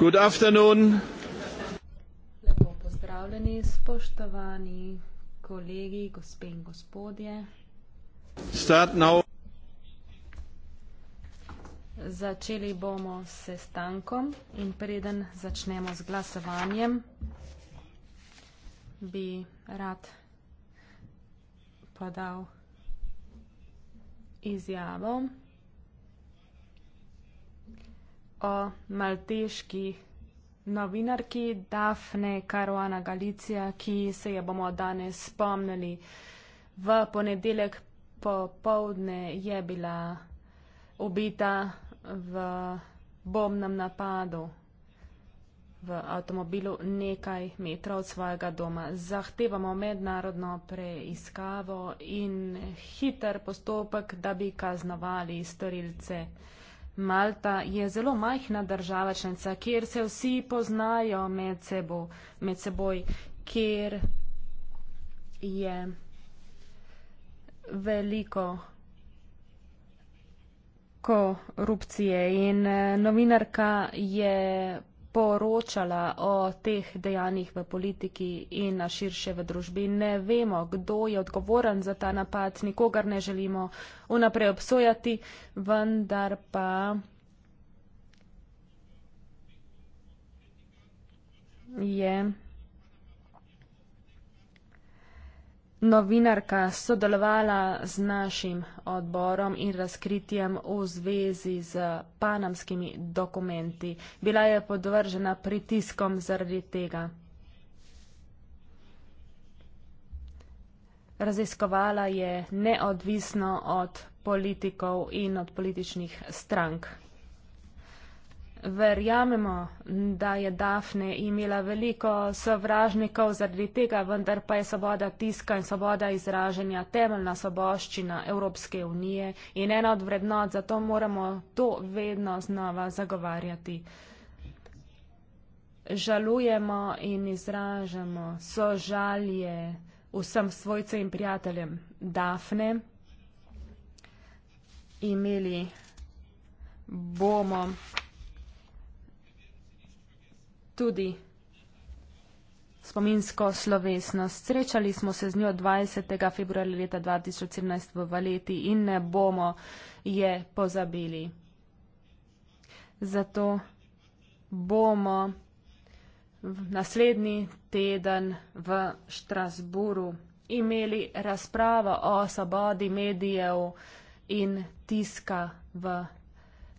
Good afternoon. Lepo pozdravljeni, spoštovani kolegi, gospe in gospodje. Start now. Začeli bomo s sestankom in preden začnemo z glasovanjem, bi rad podal izjavo o malteški novinarki Dafne Caruana Galicija, ki se je bomo danes spomnili. V ponedeljek popovdne je bila ubita v bombnem napadu v avtomobilu nekaj metrov od svojega doma. Zahtevamo mednarodno preiskavo in hiter postopek, da bi kaznovali storilce. Malta je zelo majhna država članica, kjer se vsi poznajo med, sebo, med seboj, kjer je veliko korupcije in eh, novinarka je poročala o teh dejanjih v politiki in na širše v družbi. Ne vemo, kdo je odgovoren za ta napad, nikogar ne želimo unaprej obsojati, vendar pa. Je. Yeah. novinarka sodelovala z našim odborom in razkritjem v zvezi z panamskimi dokumenti. Bila je podvržena pritiskom zaradi tega. Raziskovala je neodvisno od politikov in od političnih strank. Verjamemo, da je Dafne imela veliko sovražnikov zaradi tega, vendar pa je svoboda tiska in svoboda izražanja temeljna soboščina Evropske unije in ena od vrednot, zato moramo to vedno znova zagovarjati. Žalujemo in izražamo sožalje vsem svojcem in prijateljem Dafne. Imeli bomo tudi spominsko slovesnost. Srečali smo se z njo 20. februarja leta 2017 v Valeti in ne bomo je pozabili. Zato bomo naslednji teden v Štrasburu imeli razpravo o svobodi medijev in tiska v,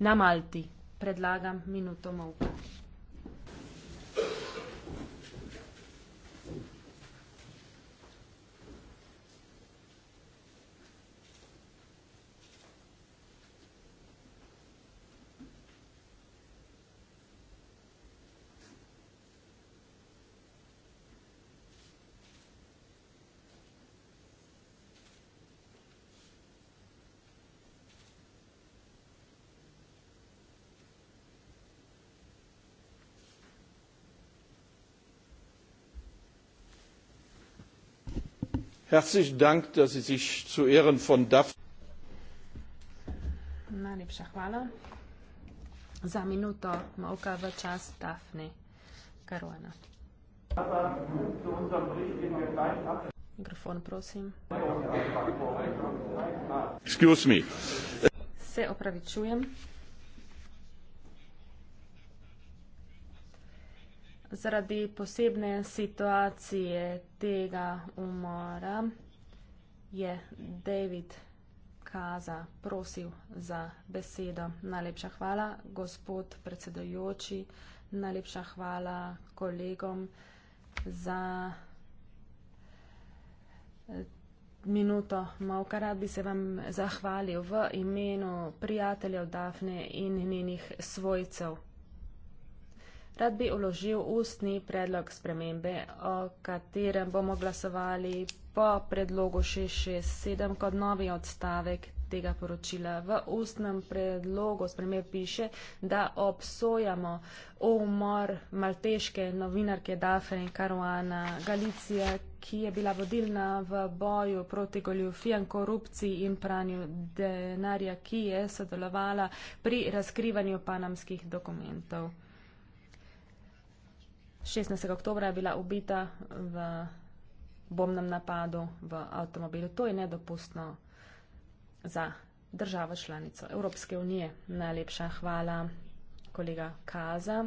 na Malti. Predlagam minuto molka. Herzlichen Dank, dass Sie sich zu Ehren von DAF. Najlepša hvala za minuto molka v čas Dafne Karuana. Mikrofon, prosim. Excuse me. Se opravičujem. zaradi posebne situacije tega umora je David Kaza prosil za besedo. Najlepša hvala, gospod predsedojoči, najlepša hvala kolegom za eh, minuto malka. Rad bi se vam zahvalil v imenu prijateljev Dafne in njenih svojcev rad bi uložil ustni predlog spremembe, o katerem bomo glasovali po predlogu 667 kot novi odstavek tega poročila. V ustnem predlogu spremembe piše, da obsojamo umor malteške novinarke Dafne Karuana Galicija, ki je bila vodilna v boju proti goljufijam, korupciji in pranju denarja, ki je sodelovala pri razkrivanju panamskih dokumentov. 16. oktobra je bila ubita v bombnem napadu v avtomobilu. To je nedopustno za državo članico Evropske unije. Najlepša hvala, kolega Kaza.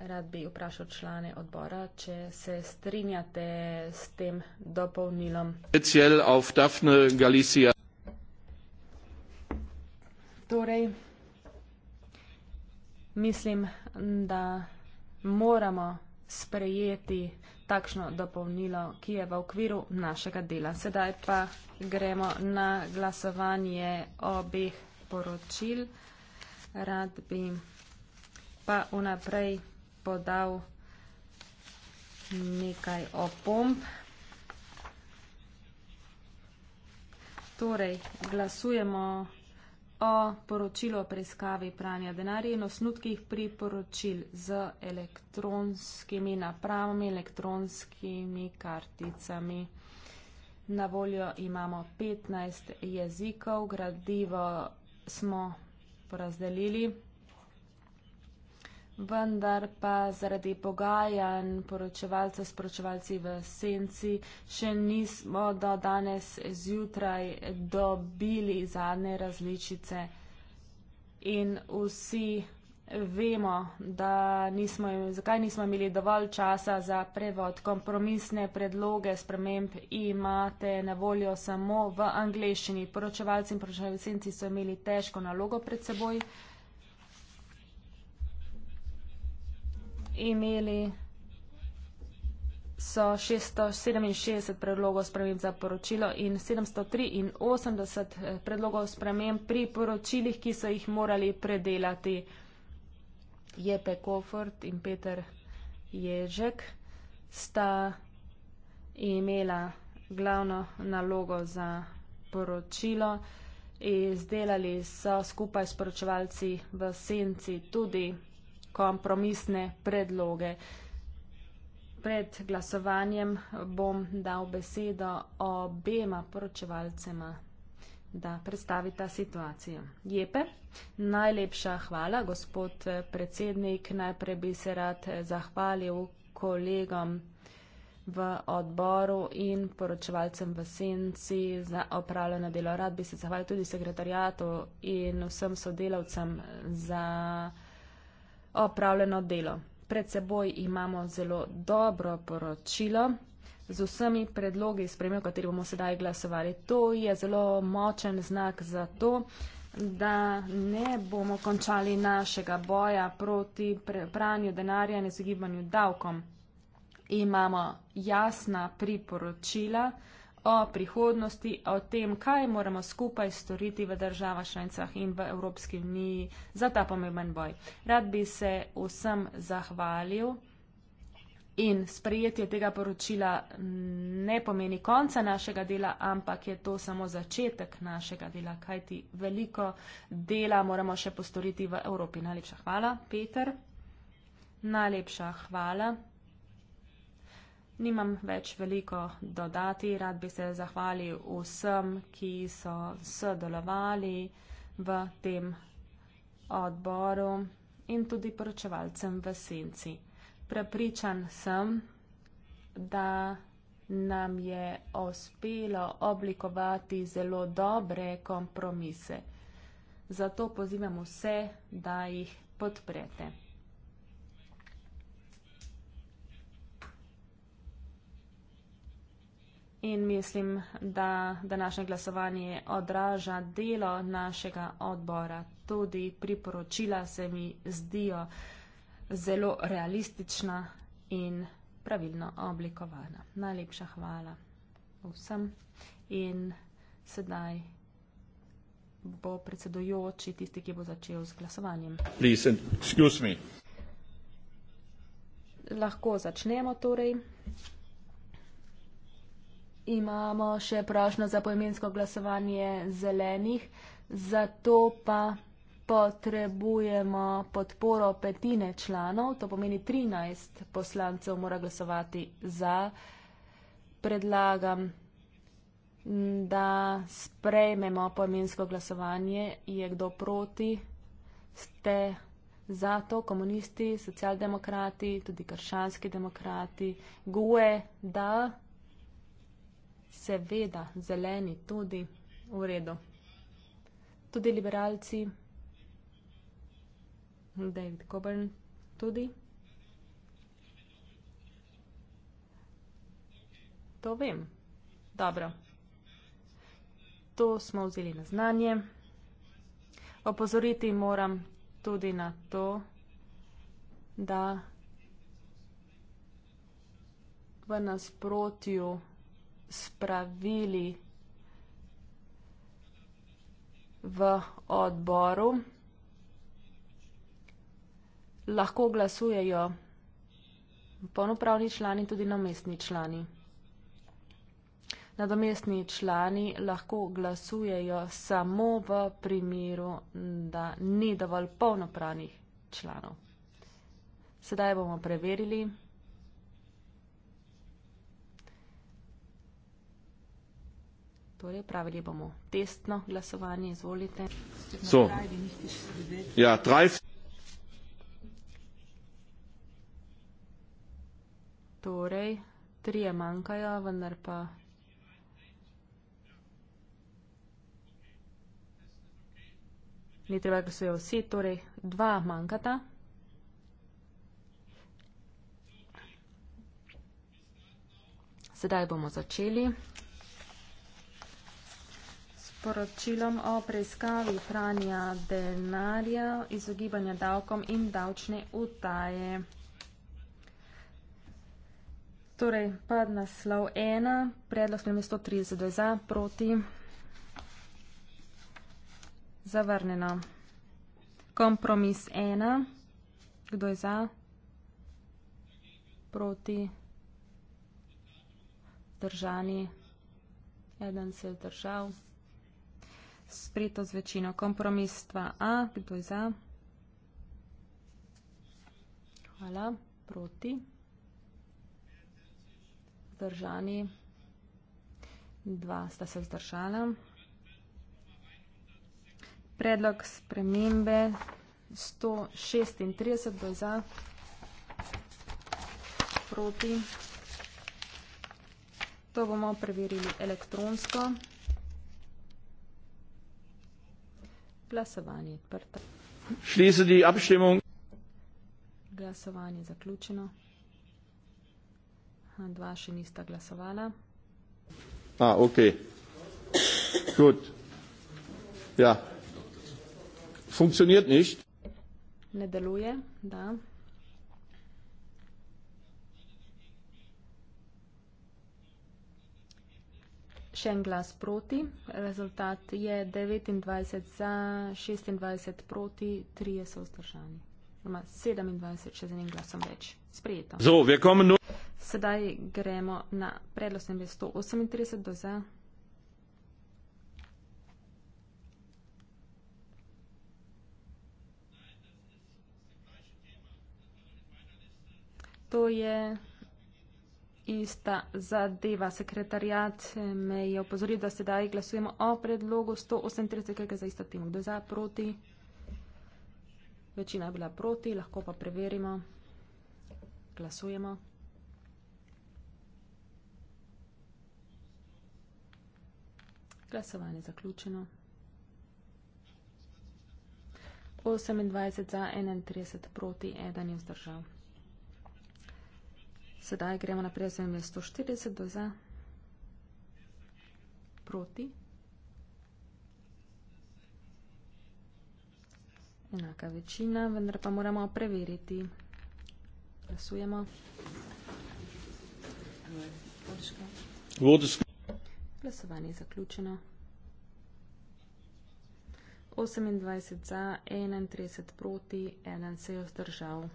Rad bi vprašal člane odbora, če se strinjate s tem dopolnilom. Torej, mislim, da moramo sprejeti takšno dopolnilo, ki je v okviru našega dela. Sedaj pa gremo na glasovanje obeh poročil. Rad bi pa unaprej podal nekaj opomb. Torej, glasujemo o poročilu o preiskavi pranja denarja in osnutkih priporočil z elektronskimi napravami, elektronskimi karticami. Na voljo imamo 15 jezikov, gradivo smo porazdelili vendar pa zaradi pogajanj poročevalcev s poročevalci v senci še nismo do danes zjutraj dobili zadnje različice in vsi vemo, da nismo, zakaj nismo imeli dovolj časa za prevod. Kompromisne predloge sprememb imate na voljo samo v angleščini. Poročevalci in poročevalci so imeli težko nalogo pred seboj. imeli so 667 predlogov sprememb za poročilo in 783 eh, predlogov sprememb pri poročilih, ki so jih morali predelati Jepe Kofort in Peter Ježek, sta imela glavno nalogo za poročilo. Izdelali so skupaj s poročevalci v senci tudi kompromisne predloge. Pred glasovanjem bom dal besedo obema poročevalcema, da predstavita situacijo. Jepe, najlepša hvala, gospod predsednik. Najprej bi se rad zahvalil kolegom v odboru in poročevalcem v senci za opravljeno delo. Rad bi se zahvalil tudi sekretarjatu in vsem sodelavcem za opravljeno delo. Pred seboj imamo zelo dobro poročilo z vsemi predlogi, spremljajo, kateri bomo sedaj glasovali. To je zelo močen znak za to, da ne bomo končali našega boja proti pranju denarja in izogibanju davkom. Imamo jasna priporočila o prihodnosti, o tem, kaj moramo skupaj storiti v državah Švencah in v Evropski uniji za ta pomemben boj. Rad bi se vsem zahvalil in sprejetje tega poročila ne pomeni konca našega dela, ampak je to samo začetek našega dela, kajti veliko dela moramo še postoriti v Evropi. Najlepša hvala, Peter. Najlepša hvala. Nimam več veliko dodati, rad bi se zahvalil vsem, ki so sodelovali v tem odboru in tudi poročevalcem v senci. Prepričan sem, da nam je uspelo oblikovati zelo dobre kompromise. Zato pozivam vse, da jih podprete. in mislim, da današnje glasovanje odraža delo našega odbora. Tudi priporočila se mi zdijo zelo realistična in pravilno oblikovana. Najlepša hvala vsem in sedaj bo predsedujoči tisti, ki bo začel z glasovanjem. Please, lahko začnemo torej imamo še prošlo za poimensko glasovanje zelenih, zato pa potrebujemo podporo petine članov, to pomeni 13 poslancev mora glasovati za. Predlagam, da sprejmemo poimensko glasovanje, je kdo proti, ste zato komunisti, socialdemokrati, tudi kršanski demokrati, GUE, da seveda, zeleni tudi, v redu. Tudi liberalci, David Coburn, tudi. To vem. Dobro. To smo vzeli na znanje. Opozoriti moram tudi na to, da v nasprotju spravili v odboru, lahko glasujejo polnopravni člani, tudi namestni člani. Nadomestni člani lahko glasujejo samo v primeru, da ni dovolj polnopravnih članov. Sedaj bomo preverili. Torej, pravili bomo testno glasovanje, izvolite. So. Ja, trajf. Ja, torej, trije manjkajo, vendar pa. Ni treba, da so jo vsi, torej dva manjkata. Sedaj bomo začeli poročilom o preiskavi pranja denarja, izogibanja davkom in davčne utaje. Torej, pa naslov 1, predlog spremembe 132 za, proti, zavrnjeno. Kompromis 1, kdo je za, proti, držani, eden se je držal sprejeto z večino. Kompromis 2a, kdo je za? Hvala, proti. Zdržani. Dva sta se vzdržala. Predlog spremembe 136, kdo je za? Proti. To bomo preverili elektronsko. Glasovanje odprto. Schließe Abstimmung. Glasovanje zaključeno. Dva še nista glasovala. A, ah, ok. Gut. Ja. Funkcioniert nicht. Ne deluje, da. Še en glas proti. Rezultat je 29 za, 26 proti, 3 so vzdržani. Oma 27, še z enim glasom več. Sprejeto. So, nu- Sedaj gremo na predlog 138 do za. To je ista zadeva. Sekretarjat me je opozoril, da sedaj glasujemo o predlogu 138. za isto temo. Kdo je za, proti? Večina je bila proti, lahko pa preverimo. Glasujemo. Glasovanje zaključeno. 28 za, 31 proti, eden je vzdržal. Sedaj gremo naprej z 140 do za proti. Enaka večina, vendar pa moramo preveriti. Glasujemo. Glasovanje je zaključeno. 28 za, 31 proti, 1 se je vzdržal.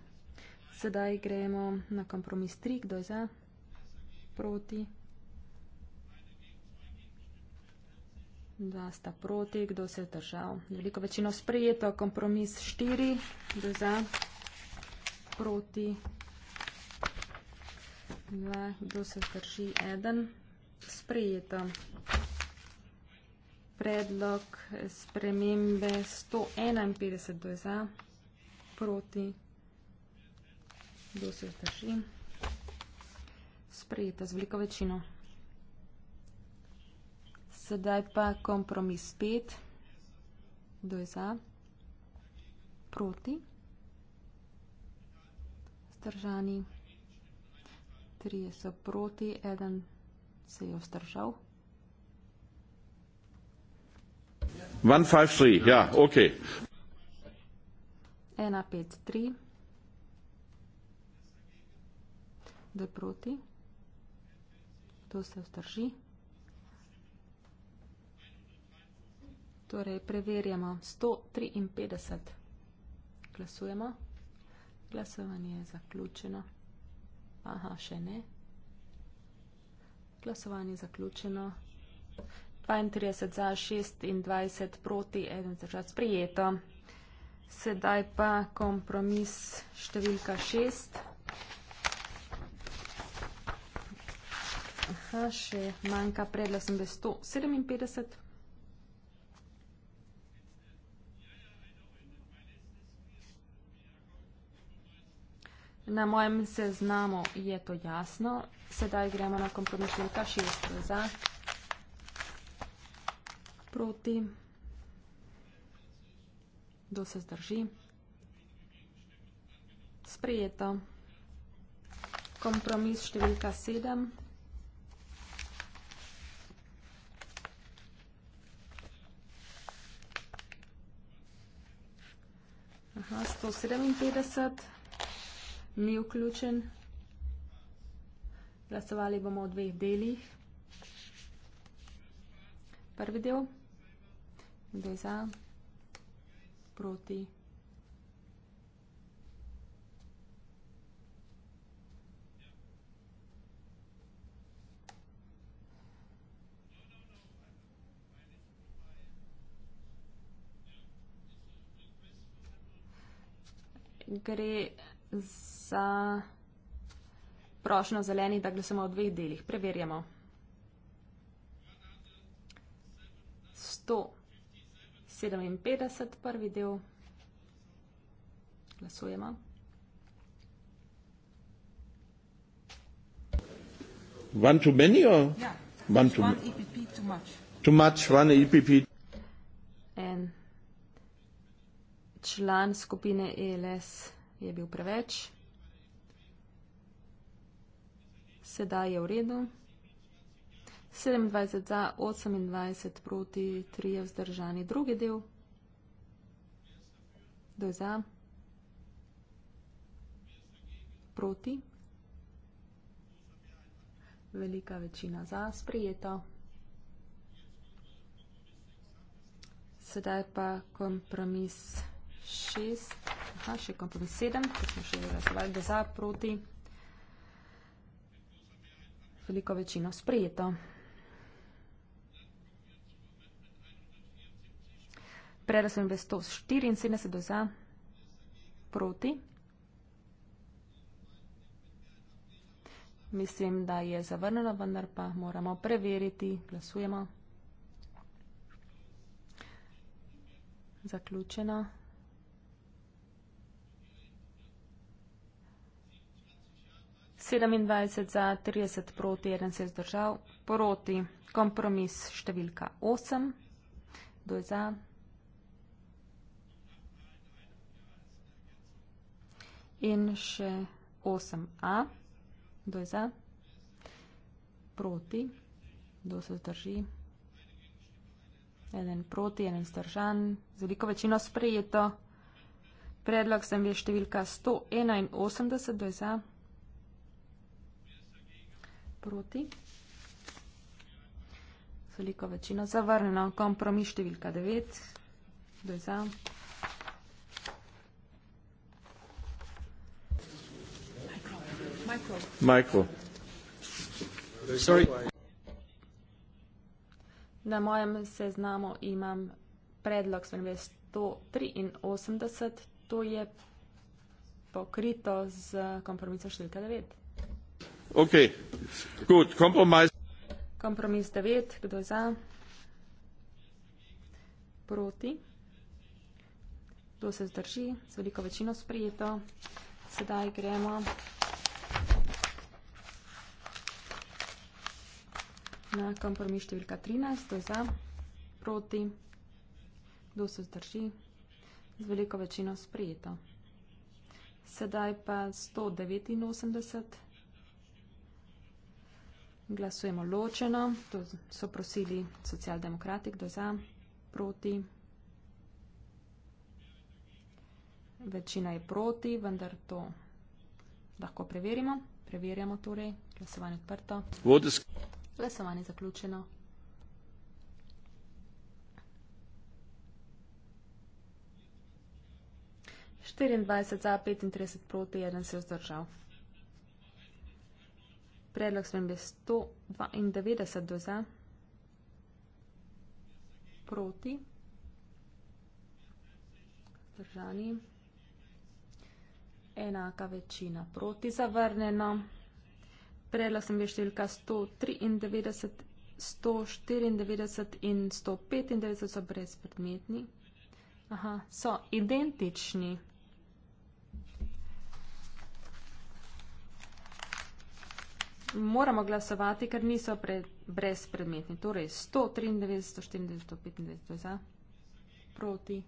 Sedaj gremo na kompromis 3, kdo je za, proti. Dva sta proti, kdo se je držal. Veliko večino sprejeto, kompromis 4, kdo je za, proti. Dva, kdo se drži, eden, sprejeto. Predlog spremembe 151, kdo je za, proti kdo se vzdrži. Sprejeta z veliko večino. Sedaj pa kompromis pet. Kdo je za? Proti? Zdržani. Trije so proti, eden se je vzdržal. One, five, three. Yeah, ja, okay. Ena, pet, tri. da je proti. To se vzdrži. Torej, preverjamo 153. Glasujemo. Glasovanje je zaključeno. Aha, še ne. Glasovanje je zaključeno. 32 za, 26 proti, 1 zdržati sprijeto. Sedaj pa kompromis številka 6. Ha, še manjka predla sem, da je 157. Na mojem seznamu je to jasno. Sedaj gremo na kompromis številka 6 za proti. Kdo se zdrži? Sprejeto. Kompromis številka 7. Aha, 157 ni vključen. Glasovali bomo v dveh delih. Prvi del, kdo je za, proti. gre za prošnjo zeleni, da glasujemo v dveh delih. Preverjamo. 157 prvi del. Glasujemo. One too many or? Yeah. Ja, one too, one EPP too much. Too much, one EPP. član skupine ELS je bil preveč. Sedaj je v redu. 27 za, 28 proti, 3 je vzdržani drugi del. Kdo je za? Proti? Velika večina za, sprijeto. Sedaj pa kompromis šest, aha, še kompromis sedem, ki smo še glasovali, da za, proti. Veliko večino sprejeto. Predlog sem bil 174 do za, proti. Mislim, da je zavrnjeno, vendar pa moramo preveriti. Glasujemo. Zaključeno. 27 za 30 proti 71 držav, proti kompromis številka 8. Kdo je za? In še 8a. Kdo je za? Proti. Kdo se zdrži? Eden proti, eden zdržan. Z veliko večino sprejeto. Predlog sem je številka 181. Kdo je za? proti. Veliko večino zavrnjeno. Kompromis številka 9. Kdo je za? Michael. Na mojem seznamu imam predlog SMB 183, to je pokrito z kompromisom številka 9. Ok, gut, Kompromiss. Kompromiss 9, kdo je za? Proti. Kdo se zdrži? Z veliko večino sprijeto. Sedaj gremo na kompromis številka 13, kdo je za? Proti. Kdo se zdrži? Z veliko večino sprijeto. Sedaj pa 189. Glasujemo ločeno. To so prosili socialdemokrati, kdo za, proti. Večina je proti, vendar to lahko preverimo. Preverjamo torej. Glasovanje odprto. Glasovanje zaključeno. Štiriindvajset za, petintrideset proti, eden se je vzdržal. Predlog sem je 192 do za, proti, zdržani, enaka večina proti zavrneno. Predlog sem je številka 193, 194 in 195 so brezpredmetni. Aha, so identični. moramo glasovati, ker niso pre, brezpredmetni. Torej 193, 194, 95 za, proti.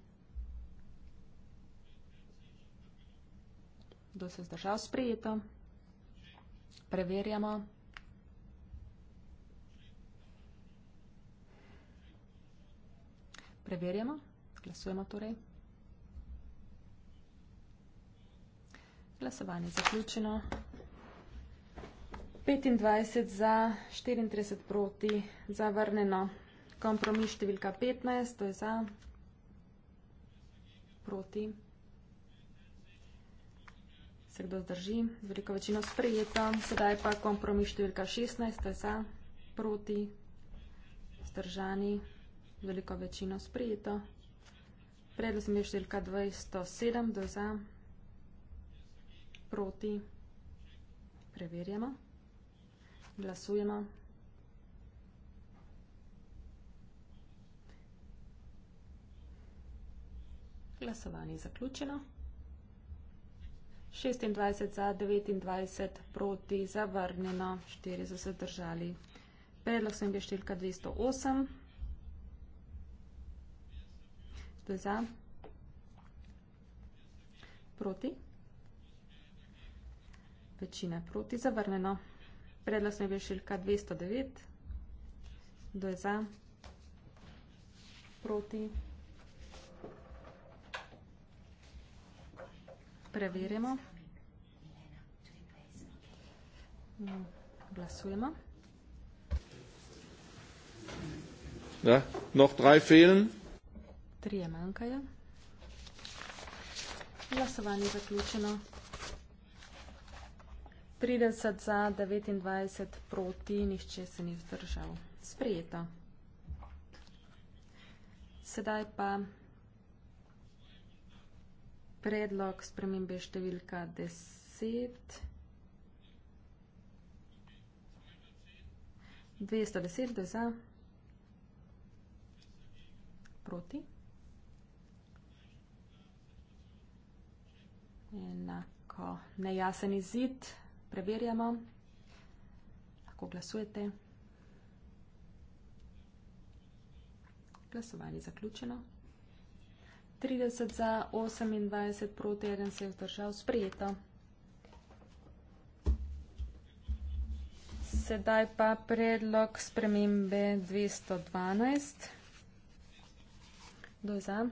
Kdo se zdržal sprejeto? Preverjamo. Preverjamo, glasujemo torej. Glasovanje zaključeno. 25 za, 34 proti, zavrnjeno. Kompromis številka 15, to je za, proti. Se kdo zdrži? Z veliko večino sprejeta. Sedaj pa kompromis številka 16, to je za, proti, zdržani. Veliko večino sprejeto. Predlog sem je številka 207, to je za, proti. Preverjamo. Glasujemo. Glasovanje je zaključeno. 26 za, 29 proti, zavrnjeno, 4 so se držali. Predlog sem je številka 208. To je za. Proti. Večina proti, zavrnjeno. Predlog sem je bil šilka 209. Kdo je za? Proti? Preverjamo. Glasujemo. Ja, noh drei fehlen. Trije manjkajo. Glasovanje zaključeno. 30 za, 29 proti, nihče se ni vzdržal. Sprijeto. Sedaj pa predlog spremembe številka 10. 210 je za, proti. Enako, nejasen izid preverjamo, lahko glasujete. Glasovanje zaključeno. 30 za 28 proti 1 se je vzdržal sprejeto. Sedaj pa predlog spremembe 212. Kdo je za?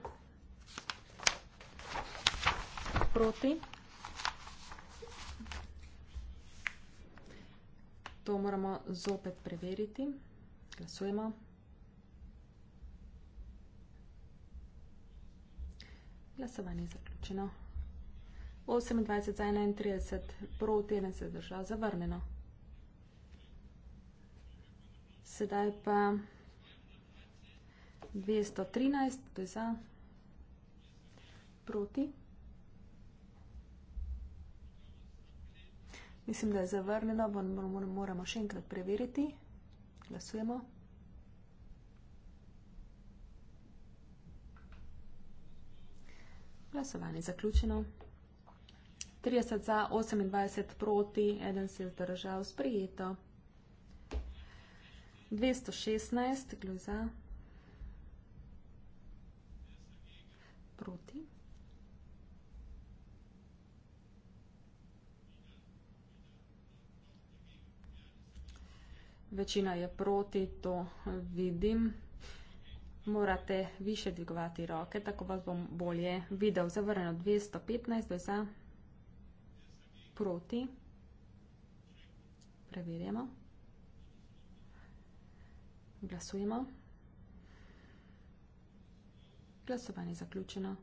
Proti. To moramo zopet preveriti. Glasujemo. Glasovanje je zaključeno. 28 za 31, proti 1 se držal, zavrneno. Sedaj pa 213, to je za, proti. Mislim, da je zavrnjeno, moramo še enkrat preveriti. Glasujemo. Glasovanje zaključeno. 30 za, 28 proti, eden se je zdržal sprijeto. 216 glasov proti. Večina je proti, to vidim. Morate više dvigovati roke, tako vas bom bolje videl. Zavrneno 215, to je za proti. Preverjamo. Glasujemo. Glasovanje je zaključeno.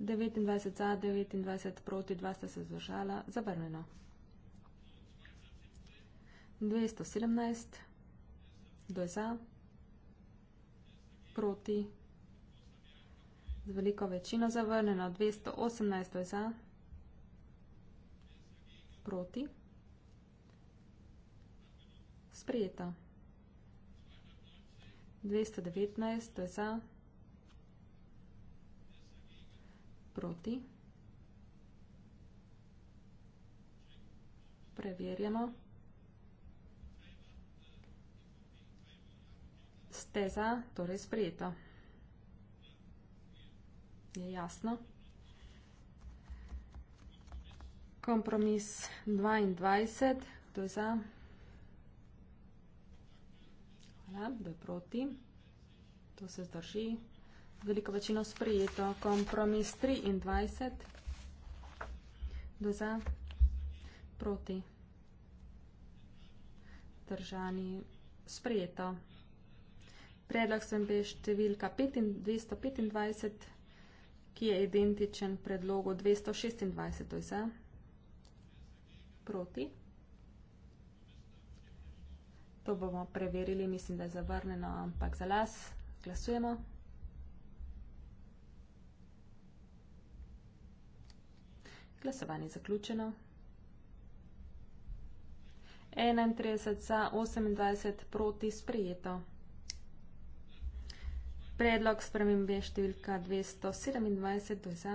29 za, 29 proti, 2 sta se zdržala. Zavrneno. 217, kdo je za, proti, z veliko večino zavrneno, 218, kdo je za, proti, sprejeta, 219, kdo je za, proti, preverjeno, 219, steza torej sprejeta. Je jasno? Kompromis 22, kdo je za? Hvala, kdo je proti? To se zdrži. Veliko večino sprejeto. Kompromis 23, kdo je za? Proti? Držani sprejeto. Predlog sem bil številka 225, ki je identičen predlogu 226. To je za. Proti. To bomo preverili, mislim, da je zavrneno, ampak za las glasujemo. Glasovanje je zaključeno. 31 za 28 proti sprijeto. Predlog spremembe številka 227 je za,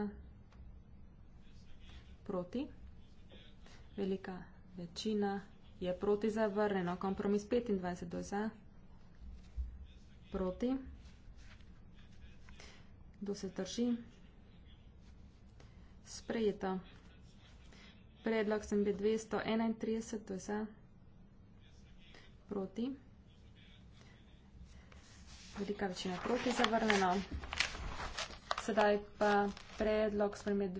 proti. Velika večina je proti zavrnjeno. Kompromis 25 je za, proti. Kdo se drži? Sprejeto. Predlog sem bil 231 je za, proti velika večina proti zavrnjeno. Sedaj pa predlog spremljajo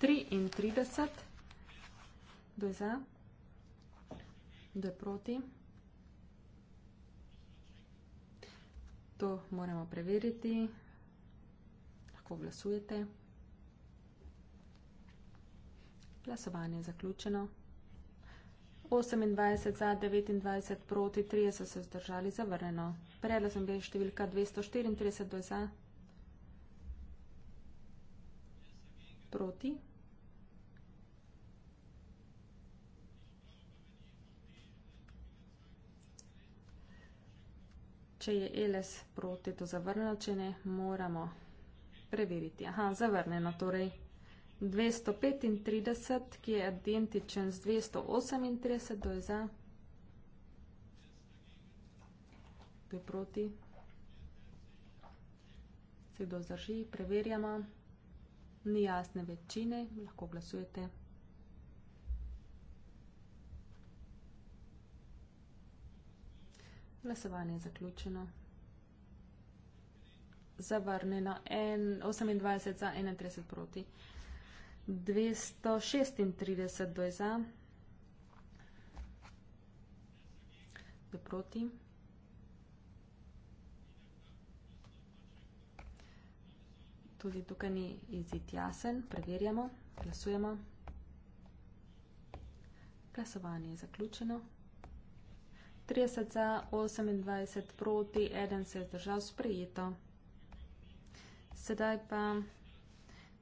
233. Kdo je za? Kdo je proti? To moramo preveriti. Lahko glasujete. Glasovanje je zaključeno. 28 za, 29 proti, 30 so se zdržali zavrneno prele sem bila številka 234 do za. Proti. Če je LS proti, to zavrnjeno, če ne, moramo preveriti. Aha, zavrnjeno, torej 235, ki je identičen z 238, to je za. stopi proti. Se kdo zdrži, preverjamo. Ni jasne večine, lahko glasujete. Glasovanje je zaključeno. Zavrnjeno 28 za 31 proti. 236 do je za. Do proti. Tudi tukaj ni izid jasen. Preverjamo, glasujemo. Glasovanje je zaključeno. 30 za, 28 proti, 1 se je zdržal sprejeto. Sedaj pa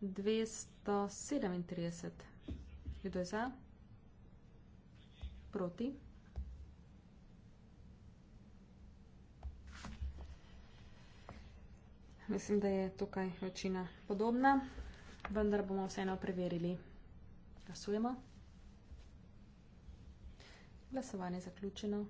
237. Kdo je za? Proti. Mislim, da je tukaj večina podobna, vendar bomo vseeno preverili. Glasujemo. Glasovanje je zaključeno.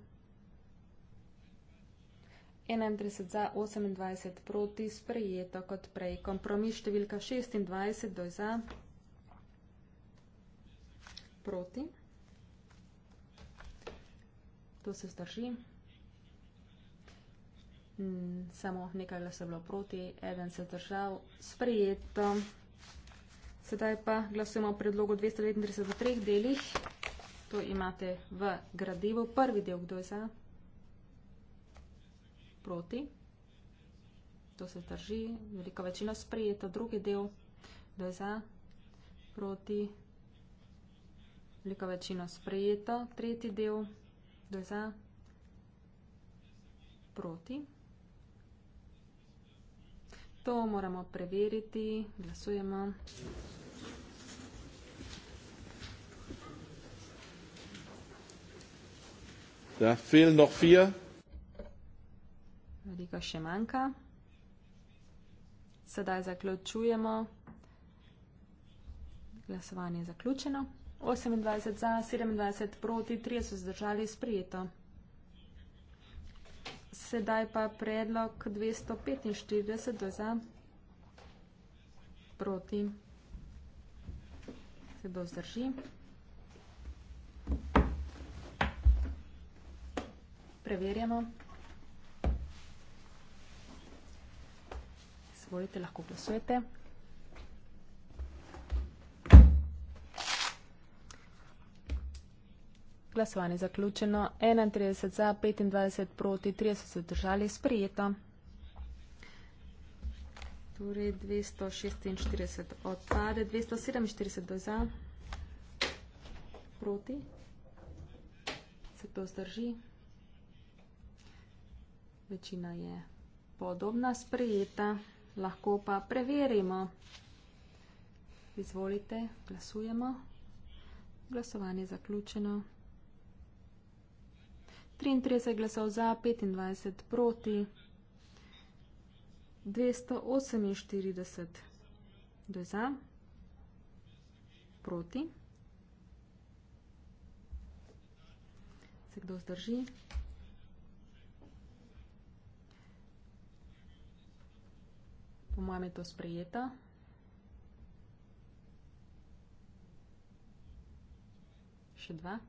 31 za, 28 proti, sprejeto kot prej. Kompromis številka 26 do za, proti. To se zdrži. Mm, samo nekaj glasov je bilo proti, eden se je držal, sprejeto. Sedaj pa glasujemo o predlogu 239 v treh delih. To imate v gradivu. Prvi del, kdo je za? Proti. To se drži, veliko večino sprejeto. Drugi del, kdo je za? Proti. Veliko večino sprejeto. Tretji del, kdo je za? Proti. To moramo preveriti. Glasujemo. Da, fehl noch vier. Veliko še manjka. Sedaj zaključujemo. Glasovanje je zaključeno. 28 za, 27 proti, 30 so zdržali sprijeto. Sedaj pa predlog 245 za. Proti. Se do zdrži. Preverjamo. Svolite, lahko glasujete. Glasovanje zaključeno. 31 za, 25 proti, 30 so držali sprijeto. Torej 246 odpade, 247 do za, proti. Se to zdrži. Večina je podobna sprijeta, lahko pa preverimo. Izvolite, glasujemo. Glasovanje zaključeno. 33 glasov za, 25 proti, 248 do za, proti. Se kdo zdrži? Po mojem je to sprejeta. Še dva.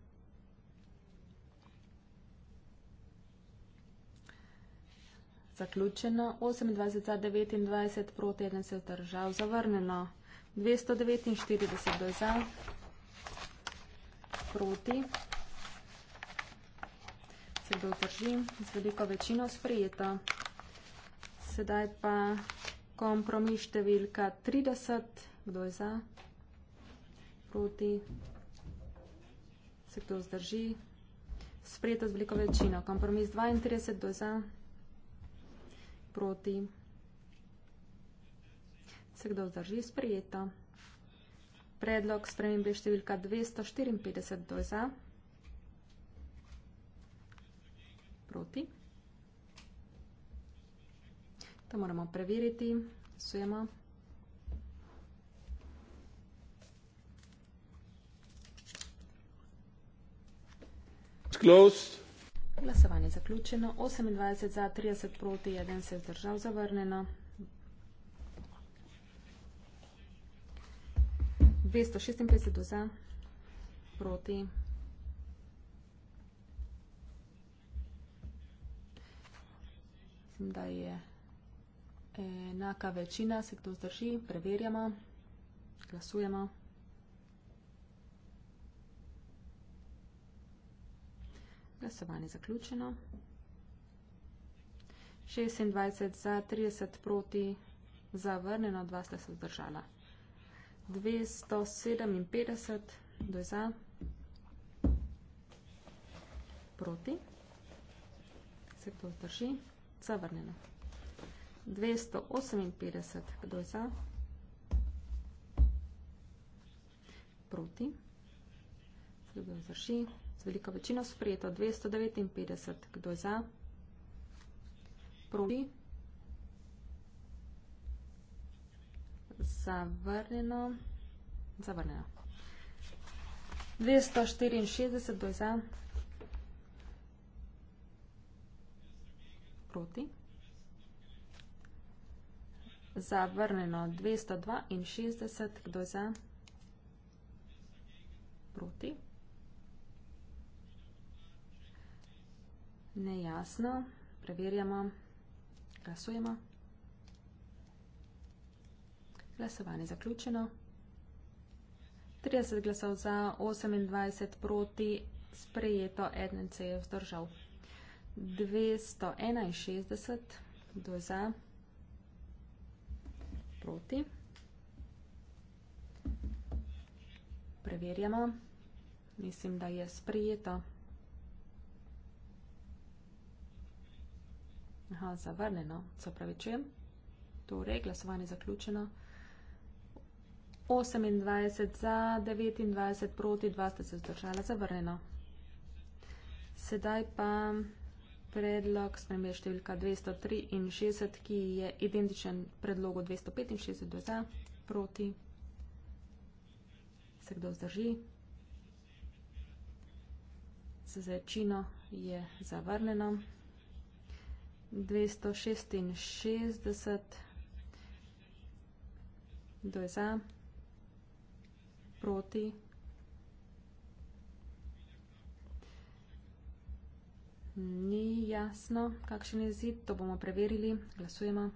zaključeno, 28 za 29, proti 1 se je držal, zavrnjeno, 249 do za, proti, se kdo drži, z veliko večino sprejeto. Sedaj pa kompromis številka 30, kdo je za, proti, se kdo zdrži, sprejeto z veliko večino, kompromis 32 do za proti. Se kdo zdrži sprejeto? Predlog spremembe številka 254 do za. Proti. To moramo preveriti. Sujemo. Closed. Glasovanje zaključeno. 28 za, 30 proti, 1 se je zdržal zavrnjeno. 256 za, proti. Mislim, da je enaka večina, se kdo zdrži, preverjamo, glasujemo. Glasovanje zaključeno. 26 za, 30 proti, zavrnjeno, 2 ste se zdržala. 257, kdo je za? Proti. Se to zdrži? Zavrnjeno. 258, kdo je za? Proti. Se to zdrži? Velika večina sprejeta 259. Kdo je za? Proti? Zavrnjeno. Zavrnjeno. 264. Kdo je za? Proti? Zavrnjeno. 262. Kdo je za? Proti? nejasno. Preverjamo. Glasujemo. Glasovanje zaključeno. 30 glasov za, 28 proti, sprejeto, eden se je vzdržal. 261, kdo za, proti. Preverjamo. Mislim, da je sprejeto. Aha, zavrnjeno, se opravičujem. Torej, glasovanje zaključeno. 28 za, 29 proti, 2 ste se zdržali, zavrnjeno. Sedaj pa predlog spremembe številka 263, ki je identičen predlogu 265 za, proti. Se kdo zdrži? Z večino je zavrnjeno. 266. Kdo je za? Proti? Ni jasno, kakšen je zid. To bomo preverili. Glasujemo.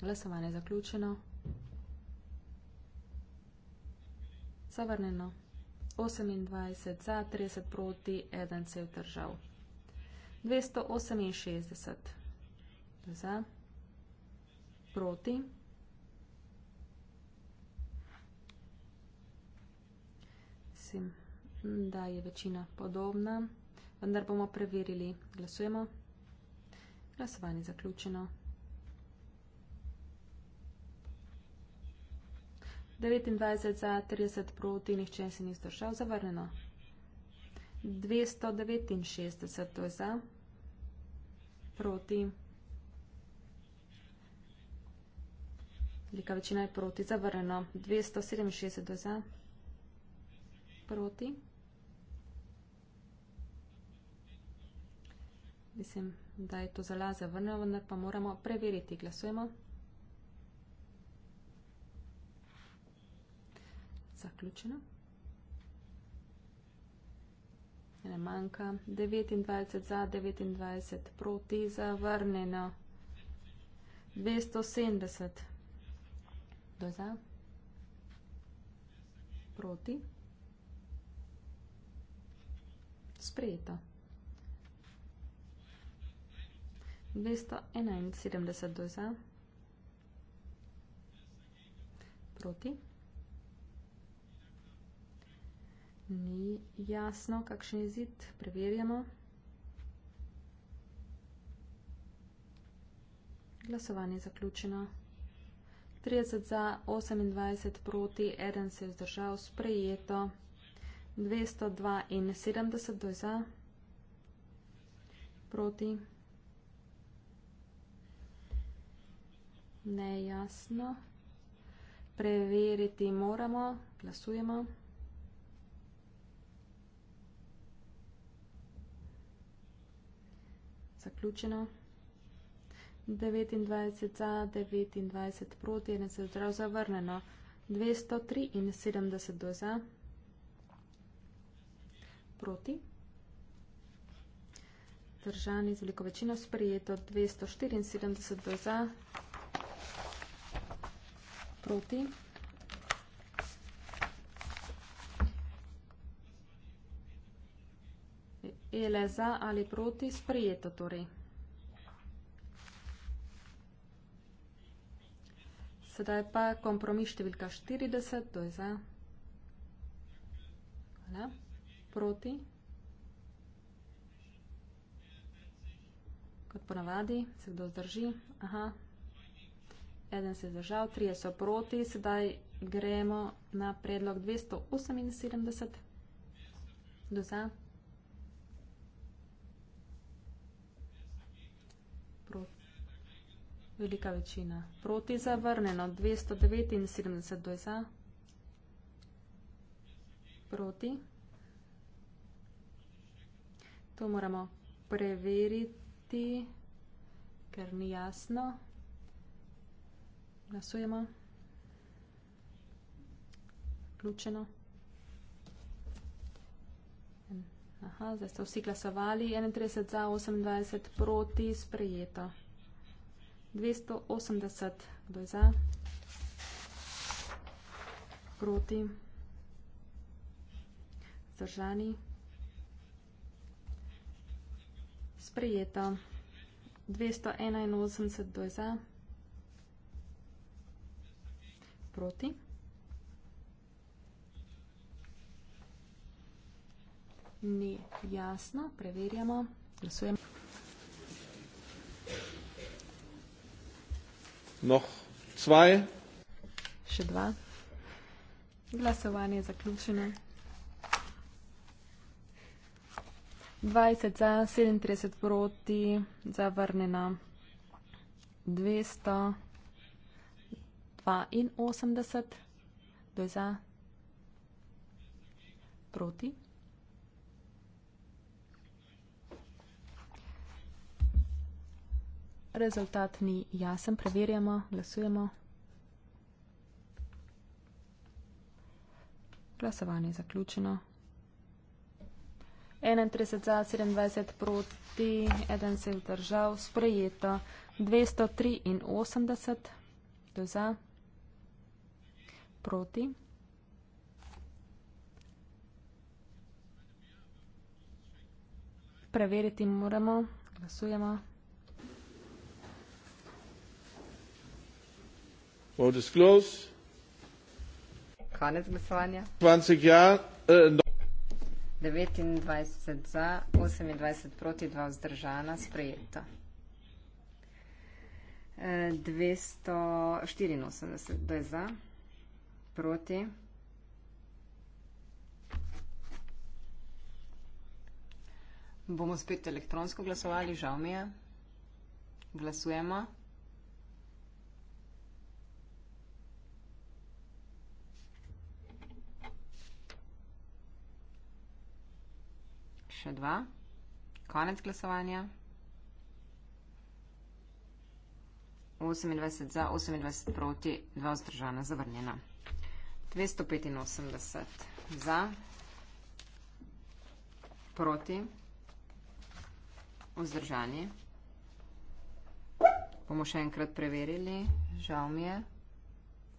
Glasovanje je zaključeno. Zavrneno. 28 za, 30 proti, 1 se je vdržal. 268 za, proti. Mislim, da je večina podobna, vendar bomo preverili. Glasujemo. Glasovanje zaključeno. 29 za, 30 proti, nihče se ni zdržal, zavrnjeno. 269 to je za proti. Velika večina je proti, zavrjeno. 267 za. Proti. Mislim, da je to zala zavrnjeno, vendar pa moramo preveriti. Glasujemo. Zaključeno. ne manjka. 29 za, 29 proti, zavrnjeno. 270. Do za? Proti. Sprejeto. 271 do za. Proti. ni jasno, kakšen je zid, preverjamo. Glasovanje je zaključeno. 30 za, 28 proti, 1 se je zdržal, sprejeto. 272 do za, proti. Nejasno. Preveriti moramo, glasujemo. zaključeno. 29 za, 29 proti, 21 zdrav zavrneno. 273 doza proti. Držani z veliko večino sprijeto. 274 doza proti. je le za ali proti sprijeto torej. Sedaj pa kompromis številka 40, to je za, hvala, proti, kot ponavadi, se kdo zdrži, aha, eden se je zdržal, trije so proti, sedaj gremo na predlog 278, do za, proti. Velika večina. Proti zavrnjeno 279 do za. Proti. To moramo preveriti, ker ni jasno. Glasujemo. Vključeno. Aha, zdaj ste vsi glasovali. 31 za, 28 proti, sprejeto. 280, kdo je za? Proti? Zdržani? Sprejeto. 281, kdo je za? Proti? Ni jasno, preverjamo. Glasujemo. Noch zwei. Še dva. Glasovanje je zaključeno. 20 za, 37 proti, zavrnjena 282, kdo je za, proti. rezultat ni jasen, preverjamo, glasujemo. Glasovanje je zaključeno. 31 za, 27 proti, 1 se je vzdržal, sprejeto 283 do za, proti. Preveriti moramo, glasujemo. will disclose. Konec glasovanja. 20 ja, eh, no. 29 za, 28 proti, 2 vzdržana, sprejeta. E, 284, to je za, proti. Bomo spet elektronsko glasovali, žal mi je. Glasujemo. še dva. Konec glasovanja. 28 za, 28 proti, 2 vzdržana, zavrnjena. 285 za, proti, vzdržani. Bomo še enkrat preverili, žal mi je,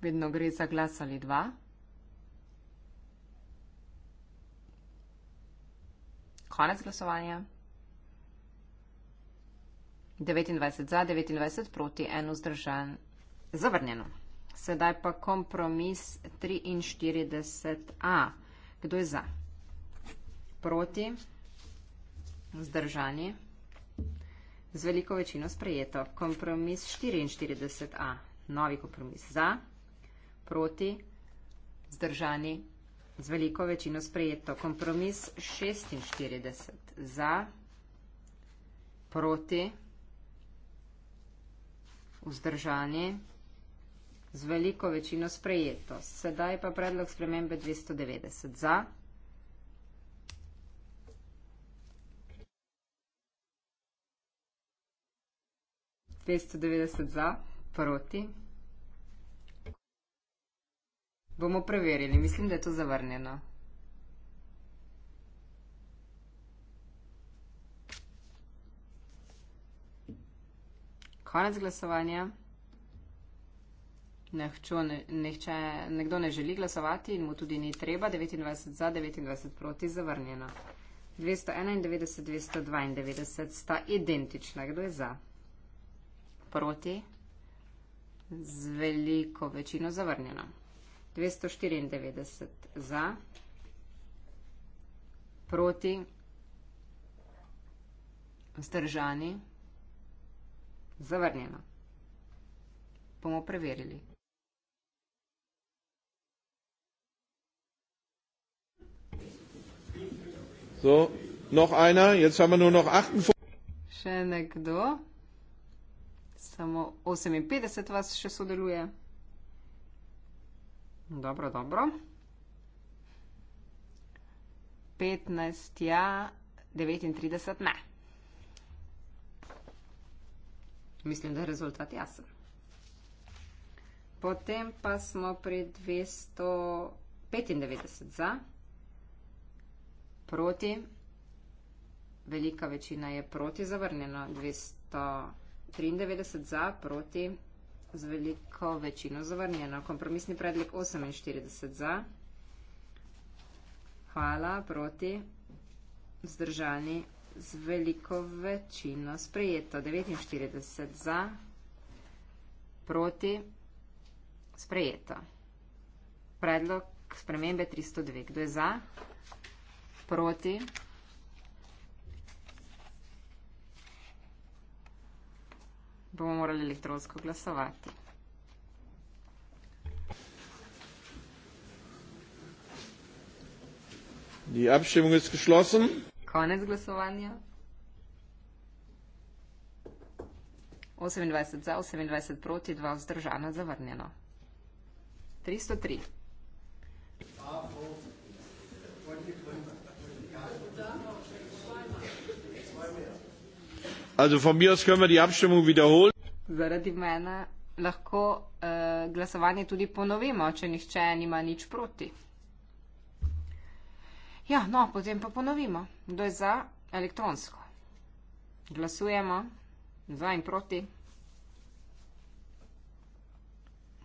vedno gre za glas ali dva. konec glasovanja. 29 za, 29 proti, eno zdržan, zavrnjeno. Sedaj pa kompromis 43a. Kdo je za? Proti, zdržani, z veliko večino sprejeto. Kompromis 44a, novi kompromis za, proti, zdržani, z veliko večino sprejeto. Kompromis 46 za, proti, vzdržanje, z veliko večino sprejeto. Sedaj pa predlog spremembe 290 za. Pesto 90 za, proti. Bomo preverili, mislim, da je to zavrnjeno. Konec glasovanja. Nehče, nekdo ne želi glasovati in mu tudi ni treba. 29 za, 29 proti, zavrnjeno. 291, 292 sta identična. Kdo je za? Proti? Z veliko večino zavrnjeno. 294 za, proti, vzdržani, zavrnjeno. Bomo preverili. So, noch einer, jetzt haben wir nur noch 58. Še nekdo, samo 58 vas še sodeluje. Dobro, dobro. 15, ja, 39, ne. Mislim, da je rezultat jasen. Potem pa smo pri 295 za, proti, velika večina je proti zavrnjeno, 293 za, proti 293 z veliko večino zavrnjeno. Kompromisni predlog 48 za. Hvala proti. Zdržani z veliko večino sprejeto. 49 za. Proti. Sprejeto. Predlog spremembe 302. Kdo je za? Proti. bomo morali elektronsko glasovati. Die Abstimmung ist geschlossen. Konec glasovanja. 28 za, 28 proti, 2 vzdržana, zavrnjeno. 303. Also von mir aus können wir die Abstimmung wiederholen. Zaradi mene lahko uh, glasovanje tudi ponovimo, če nihče nima nič proti. Ja, no, potem pa ponovimo. Kdo je za elektronsko? Glasujemo za in proti.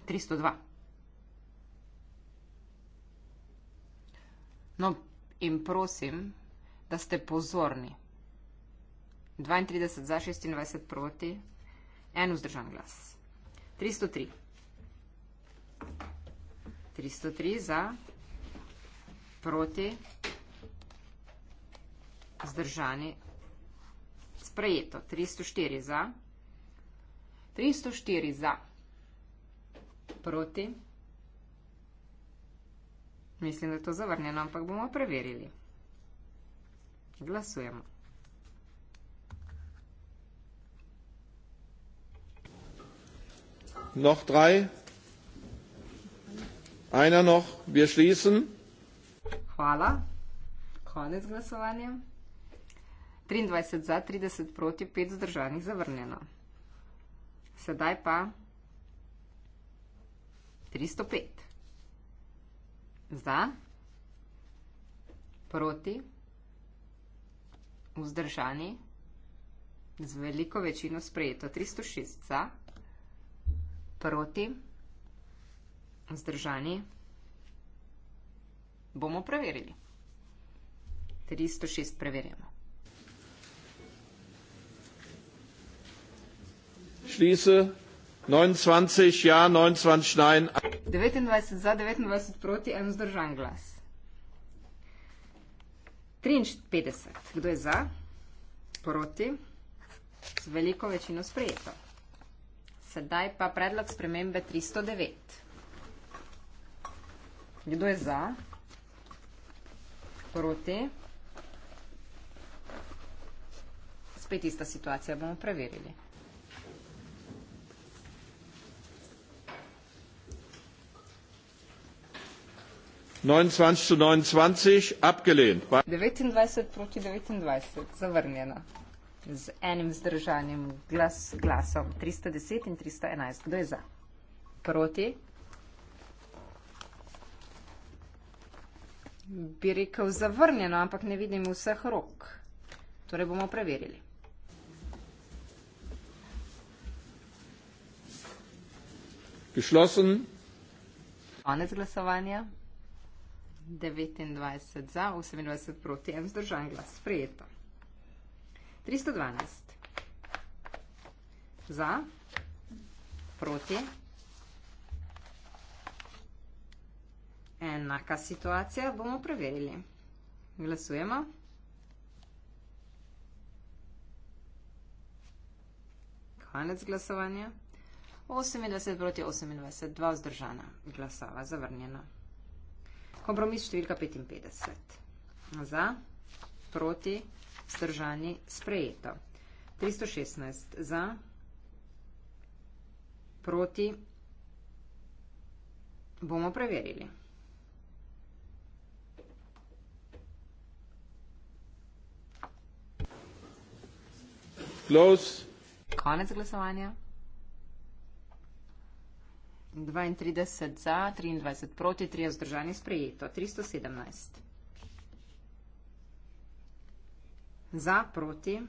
302. No, in prosim, da ste pozorni. 32 za, 26 proti, en vzdržan glas. 303. 303 za, proti, vzdržani, sprejeto. 304 za, 304 za, proti. Mislim, da je to zavrnjeno, ampak bomo preverili. Glasujemo. noch drei? Einer noch, wir schließen. Hvala, konec glasovanja. 23 za, 30 proti, 5 zdržanih zavrnjeno. Sedaj pa 305 za, proti, vzdržani, z veliko večino sprejeto. 306 za proti, zdržani, bomo preverili. 306 preverjamo. Schließe 29 ja, 29 nein. 29 za, 29 proti, en vzdržan glas. 53. Kdo je za? Proti. Z veliko večino sprejeto. Sedaj pa predlog spremembe 309. Kdo je za? Proti? Spet ista situacija, bomo preverili. Devetindvajset proti devetindvajset, zavrnjena z enim zdržanim glas, glasom 310 in 311. Kdo je za? Proti? Bi rekel zavrnjeno, ampak ne vidim vseh rok. Torej bomo preverili. Geschlossen. Konec glasovanja. 29 za, 28 proti, en zdržan glas. Sprejeto. 312. Za, proti, enaka situacija, bomo preverili. Glasujemo. Konec glasovanja. 28 proti 28, 2 vzdržana. Glasova zavrnjena. Kompromis številka 55. Za, proti, Stržani sprejeto. 316 za, proti bomo preverili. Close. Konec glasovanja. 32 za, 23 proti, 3 vzdržani sprejeto. 317. za, proti.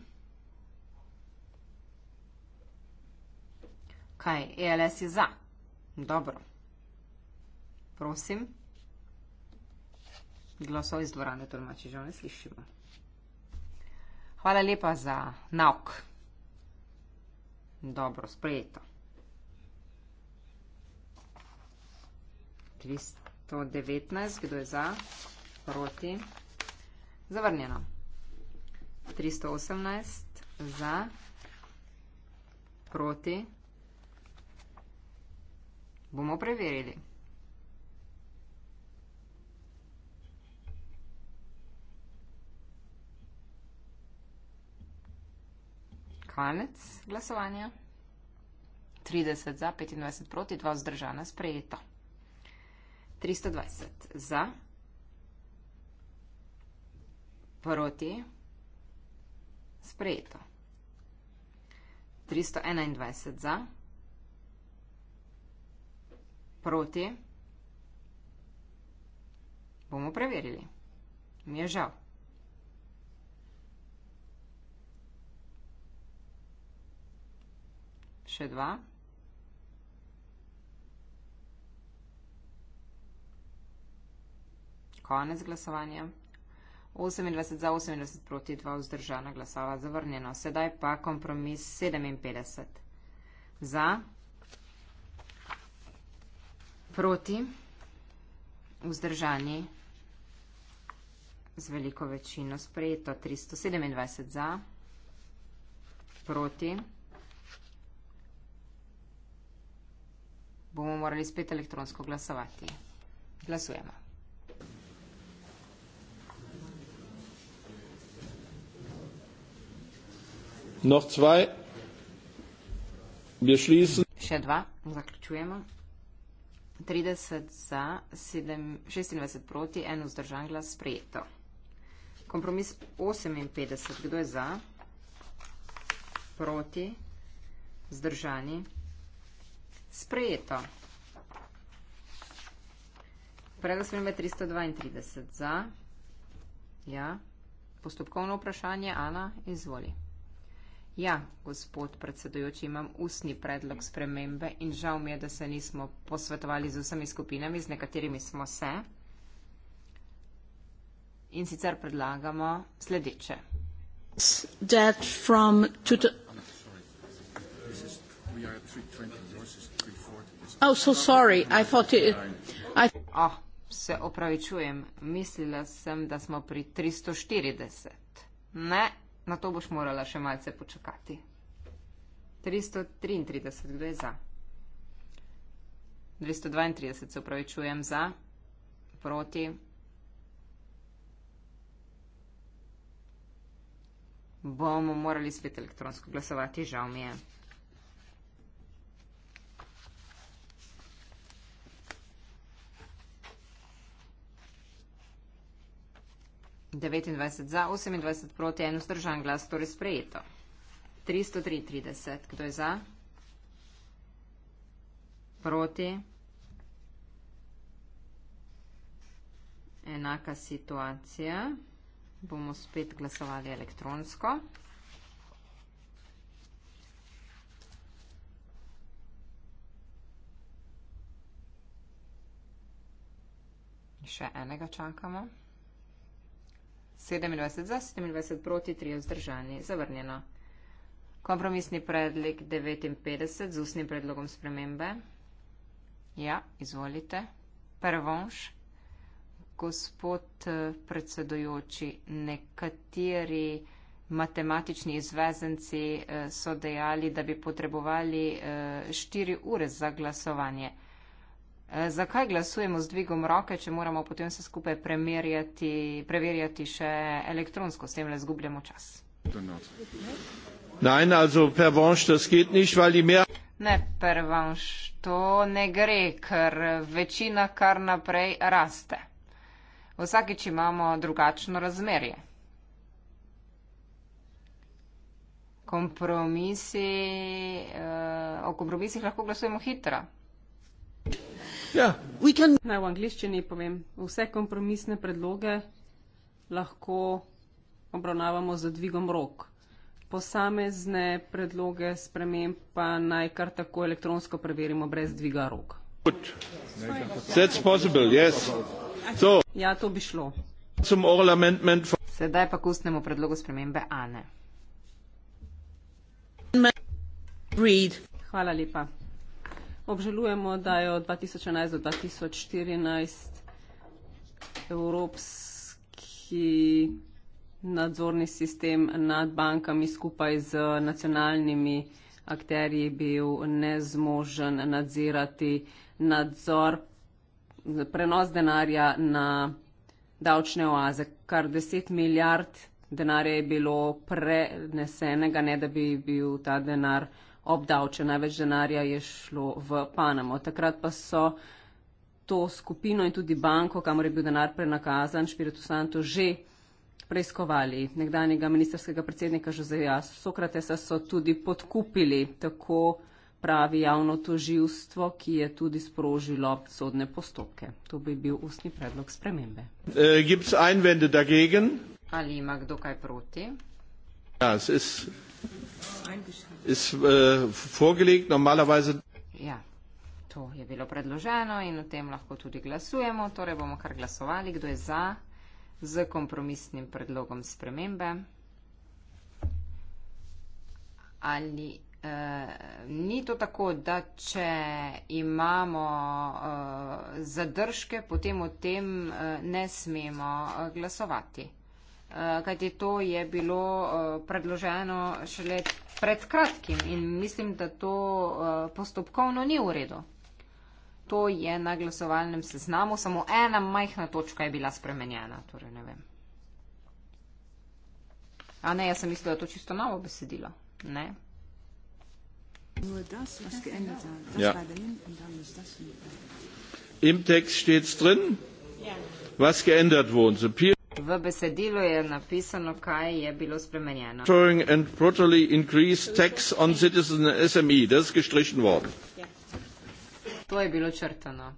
Kaj, ELS je za. Dobro. Prosim. Glasov iz dvorane, to domači žal ne slišimo. Hvala lepa za nauk. Dobro, sprejeto. 319, kdo je za? Proti. Zavrnjeno. 318 za, proti. Bomo preverili. Konec glasovanja. 30 za, 25 proti, 2 vzdržana, sprejeto. 320 za, proti sprejeto. 321 za, proti bomo preverili. Mi je žal. Še dva. Konec glasovanja. 28 za 28 proti 2 vzdržana glasova zavrnjeno. Sedaj pa kompromis 57 za proti vzdržani z veliko večino sprejeto 327 za proti. Bomo morali spet elektronsko glasovati. Glasujemo. Noch zwei. Wir schließen. Še dva, zaključujemo. 30 za, 7, 26 proti, en vzdržan glas sprejeto. Kompromis 58, kdo je za? Proti, vzdržani, sprejeto. Predlog spremembe 332 za. Ja. Postopkovno vprašanje, Ana, izvoli. Ja, gospod predsedujoči, imam ustni predlog spremembe in žal mi je, da se nismo posvetovali z vsemi skupinami, z nekaterimi smo se. In sicer predlagamo sledeče. Oh, oh, se opravičujem, mislila sem, da smo pri 340. Ne, Na to boš morala še malce počakati. 333, kdo je za? 232, se upravičujem, za, proti. Bomo morali spet elektronsko glasovati, žal mi je. 29 za, 28 proti, eno zdržan glas, torej sprejeto. 333, kdo je za? Proti. Enaka situacija. Bomo spet glasovali elektronsko. Še enega čakamo. 27 za, 27 proti, 3 vzdržani, zavrnjeno. Kompromisni predlik 59 z ustnim predlogom spremembe. Ja, izvolite. Prvonš, gospod predsedojoči, nekateri matematični izvezenci eh, so dejali, da bi potrebovali 4 eh, ure za glasovanje. Eh, zakaj glasujemo z dvigom roke, če moramo potem se skupaj preverjati še elektronsko, s tem le zgubljamo čas? Nein, also pervanš, das geht nicht, weil die mehr... Ne, pervanš, to ne gre, ker večina kar naprej raste. Vsakeč imamo drugačno razmerje. Kompromisi, eh, o kompromisih lahko glasujemo hitro. Ja. Can... Naj v angliščini povem. Vse kompromisne predloge lahko obravnavamo z dvigom rok. Posamezne predloge sprememb pa naj kar tako elektronsko preverimo brez dviga rok. Yes. So, ja, to bi šlo. Sedaj pa kustnemo predlogu spremembe Ane. Read. Hvala lepa obžalujemo, da je od 2011 do 2014 evropski nadzorni sistem nad bankami skupaj z nacionalnimi akterji bil nezmožen nadzirati nadzor, prenos denarja na davčne oaze. Kar 10 milijard denarja je bilo prenesenega, ne da bi bil ta denar obdavče. Največ denarja je šlo v Panamo. Takrat pa so to skupino in tudi banko, kamor je bil denar prenakazan, Špiritu Santo, že preiskovali. Nekdanjega ministerskega predsednika Žozeja Sokratesa so tudi podkupili, tako pravi javno toživstvo, ki je tudi sprožilo sodne postopke. To bi bil ustni predlog spremembe. Uh, Ali ima kdo kaj proti? Ja, yeah, ist äh, vorgelegt. Normalerweise. Ja. To je bilo predloženo in o tem lahko tudi glasujemo. Torej bomo kar glasovali, kdo je za z kompromisnim predlogom spremembe. Ali eh, ni to tako, da če imamo eh, zadržke, potem o tem eh, ne smemo eh, glasovati? Eh, kajti to je bilo eh, predloženo šele pred kratkim in mislim, da to eh, postopkovno ni v redu. To je na glasovalnem seznamu, samo ena majhna točka je bila spremenjena, torej ne vem. A ne, jaz sem mislila, da je to čisto novo besedilo. Ne. Ja. Im tekst steht's drin, ja. was geändert wurde v besedilu je napisano, kaj je bilo spremenjeno. Showing and brutally increased tax on citizens and SME, to je gestrichen worden. To je bilo črtano.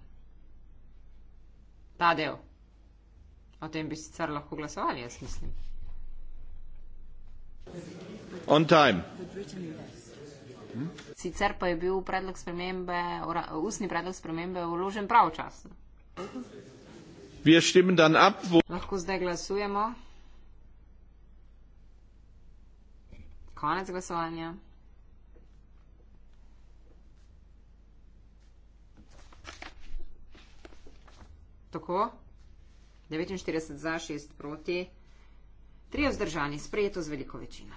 Ta del. O tem bi sicer lahko glasovali, jaz mislim. On time. Sicer pa je bil predlog spremembe, ustni predlog spremembe vložen pravočasno. Wir stimmen dann ab, wo Lahko zdaj glasujemo. Konec glasovanja. Tako. 49 za, 6 proti. Tri vzdržani, sprejeto z veliko večino.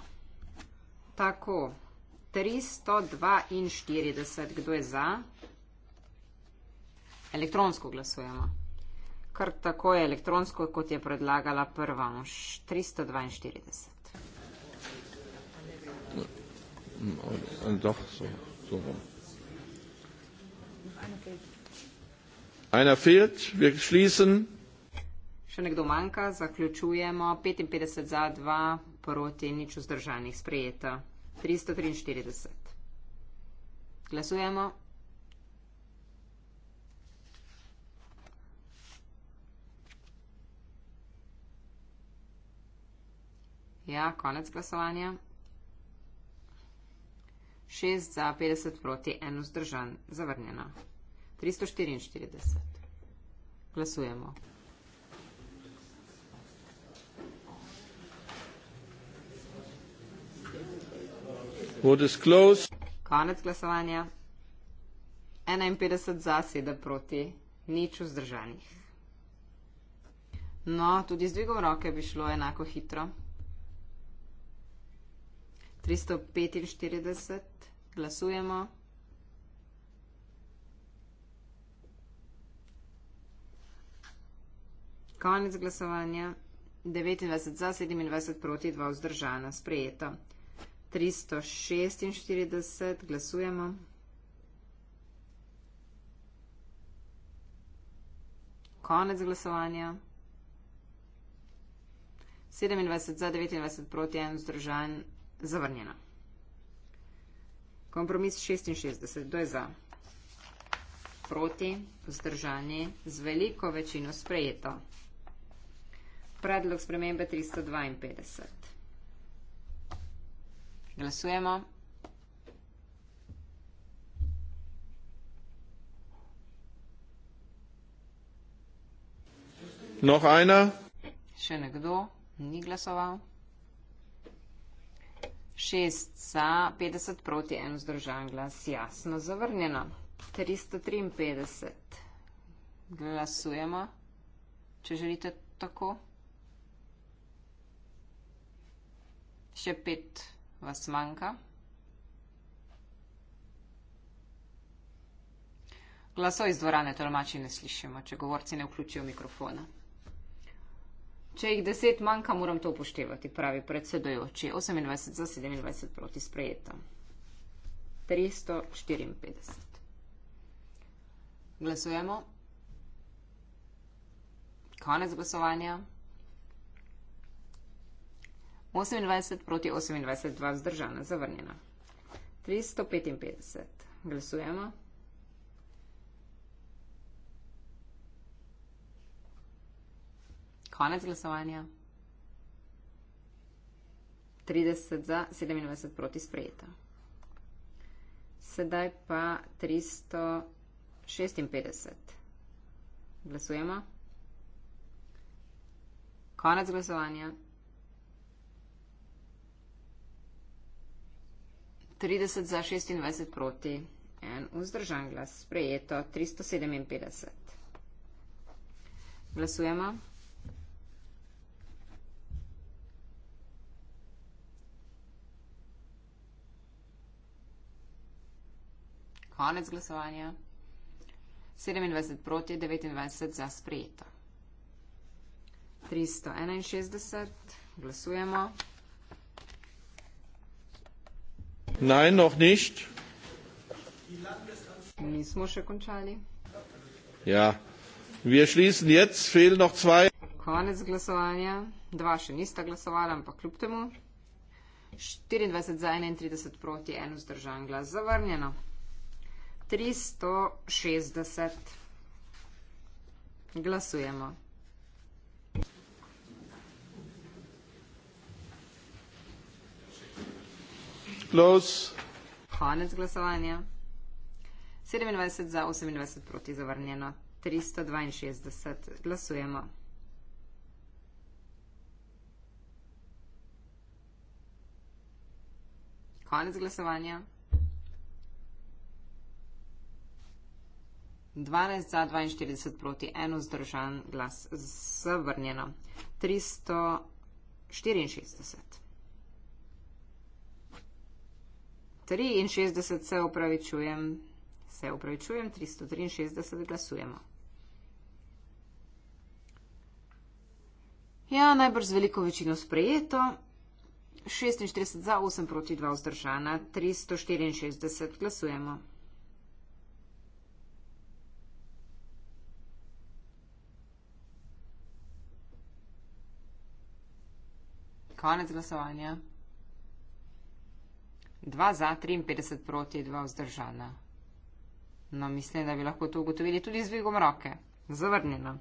Tako. 342, kdo je za? Elektronsko glasujemo kar tako je elektronsko, kot je predlagala prva mož 342. Einer fehlt, wir schließen. Še nekdo manjka, zaključujemo. 55 za, 2 proti, nič vzdržanih sprejeta. 343. Glasujemo. Ja, konec glasovanja. 6 za 50 proti 1 vzdržan, zavrnjeno. 344. Glasujemo. Konec glasovanja. 51 za, 7 proti, nič vzdržanih. No, tudi z dvigom roke bi šlo enako hitro. 345, glasujemo. Konec glasovanja. 29 za, 27 proti, 2 vzdržana, sprejeto. 346, glasujemo. Konec glasovanja. 27 za, 29 proti, 1 vzdržan, Zavrnjena. Kompromis 66. Kdo je za? Proti, vzdržani, z veliko večino sprejeto. Predlog spremembe 352. Glasujemo. Noh ena. Še nekdo ni glasoval. 6 za, 50 proti, 1 vzdržan glas, jasno zavrnjeno. 353. Glasujemo, če želite tako. Še pet vas manjka. Glasov iz dvorane tolmači ne slišimo, če govorci ne vključijo mikrofona. Če jih deset manjka, moram to upoštevati, pravi predsedojoči. 28 za 27 proti sprejeta. 354. Glasujemo. Konec glasovanja. 28 proti 28, 2 vzdržana, zavrnjena. 355. Glasujemo. Konec glasovanja. 30 za, 97 proti sprejeta. Sedaj pa 356. Glasujemo. Konec glasovanja. 30 za, 26 proti. En vzdržan glas. Sprejeto. 357. Glasujemo. konec glasovanja. 27 proti, 29 za sprejeto. 361, glasujemo. Nein, noch nicht. Nismo še končali. Ja, wir schließen jetzt, fehlen noch zwei. Konec glasovanja. Dva še nista glasovala, ampak kljub temu. 24 za 31 proti, eno zdržan glas zavrnjeno. 360. Glasujemo. Close. Konec glasovanja. 27 za, 28 proti zavrnjeno. 362. Glasujemo. Konec glasovanja. 12 za 42 proti 1 zdržan glas zavrnjeno. 364. 63 se upravičujem, se upravičujem, 363 glasujemo. Ja, najbrž z veliko večino sprejeto. 46 za 8 proti 2 vzdržana, 364 glasujemo. Konec glasovanja. 2 za, 53 proti, 2 vzdržana. No, mislim, da bi lahko to ugotovili tudi z dvigom roke. Zavrnjeno.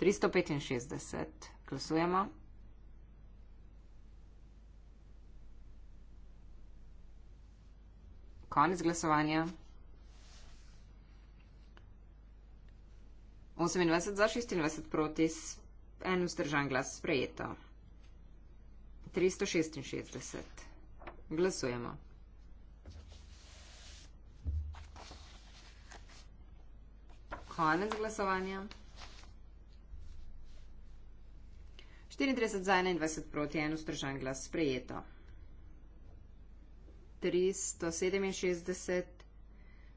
365. Glasujemo. Konec glasovanja. 28 za 26 proti, en vzdržan glas sprejeto. 366. Glasujemo. Konec glasovanja. 34 za 21 proti 1 vzdržan glas sprejeto. 367.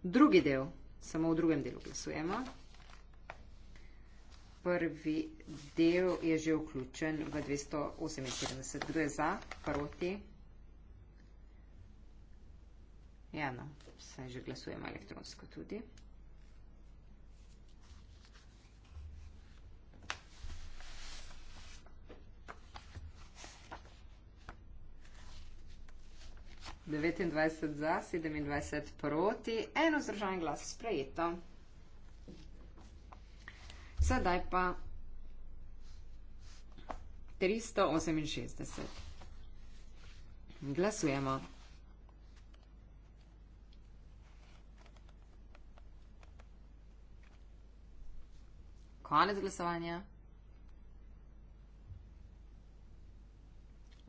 Drugi del. Samo v drugem delu glasujemo prvi del je že vključen v 248. Kdo je za, proti? Ja, no, saj že glasujemo elektronsko tudi. Devetindvajset za, sedemindvajset proti, eno zdržan glas sprejeto. Sedaj pa 368. Glasujemo. Konec glasovanja.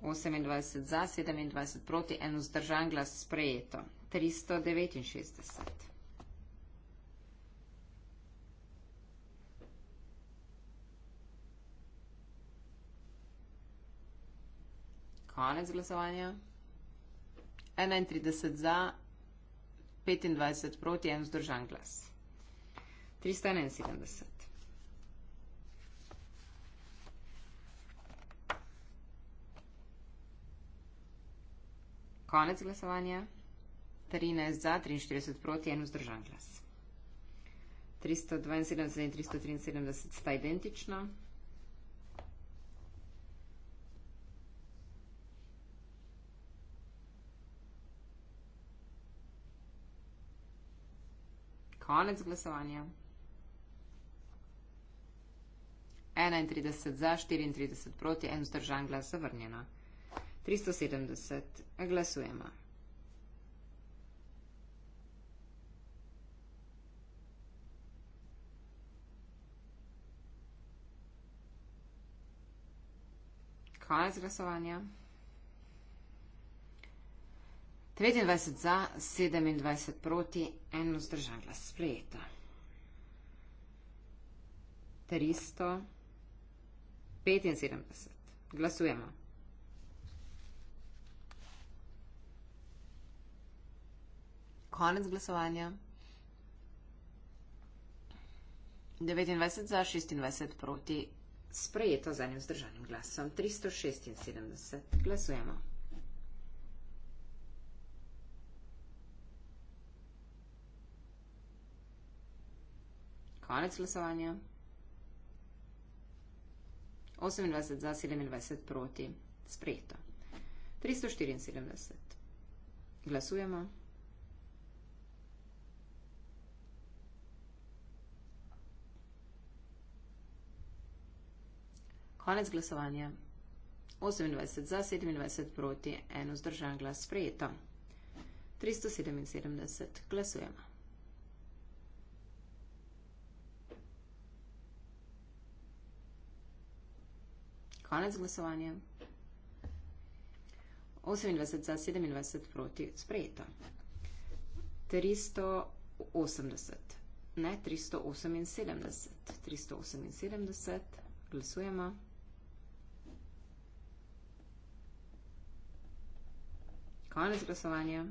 28 za, 27 proti, en vzdržan glas sprejeto. 369. Konec glasovanja. 31 za, 25 proti, en vzdržan glas. 371. Konec glasovanja. 13 za, 43 proti, en vzdržan glas. 372 in 373 sta identična. konec glasovanja. 31 za, 34 proti, en vzdržan glas zavrnjena. 370 glasujemo. Konec glasovanja. 29 za, 27 proti, eno zdržan glas sprejeta. 300, 75. Glasujemo. Konec glasovanja. 29 za, 26 proti, sprejeto z enim zdržanim glasom. 376. Glasujemo. konec glasovanja. 28 za, 27 proti, sprejeto. 374. Glasujemo. Konec glasovanja. 28 za, 27 proti, eno zdržan glas sprejeto. 377. Glasujemo. konec glasovanja. 28 za, 27 proti, sprejeto. 380, ne 378, 378, glasujemo. Konec glasovanja.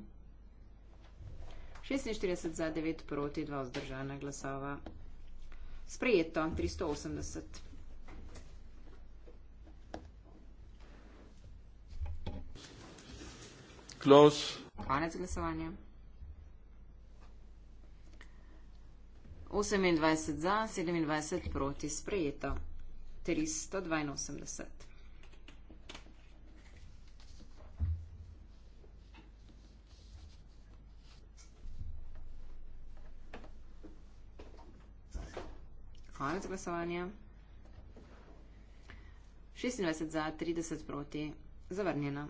46 za 9 proti 2 vzdržana glasova. Sprejeto 380. Close. Konec glasovanja. 28 za, 27 proti sprejeto. 382. Konec glasovanja. 26 za, 30 proti. Zavrnjeno.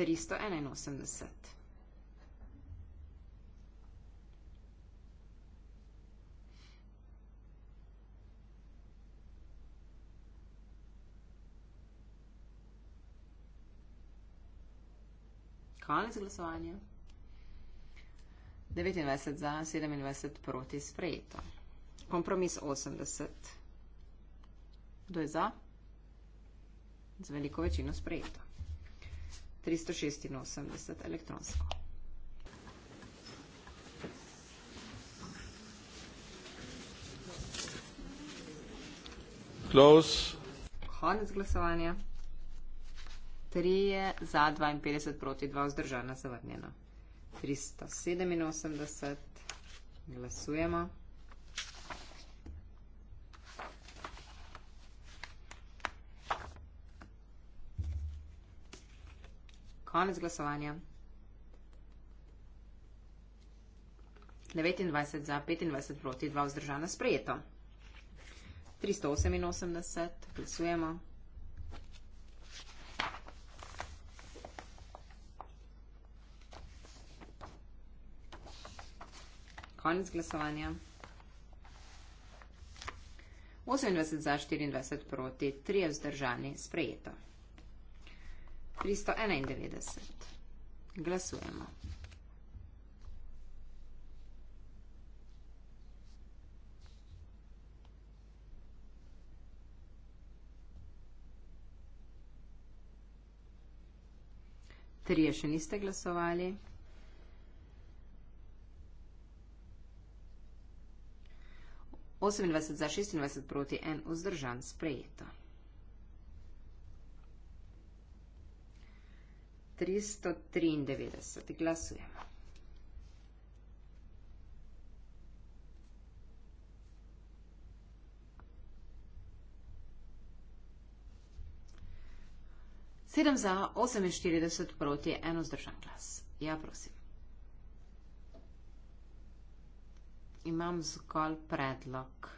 381. Konec glasovanja. 29 za, 27 proti sprejeto. Kompromis 80. Kdo je za? Z veliko večino sprejeto. 386 elektronsko. Close. Konec glasovanja. 3 je za 52 proti 2 vzdržana zavrnjena. 387 glasujemo. Konec glasovanja. 29 za, 25 proti, 2 vzdržana, sprejeto. 388, glasujemo. Konec glasovanja. 28 za, 24 proti, 3 vzdržani, sprejeto. 391. Glasujemo. Trije še niste glasovali. Osemindvajset za, šestindvajset proti, en vzdržan, sprejeto. 393. Glasujemo. Sedem za 48 proti eno zdržan glas. Ja, prosim. Imam zgolj predlog.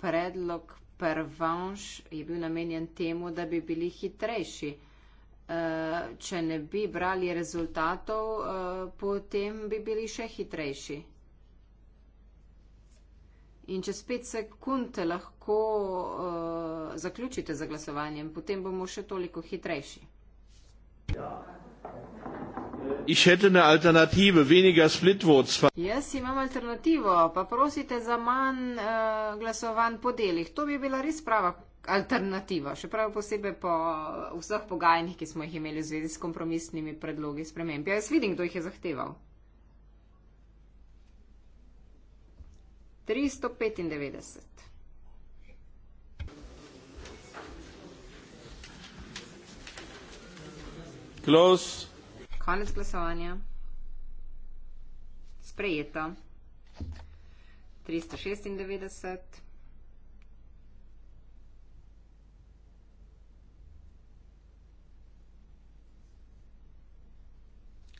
Predlog prvanš je bil namenjen temu, da bi bili hitrejši. Eh, če ne bi brali rezultatov, eh, potem bi bili še hitrejši. In čez pet sekund lahko uh, zaključite za glasovanjem, potem bomo še toliko hitrejši. Jaz imam alternativo, pa prosite za manj uh, glasovanj po delih. To bi bila res prava alternativo, še prav posebej po vseh pogajanjih, ki smo jih imeli v zvezi s kompromisnimi predlogi sprememb. Jaz vidim, kdo jih je zahteval. 395. Close. Konec glasovanja. Sprejeto. 396.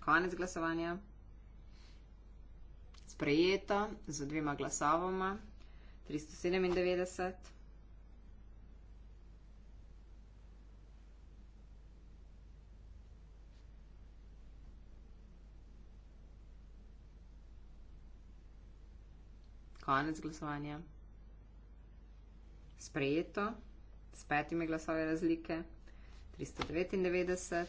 Konec glasovanja. Sprejeto z dvema glasovoma. 397. Konec glasovanja. Sprejeto s petimi glasovi razlike. 399.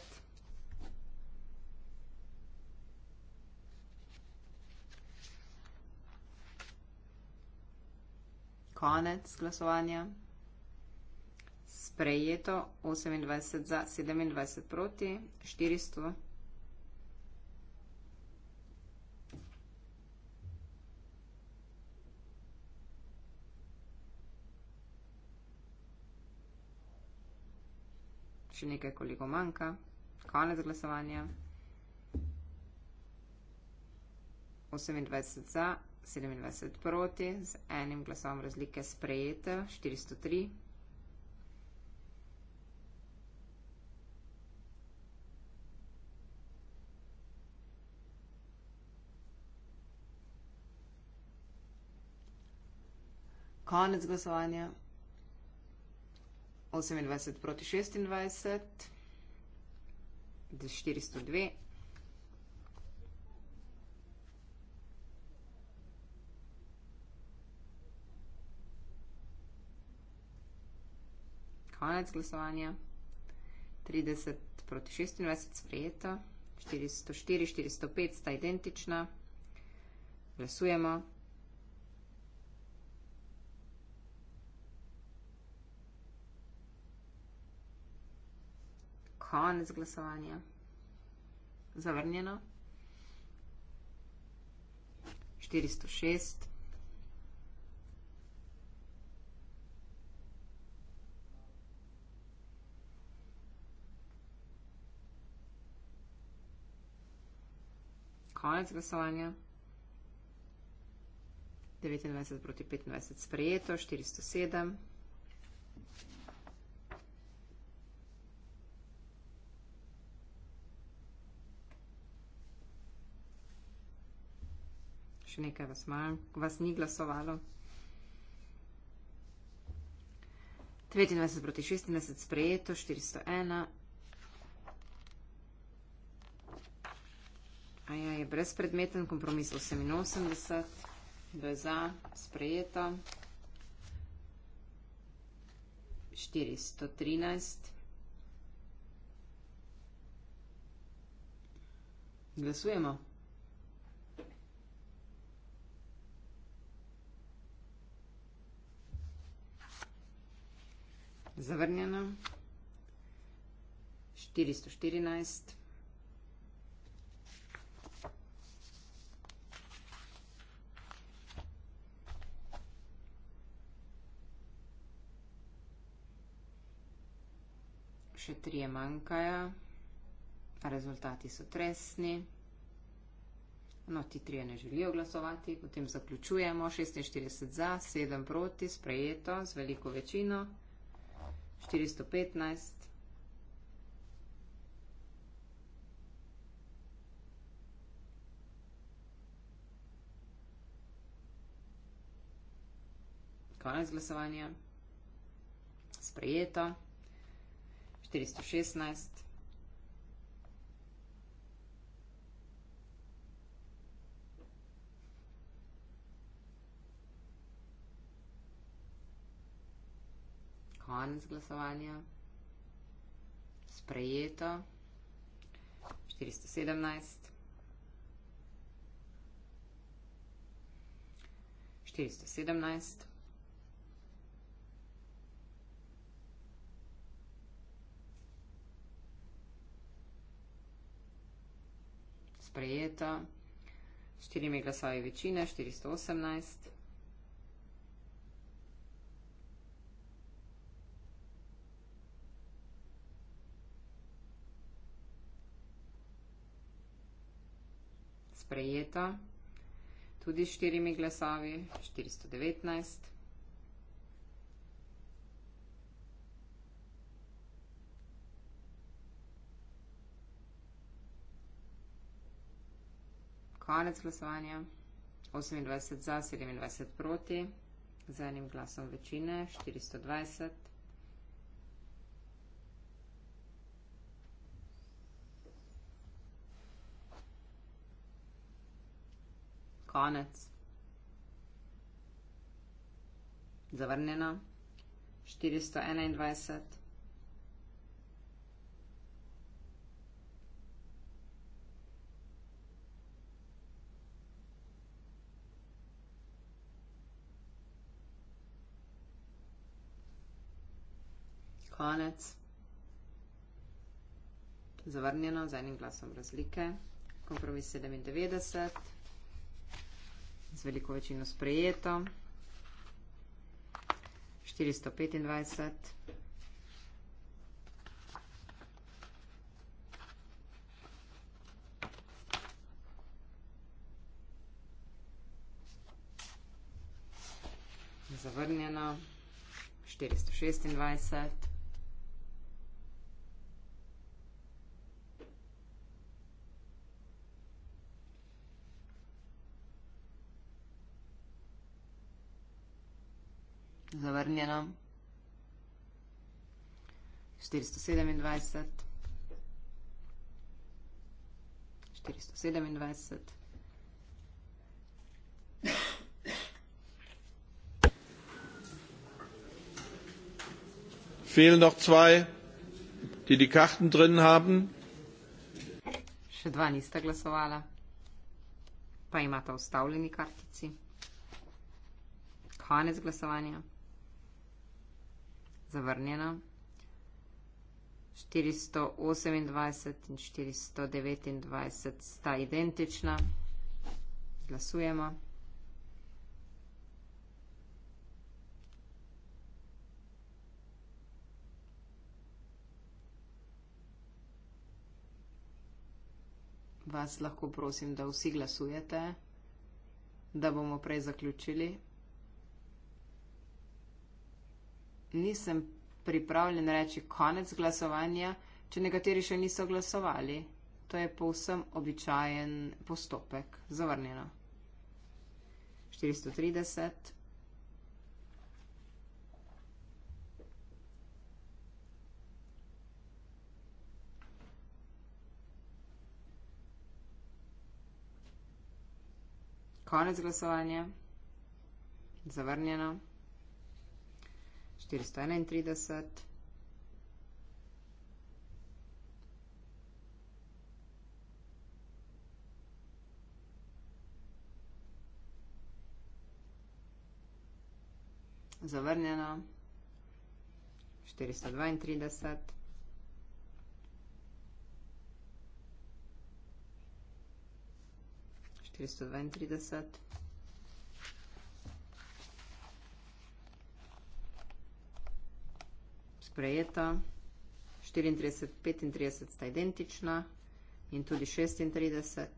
konec glasovanja. Sprejeto 28 za, 27 proti, 400. Še nekaj, koliko manjka. Konec glasovanja. 28 za, 27 proti, z enim glasom razlike sprejete, 403. Konec glasovanja. 28 proti 26, 402. konec glasovanja. 30 proti 26 sprejeto, 404, 405 sta identična. Glasujemo. Konec glasovanja. Zavrnjeno. 406. konec glasovanja. 29 proti 25 sprejeto, 407. Še nekaj vas, manj, vas ni glasovalo. 29 proti 26 sprejeto, 401. Aja je brezpredmeten kompromis 88, dve za, sprejeto. 413. Glasujemo. Zavrnjeno. 414. še trije manjkajo, rezultati so tresni. No, ti trije ne želijo glasovati, potem zaključujemo 46 za, 7 proti, sprejeto z veliko večino, 415. Konec glasovanja. Sprejeto. 316. Konec glasovanja. Sprejeto. 417. 417. sprejeta s štirimi glasovi večine, 418. Sprejeta tudi s štirimi glasovi, 419. konec glasovanja. 28 za, 27 proti, z enim glasom večine, 420. Konec. Zavrnjeno. 421. konec. Zavrnjeno z enim glasom razlike. Kompromis 97. Z veliko večino sprejeto. 425. Zavrnjeno 426. obrnjeno. 427. 427. Fehlen noch zwei, die die Karten drin haben. Še dva nista glasovala, pa imata ustavljeni kartici. Konec glasovanja zavrnjena. 428 in 429 sta identična. Glasujemo. Vas lahko prosim, da vsi glasujete, da bomo prej zaključili. nisem pripravljen reči konec glasovanja, če nekateri še niso glasovali. To je povsem običajen postopek. Zavrnjeno. 430. Konec glasovanja. Zavrnjeno. 431. Zavrnjeno. 432. Tristo dvaintrideset. sprejeta, štiriintrideset, petintrideset sta identična in tudi šestintrideset.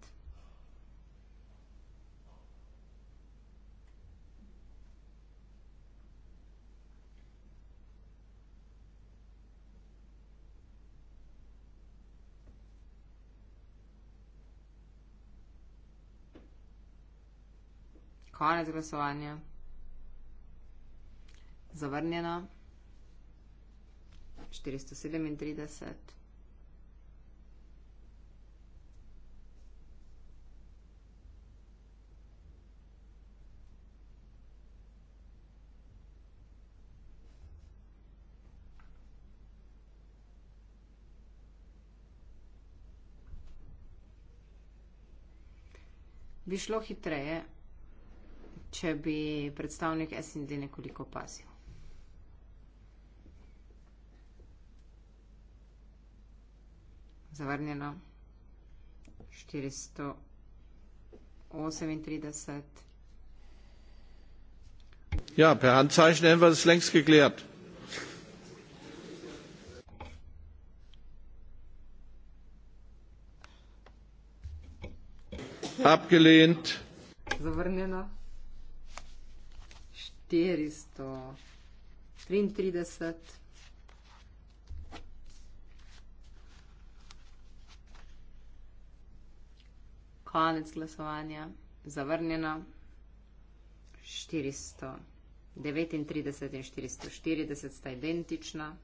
Konec glasovanja. Zavrnjeno. 437. Bi šlo hitreje, če bi predstavnik SND nekoliko pazil. zavrnjeno. 438. Ja, per Handzeichen haben wir das längst geklärt. Abgelehnt. Zavrnjeno. 433. konec glasovanja, zavrnjeno 439 in 440 sta identična.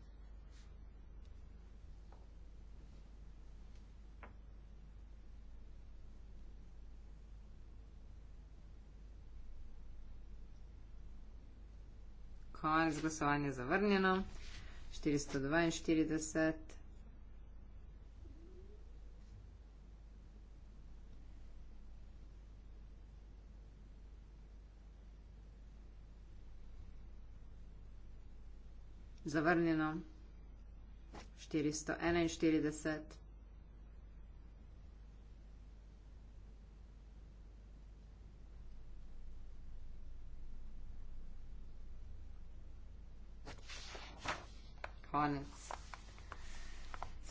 Konec glasovanja zavrnjeno, 442. zavrnjeno. 441. Konec.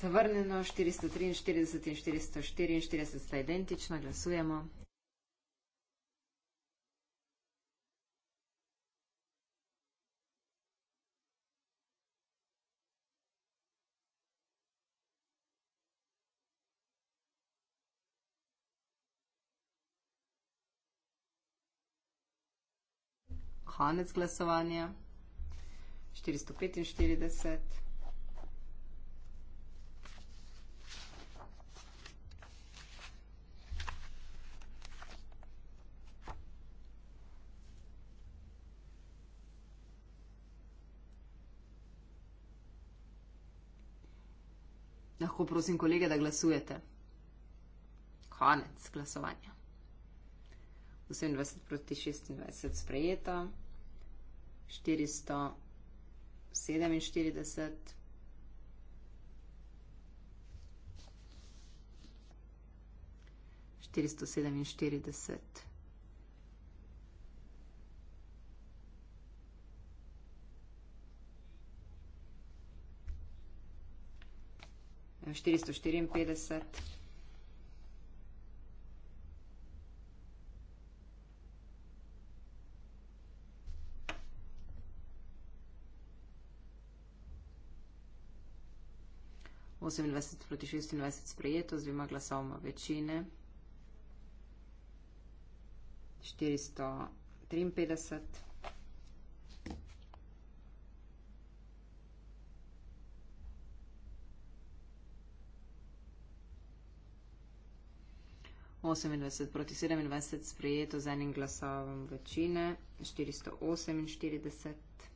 Zavrnjeno 443 in 444 sta identična, glasujemo. konec glasovanja. 445. Lahko prosim kolege, da glasujete. Konec glasovanja. 27 proti 26 sprejeto, 447. Štiristo sedeminštirideset, štiristo štiriinpetdeset. 28 proti 26 sprejeto z dvima glasovoma večine. 453. Osemindvajset proti sedemindvajset sprejeto z enim glasovom večine, štiristo oseminštirideset.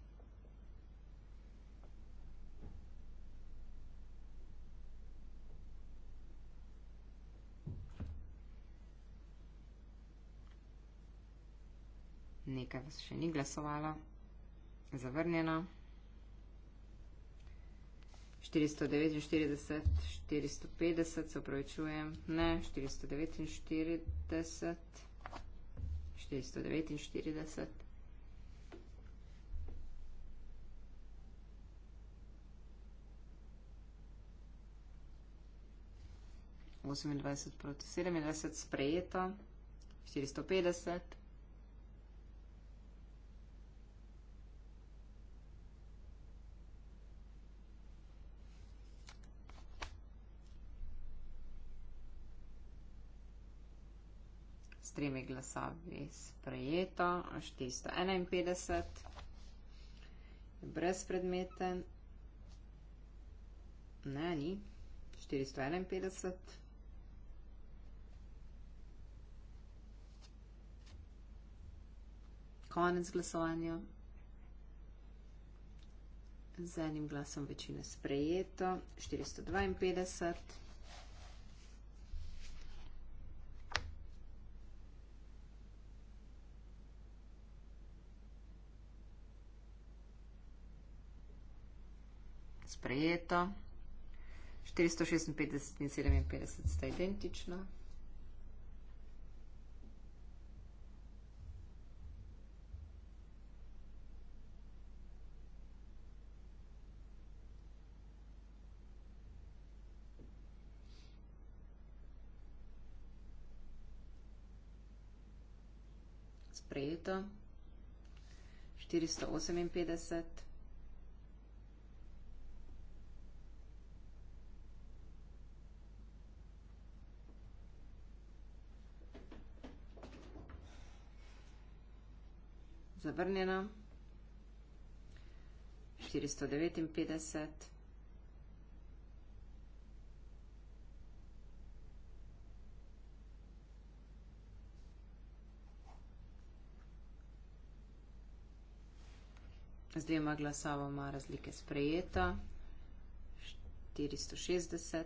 nekaj vas še ni glasovalo, zavrnjeno. 449, 450, se upravičujem, ne, 449, 449. Osemindvajset proti sedemindvajset sprejeto, štiristo petdeset. tremi glasovi sprejeto, 451, je brezpredmeten, ne, ni, 451, konec glasovanja, z enim glasom večine sprejeto, 452, 451, sprejeto. 456 in 57 sta identična. Sprejeto. 458. zavrnjena. 459. Z dvema glasovoma razlike sprejeta. 460.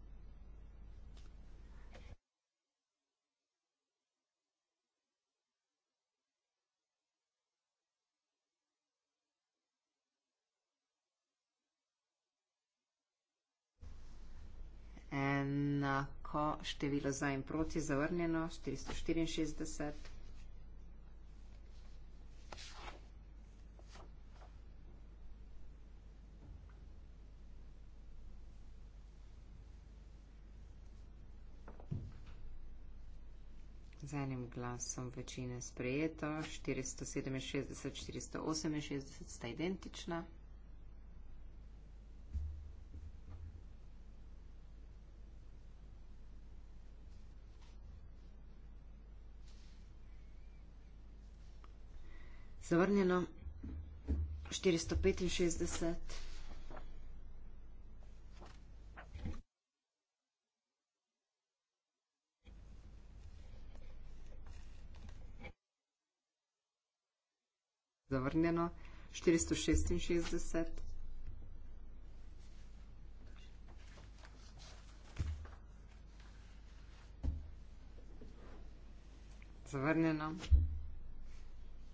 enako število za in proti, zavrnjeno 464. Z enim glasom večine sprejeto, 467, 468 sta identična. Zavrnjeno. 465. Zavrnjeno. 466. Zavrnjeno.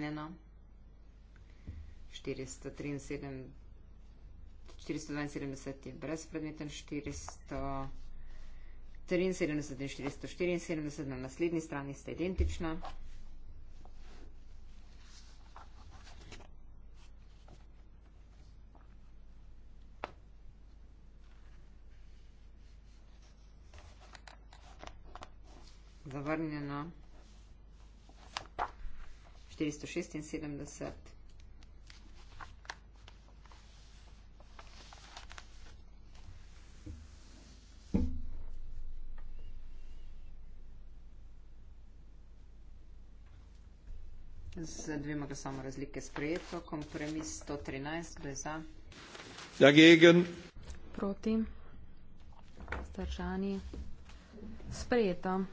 osamljeno. 472 je brezpredmeten, 473 in 474 na naslednji strani sta identična. 476. Z dvema glasoma razlike sprejeto, kompromis 113, kdo je za? Dagegen. Proti. Zdržani. Sprejeto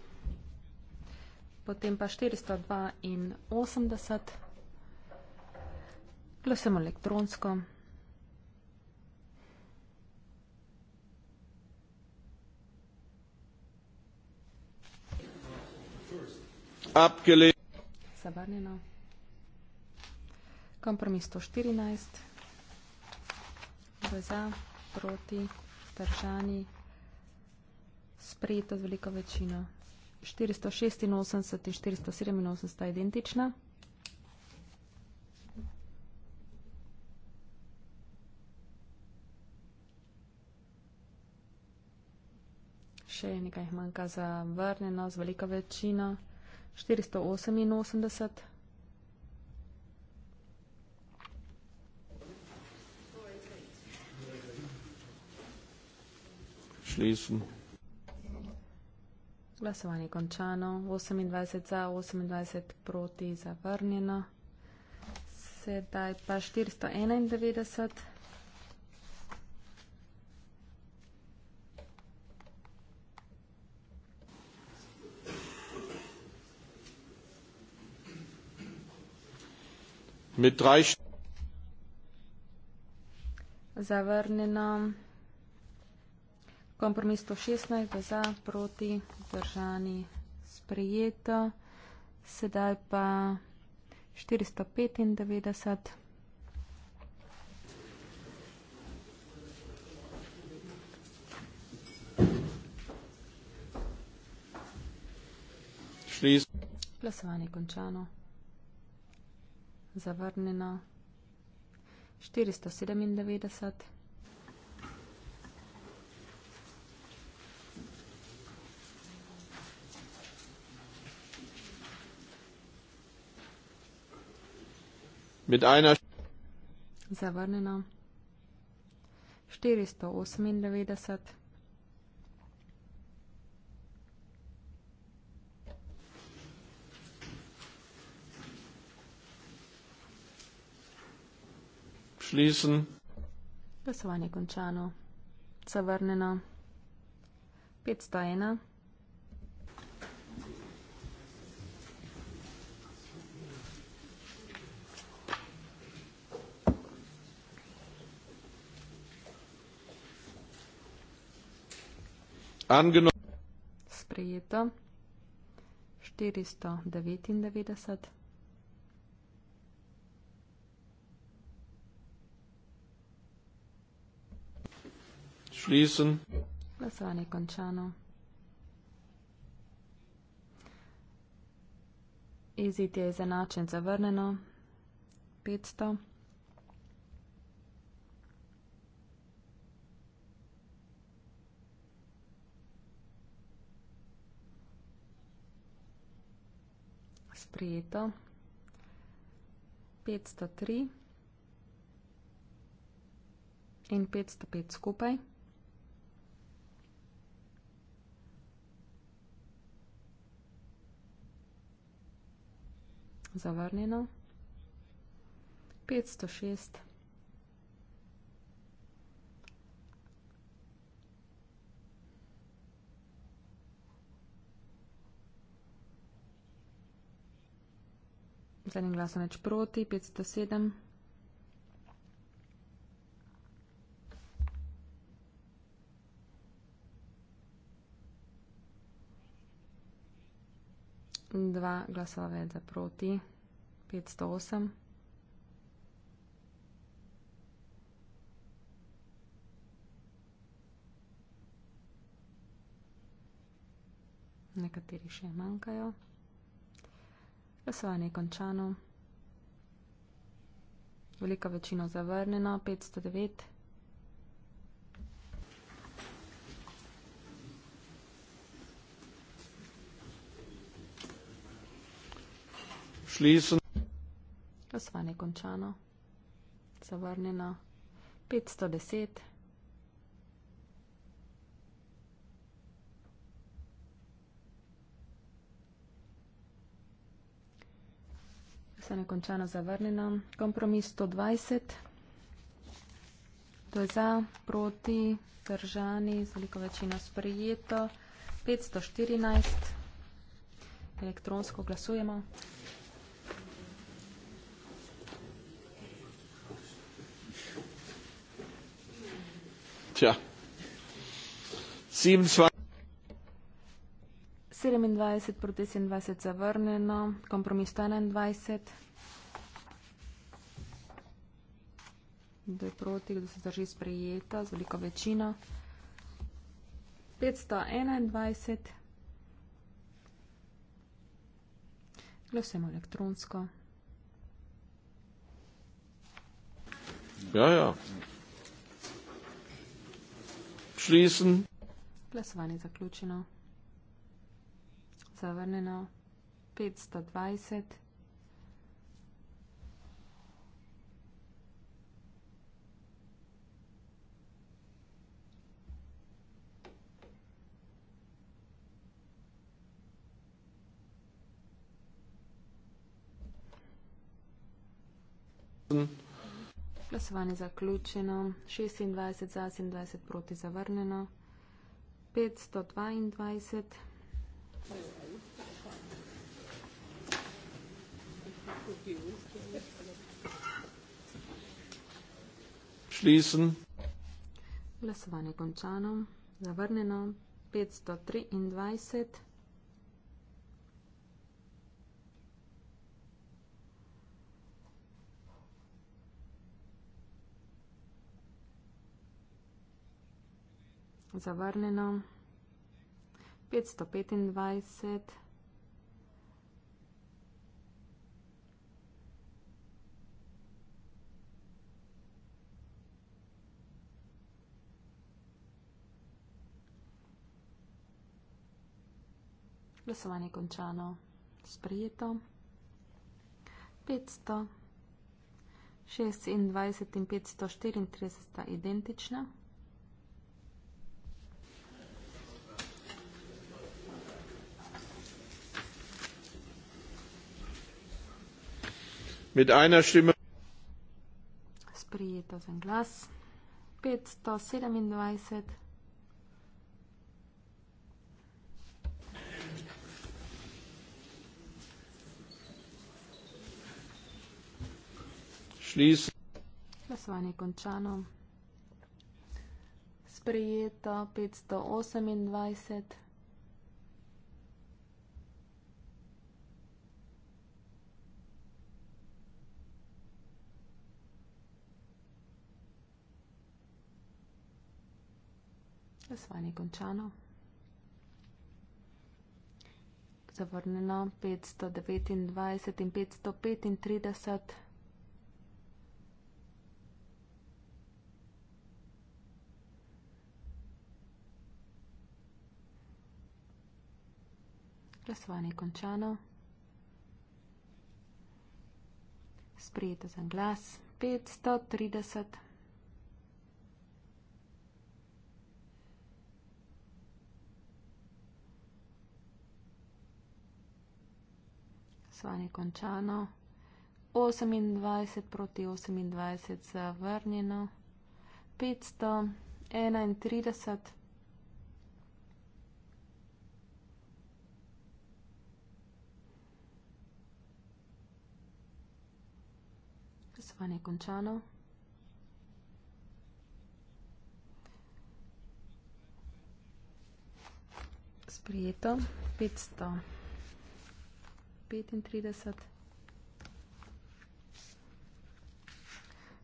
potem pa 482. Glasujemo elektronsko. Zavrnjeno. Kompromis 114. Za, proti, držani. Sprejeto z veliko večino. 486 in 487 sta identična. Še nekaj jih manjka za vrnjeno z veliko večino. 488. Schließen. Glasovanje končano. 28 za, 28 proti zavrnjeno. Sedaj pa 491. Zavrnjeno Kompromis 116 je za, proti, držani sprejeto. Sedaj pa 495. Glasovanje končano. Zavrnjeno. 497. mit einer Zavrnjeno. 498. Schließen. Glasovanje končano. Zavrnjeno. 501. angenommen. Sprejeto. 499. Schließen. Glasovanje je končano. Izid je izenačen, zavrnjeno. 500. sprejeto. 503 in 505 skupaj. Zavrnjeno. 506. Zadnji glas neč proti, 507. Dva glasa več za proti, 508. Nekateri še manjkajo. Glasovanje je končano. Velika večina zavrnjena, 509. Glasovanje je končano. Zavrnjeno. 510. se je nekončano zavrnjeno. Kompromis 120. To je za, proti, držani, z veliko večino sprejeto. 514. Elektronsko glasujemo. Tja. Sieben, zwei. 27 proti 27 zavrnjeno, kompromis 21. Kdo je proti, kdo se drži sprejeta z veliko večino? 521. Glasujemo elektronsko. Ja, ja. Schließen. Glasovanje zaključeno zavrnjeno 520. Glasovanje zaključeno, 26 za, 27 proti zavrnjeno, 522. Schließen. Glasovanje končano. Zavrnjeno 523. Zavrnjeno 525. Glasovanje je končano. Sprejeto. 500. 26 in 534 sta identična. Med ena štima. Sprijeto za glas. 527. prišli iz. Glasovanje je končano. Sprejeto 528. Glasovanje je končano. Zavrnjeno 529 in 535. Glasovanje je končano. Sprijeto za glas 530. Glasovanje je končano. 28 proti 28 zavrnjeno. 531. spanje končano. Sprijeto 535.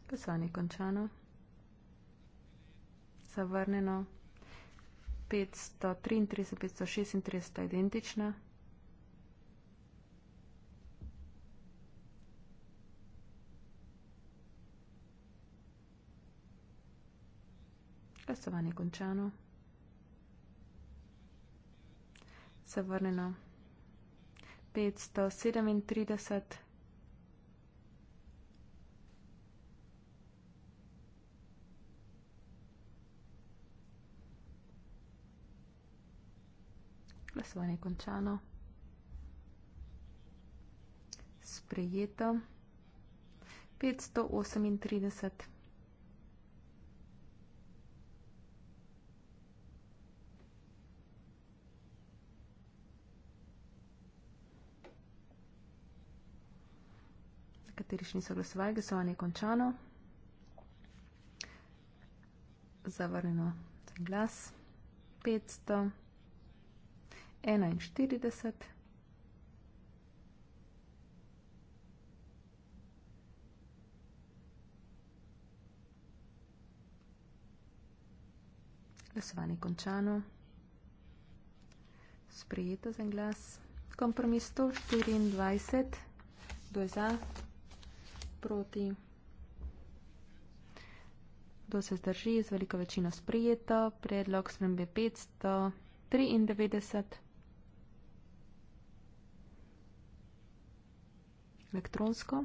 Kasanje končano. Zavrnjeno 533, 536, identična. Glasovanje je končano. Zavrnjeno 537. Glasovanje je končano. Sprejeto 538. tisti, kateri še niso glasovali, glasovanje je končano. Zavrnjeno ten glas. 500. 41. 40. Glasovanje je končano. Sprejeto za en glas. Kompromis 124. Kdo je za? proti. Kdo se zdrži, z veliko večino sprijeto, predlog smem be 593. Elektronsko.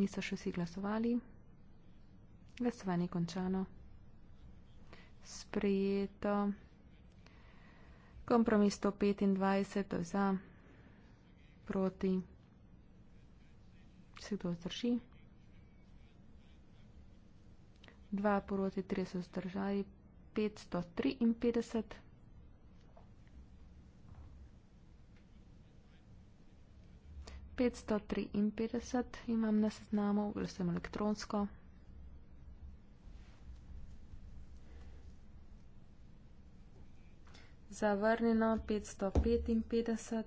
Niso še vsi glasovali. Glasovanje končano. Sprijeto. Kompromis 125 za, proti. Vsi kdo zdrži? Dva proti, tri so zdržali, 553. Petsto tri in petdeset imam na seznamu, glasujem elektronsko. zavrnjeno 555.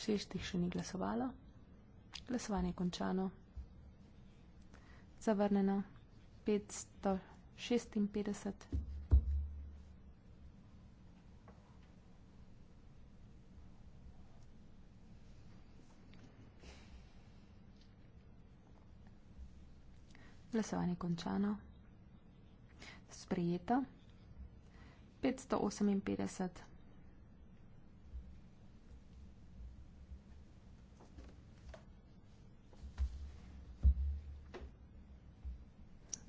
Šestih še ni glasovalo. Glasovanje je končano. Zavrnjeno 556. Glasovanje končano. Sprejeto. 558.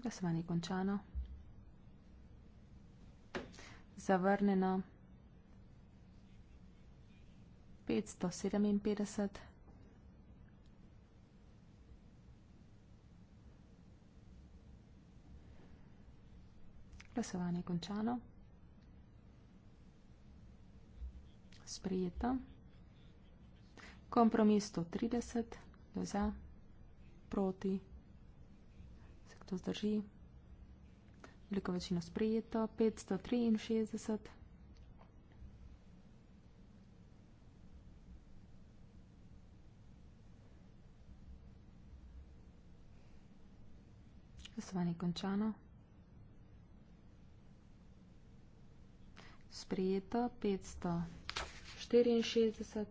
Glasovanje končano. Zavrnjeno. 557. glasovanje končano. Sprijeto. Kompromis 130, do za, proti, se kdo zdrži. Veliko večino sprijeto, 563. Glasovanje končano. sprejeto 564.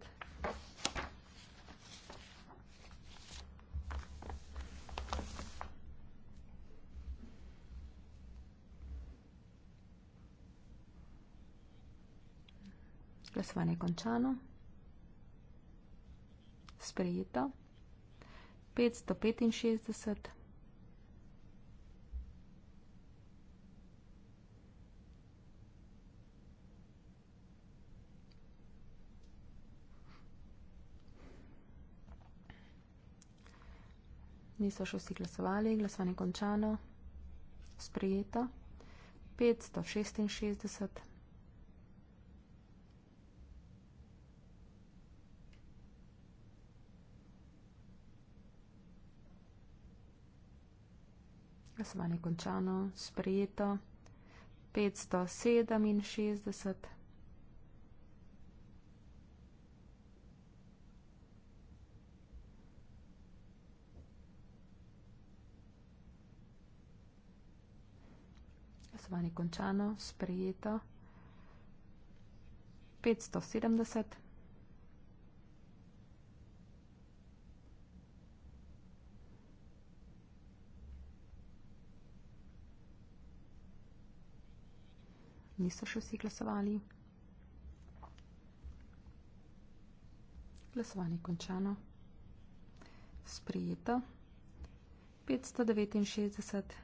Glasovanje je končano. Sprejeto 565. niso še vsi glasovali, glasovanje končano, sprejeto. 566. Glasovanje končano, sprejeto. 567. glasovanje končano, sprejeto. 570. Niso še vsi glasovali. Glasovanje končano. Sprijeto. 569.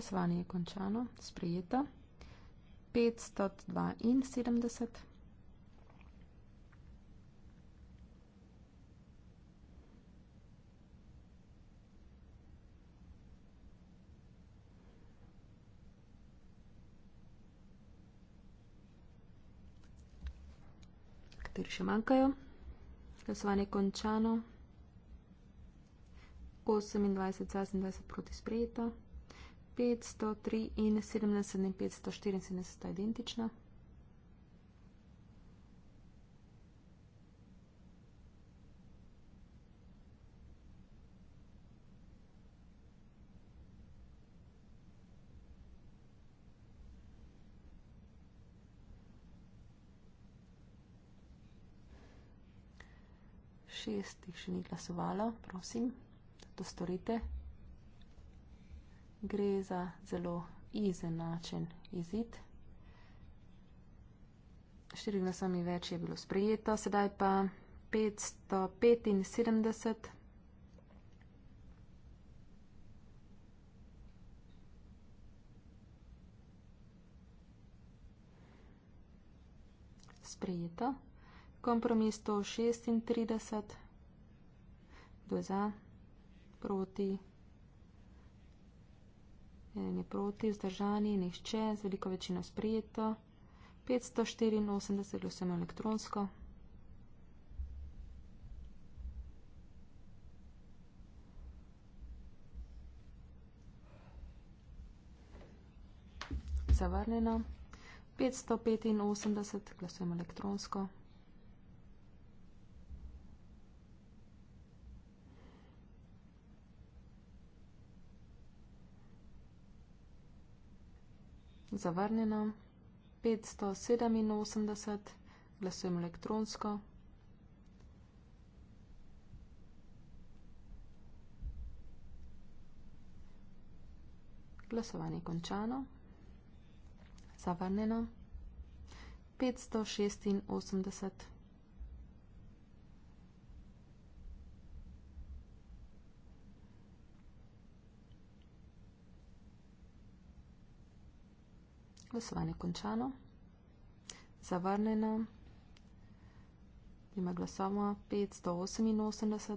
glasovanje je končano, sprejeto. 572. Kateri še manjkajo? Glasovanje je končano. 28, 28 proti sprejeto. 503 in 70 in 574 sta identična. Šest jih še ni glasovalo, prosim, da to storite gre za zelo izenačen izid. Štiri glasami več je bilo sprejeto, sedaj pa 575. Sprejeto. Kompromis 136. Kdo je za? Proti eden je proti, vzdržani, nihče, z veliko večino sprijeto. 584 glasujemo elektronsko. Zavrnjeno. 585 glasujemo elektronsko. zavrnjeno. 587, glasujem elektronsko. Glasovanje končano. Zavrnjeno. 586. Glasovanje končano. Zavrnjeno. Ima glasovo 588.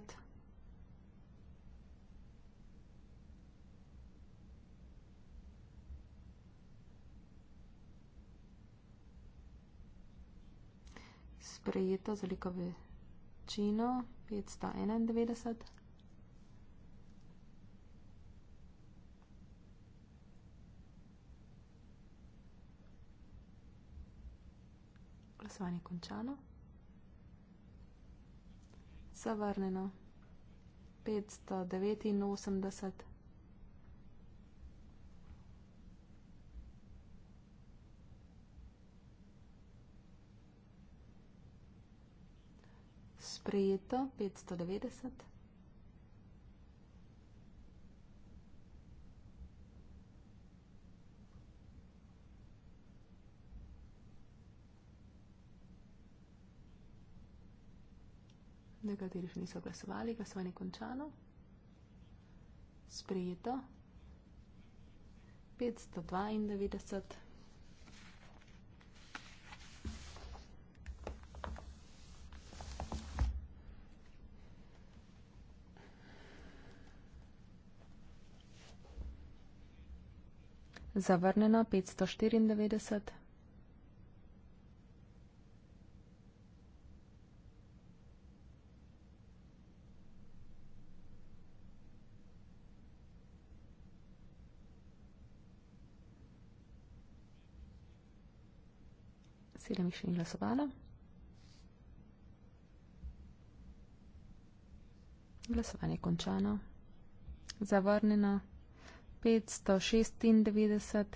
Sprejeto za likove čino 591. glasovanje končano. Zavrnjeno 589. Sprejeto 590. nekateri še niso glasovali, glasovanje je končano. Sprejeto. 592. Zavrnjeno 594. katerem še ni glasovala. Glasovanje je končano. Zavrnjeno 596.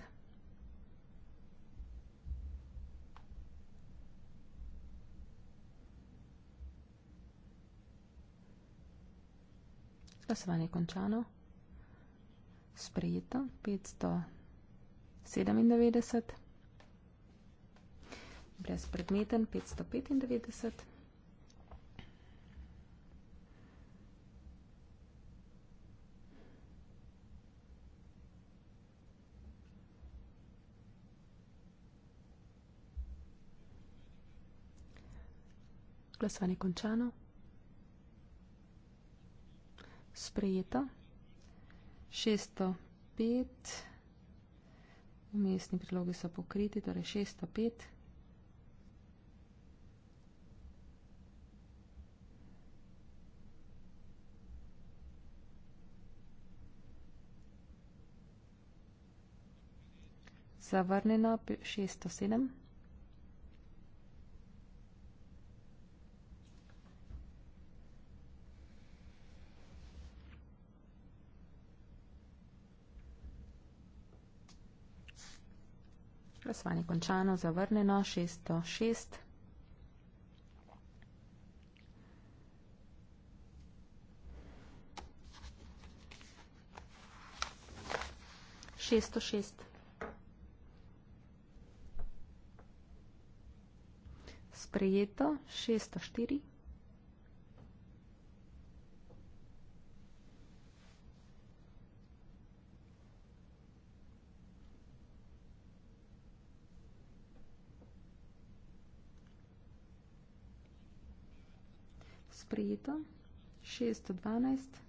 Glasovanje je končano. Sprejeto 597 brezpredmeten 595. Glasovanje končano. Sprejeto. 605. Umestni prilogi so pokriti, torej 605. zavrnjeno 607. Glasovanje končano, zavrnjeno 606. Šesto šest. sprejeto 604. Sprejeto 612.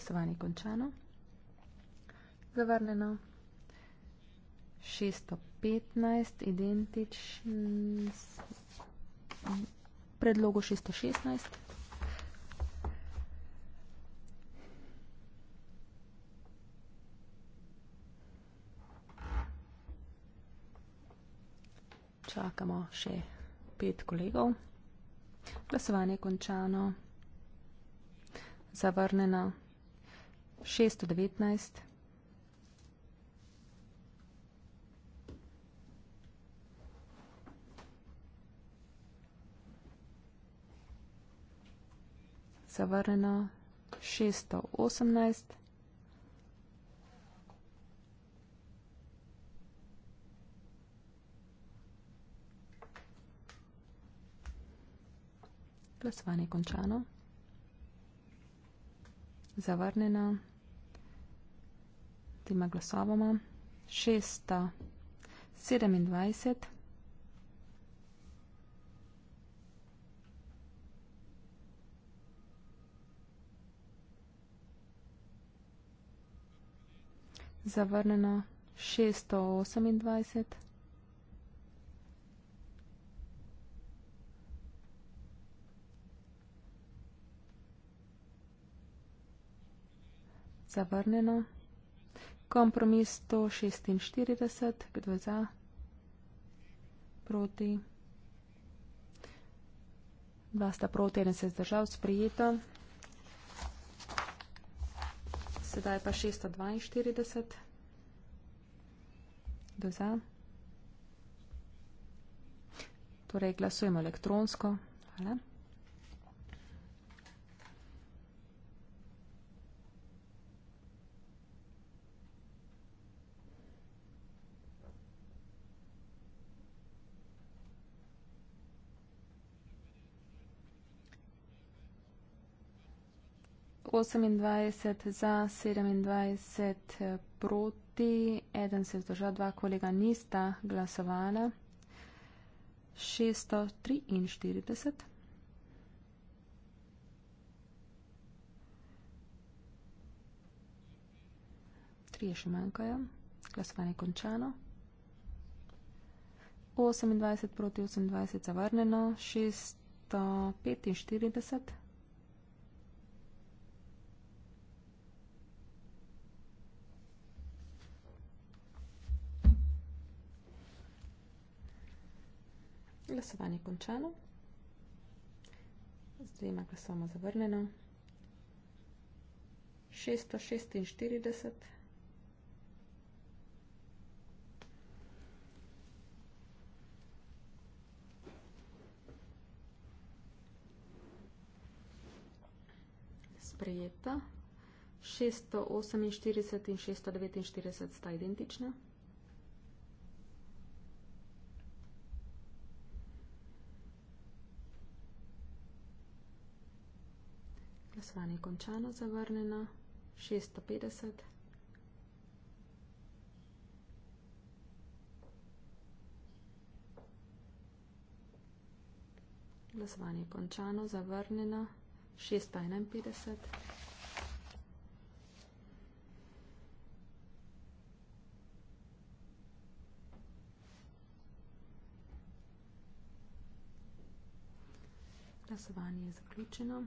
Glasovanje končano. Zavrneno. 615, identičen predlogu 616. Čakamo še pet kolegov. Glasovanje končano. Zavrneno. 619. Zavrneno 618. Glasovanje končano. Zavrneno 619 šestima glasovoma, šesta sedemindvajset. Zavrnjeno šeststo osemindvajset. Zavrnjeno. Kompromis 146, kdo je za, proti. Dva sta proti, eden se je zdržal, sprijeto. Sedaj pa 642, kdo je za. Torej glasujemo elektronsko. Hvala. 28 za, 27 eh, proti, eden se zdrža, dva kolega nista glasovala. 643. Trije še manjkajo. Glasovanje je končano. 28 proti 28 zavrnjeno. 645. glasovanje končano. Z dvema glasoma zavrnjeno. 646. Prijeta. 648 in 649 sta identična. glasovanje končano, zavrnjeno, 650. Glasovanje končano, zavrnjeno, 651. Glasovanje je zaključeno.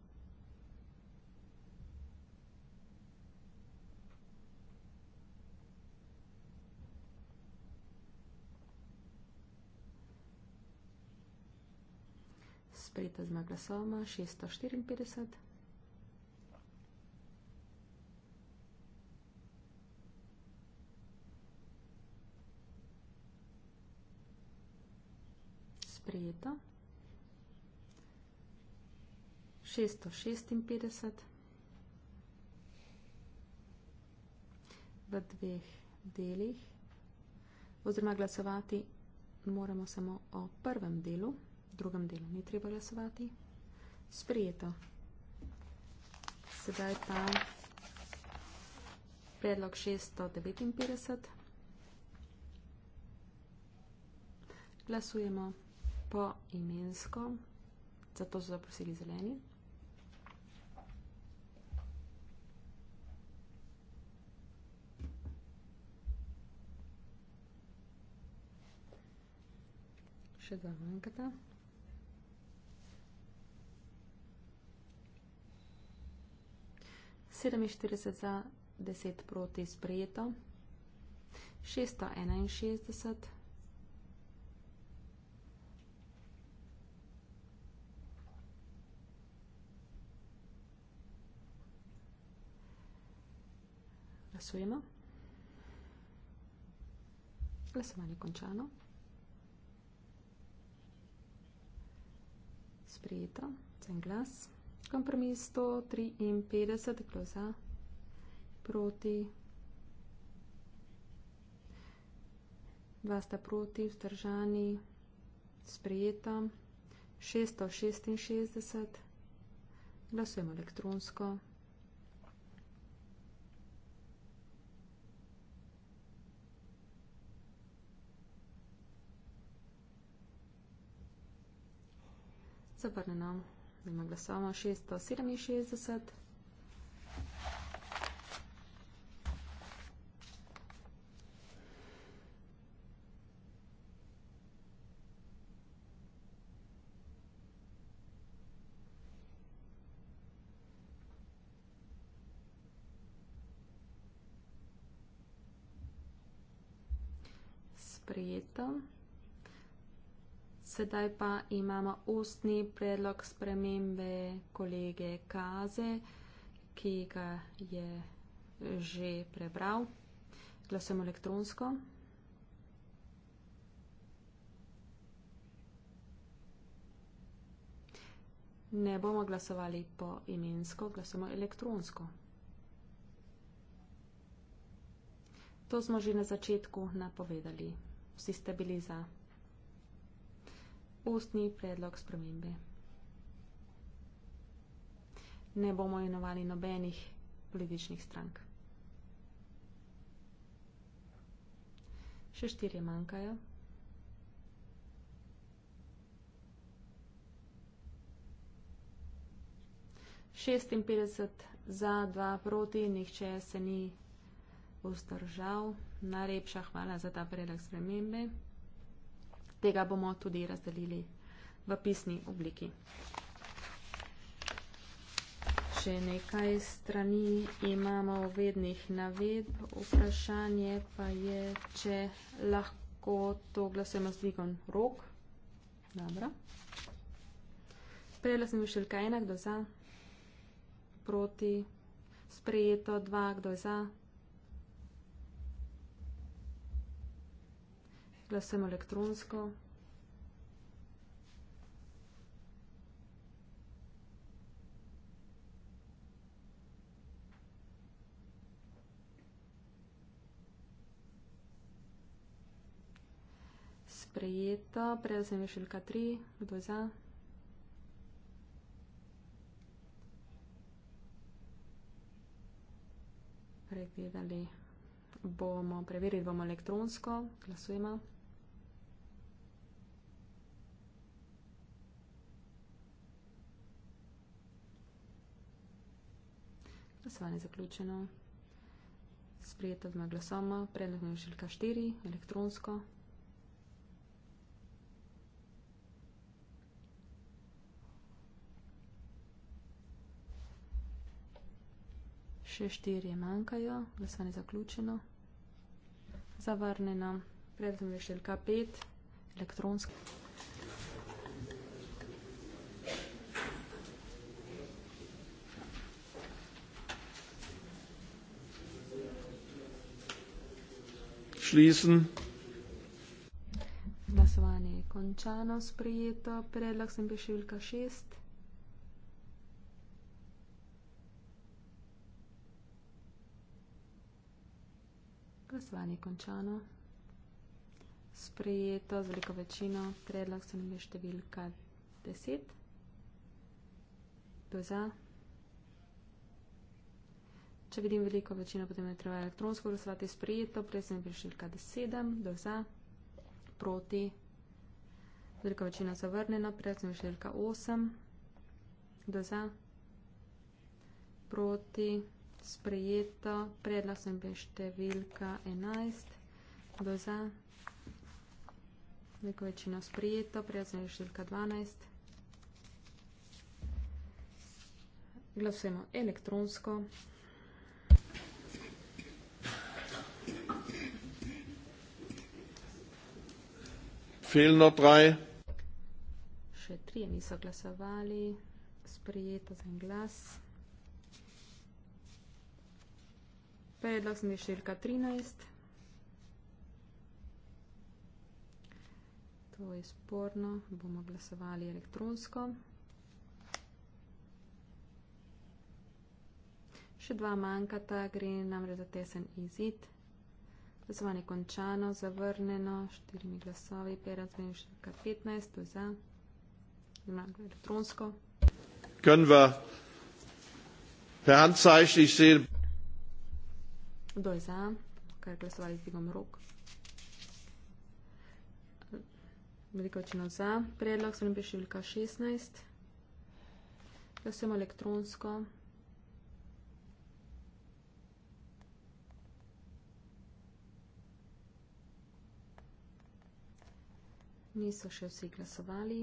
sprejeta zmaga glasoma 654. Sprejeto. 656 v dveh delih, oziroma glasovati moramo samo o prvem delu drugem delu ni treba glasovati. Sprijeto. Sedaj pa predlog 659. Glasujemo po imensko, zato so zaprosili zeleni. Še dva manjkata. 47 za, 10 proti sprejeto, 661. Glasujemo. Glasovanje končano. Sprejeto, cen glas kompromis 153 glasov za, proti, dva sta proti, vzdržani, sprejeta, 666, glasujemo elektronsko. Zavrnjeno. Zdaj glasamo 667. Prijeto sedaj pa imamo ustni predlog spremembe kolege Kaze, ki ga je že prebral. Glasujemo elektronsko. Ne bomo glasovali po imensko, glasujemo elektronsko. To smo že na začetku napovedali. Vsi ste bili za ustni predlog spremembe. Ne bomo imenovali nobenih političnih strank. Še štirje manjkajo. Šestinpetdeset za, dva proti, nihče se ni vzdržal. Najlepša hvala za ta predlog spremembe tega bomo tudi razdelili v pisni obliki. Še nekaj strani imamo vednih navedb. Vprašanje pa je, če lahko to glasujemo z dvigom rok. Dobro. Prejela sem številka ena, kdo za? Proti? Sprejeto dva, kdo za? Bila sem elektronsko. Prejeta, prejela sem vešeljka 3, kdo je za? Pregledali bomo, preverili bomo elektronsko, glasujemo. Glasovanje je zaključeno. Sprijeta dva glasoma, predlog je šilka 4, elektronsko. Še štiri je manjkajo, glasovanje je zaključeno. Zavrnjeno, predlog je šilka 5, elektronsko. schließen. Glasovanje je končano, sprejeto. Predlog sem bil številka 6. Glasovanje je končano, sprejeto z veliko večino. Predlog sem bil številka 10. To je za. Če vidim veliko večino, potem je treba elektronsko glasovati sprejeto, prej sem prišel kd7, do za, proti, velika večina zavrnjena, prej sem prišel kd8, do za, proti, sprejeto, predla sem bil številka 11, do za, veliko večino sprejeto, prej sem prišel kd12, glasujemo elektronsko, fehlen noch drei. Še trije niso glasovali, sprijeto za en glas. Predlog z nešeljka 13. To je sporno, bomo glasovali elektronsko. Še dva manjkata, gre namre za tesen izid. Glasovanje končano, zavrnjeno, štirimi glasovi, pera zvenišnjaka 15, to je za, ima elektronsko. Kdo je za, kar je glasovali z digom rok. Veliko večino za, predlog, so nam piše velika 16. Glasujemo elektronsko. Niso še vsi glasovali.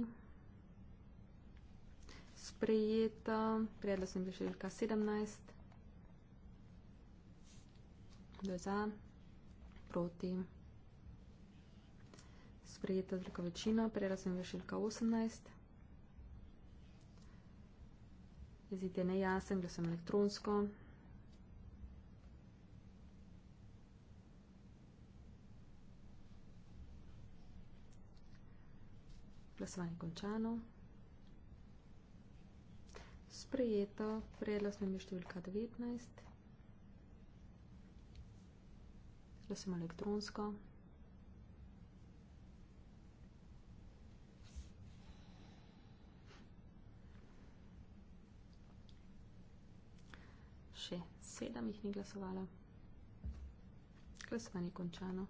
Sprejeta. Predlog sem bil številka 17. Kdo je za? Proti. Sprejeta velika večina. Predlog sem bil številka 18. Jezite nejasen, glasujem elektronsko. Glasovanje končano. Sprejeto, predlog smo imeli številka 19. Glasujemo elektronsko. Še sedem jih ni glasovalo. Glasovanje končano.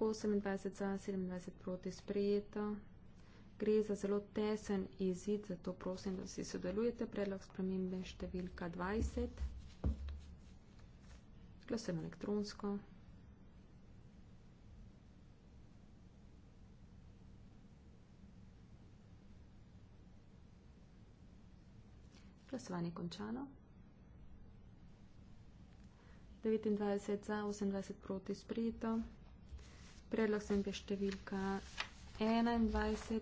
28 za, 27 proti sprejeto. Gre za zelo tesen izid, zato prosim, da si sodelujete. Predlog spremembe številka 20. Glasujem elektronsko. Glasovanje končano. 29 za, 28 proti sprejeto. Predlog sem pa številka 21.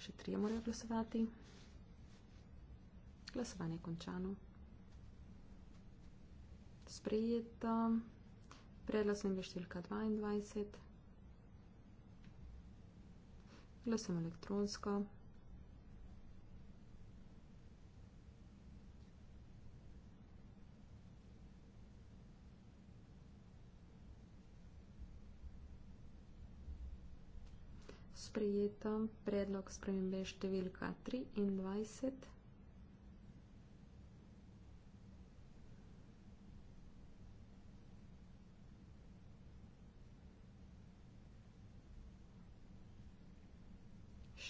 Še trije morajo glasovati. Glasovanje je končano. Sprejeto. Predlog sem pa številka 22. 22 glasem elektronsko. Sprejeto predlog spremembe številka 23.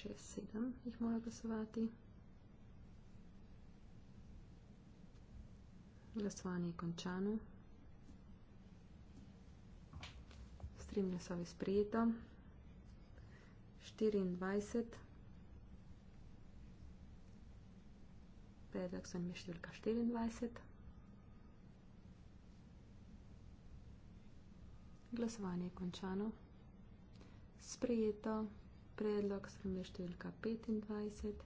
še sedem jih mora glasovati. Glasovanje je končano. S trim glasovi sprejeto. 24. Predlog so nam je številka 24. Glasovanje je končano. Sprejeto predlog sreme številka 25.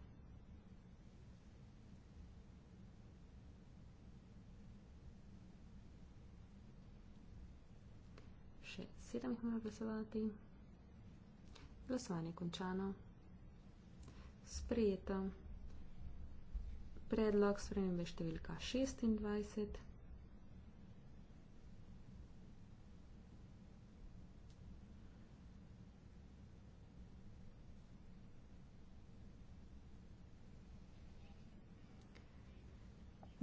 Še sedem jih mora glasovati. Glasovanje je končano. Sprejeto. Predlog spremembe številka 26.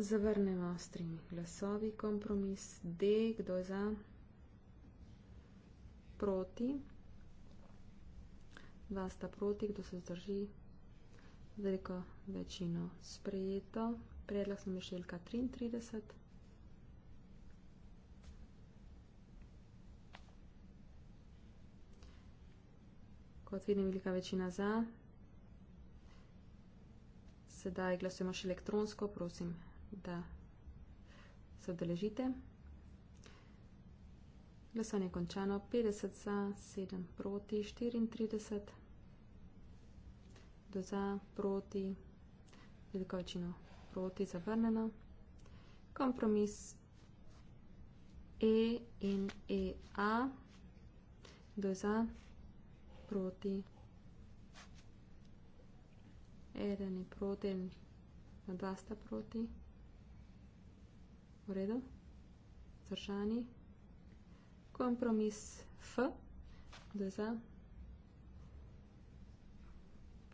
Zavrnemo s tremi glasovi kompromis. D, kdo je za? Proti. Dva sta proti, kdo se zdrži? Veliko večino sprejeto. Predlog smo mišeljka 33. Kot vidim, velika večina za. Sedaj glasujemo še elektronsko, prosim da se odeležite. Glasanje je končano 50 za, 7 proti, 34 do za, proti, veliko večino proti, zavrneno. Kompromis E in EA do za, proti, eden je proti, dva sta proti. V redu, držani. Kompromis F, da za,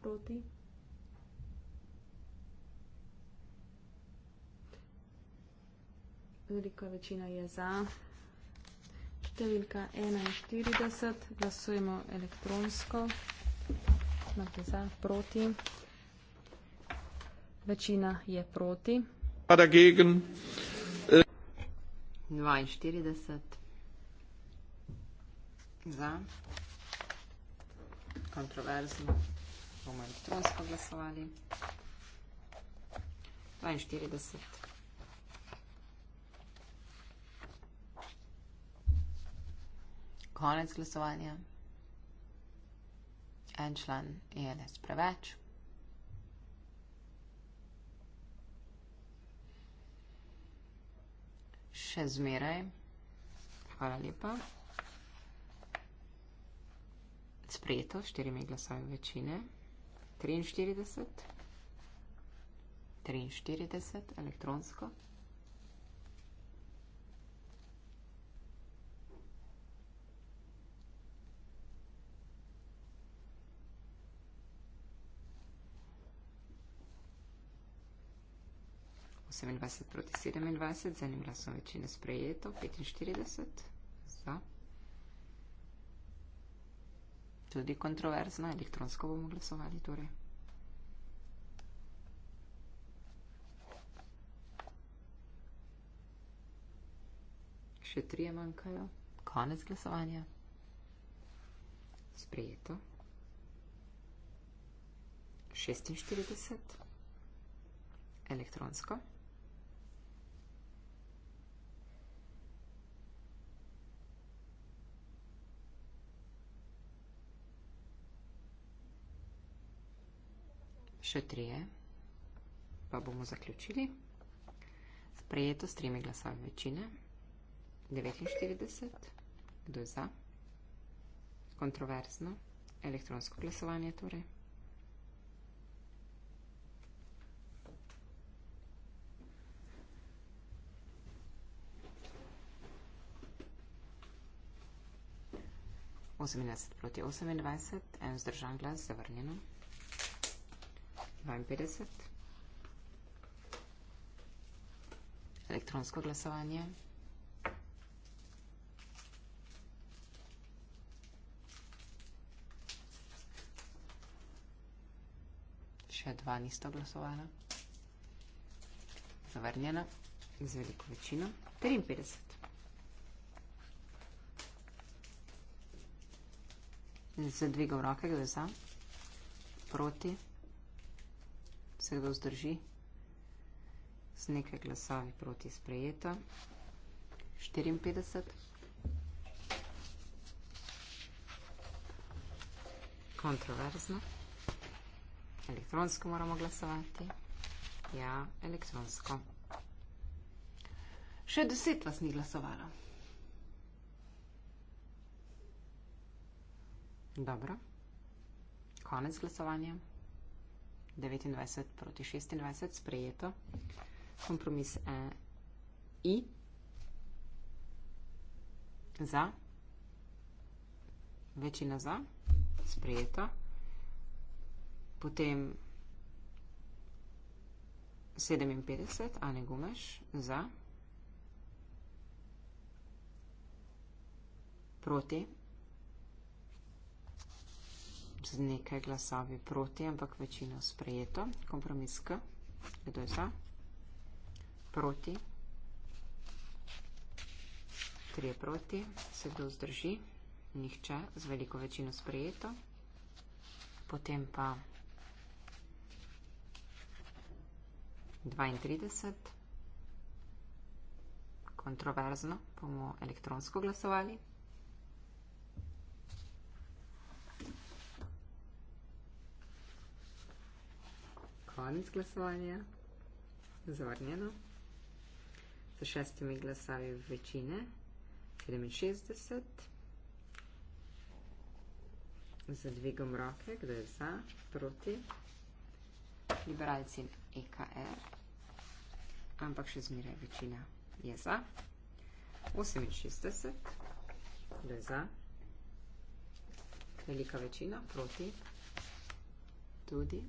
proti. Velika večina je za. Številka 41, glasujemo elektronsko. Imate za, proti. Večina je proti. Pa da gegen. 42. Za. Kontroverzno. Bomo elektronsko glasovali. 42. Konec glasovanja. En član je danes preveč. še zmeraj. Hvala lepa. Sprejeto, štirimi glasami večine. 43. 43, elektronsko. 27 proti 27, za njim glasov večine sprejeto, 45 za. Tudi kontroverzna, elektronsko bomo glasovali torej. Še trije manjkajo, konec glasovanja. Sprejeto. 46. Elektronsko. še trije, pa bomo zaključili. Sprejeto s tremi glasovi večine. 49, kdo je za? Kontroverzno, elektronsko glasovanje torej. Osemnajst proti osemindvajset, en vzdržan glas, zavrnjeno. 52. Elektronsko glasovanje. Še dva nista glasovana. Zavrnjena z veliko večino. 53. Zdvigov roke glasa. Proti se kdo zdrži, z nekaj glasavi proti sprejeta, 54, kontroverzno, elektronsko moramo glasovati, ja, elektronsko. Še deset vas ni glasovalo. Dobro. Konec glasovanja. 29 proti 26 sprejeto. Kompromis E I za. Večina za. Sprejeto. Potem 57, Ane Gumeš, za. Proti z nekaj glasovi proti, ampak večino sprejeto. Kompromis K. Kdo je za? Proti. Tri je proti. Se kdo zdrži? Nihče. Z veliko večino sprejeto. Potem pa 32. Kontroverzno bomo elektronsko glasovali. konec glasovanja. Zavrnjeno. Z šestimi glasavi večine. 67. Zadvigom roke, kdo je za, proti. Liberalci in EKR. Ampak še zmeraj večina je za. 68. Kdo je za. Velika večina, proti. Tudi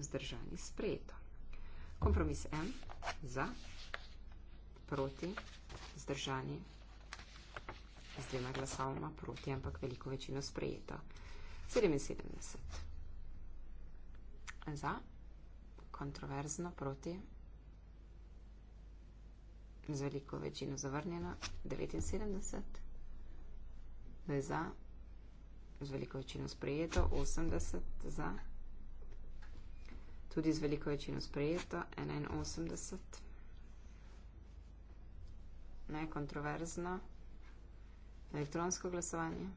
vzdržani sprejeto. Kompromis M za, proti, vzdržani z dvema glasovoma proti, ampak veliko večino sprejeto. 77 za, kontroverzno proti, z veliko večino zavrnjeno, 79 za, z veliko večino sprejeto, 80 za, 80 za, tudi z veliko večino sprejeto, 81. Nekontroverzno elektronsko glasovanje.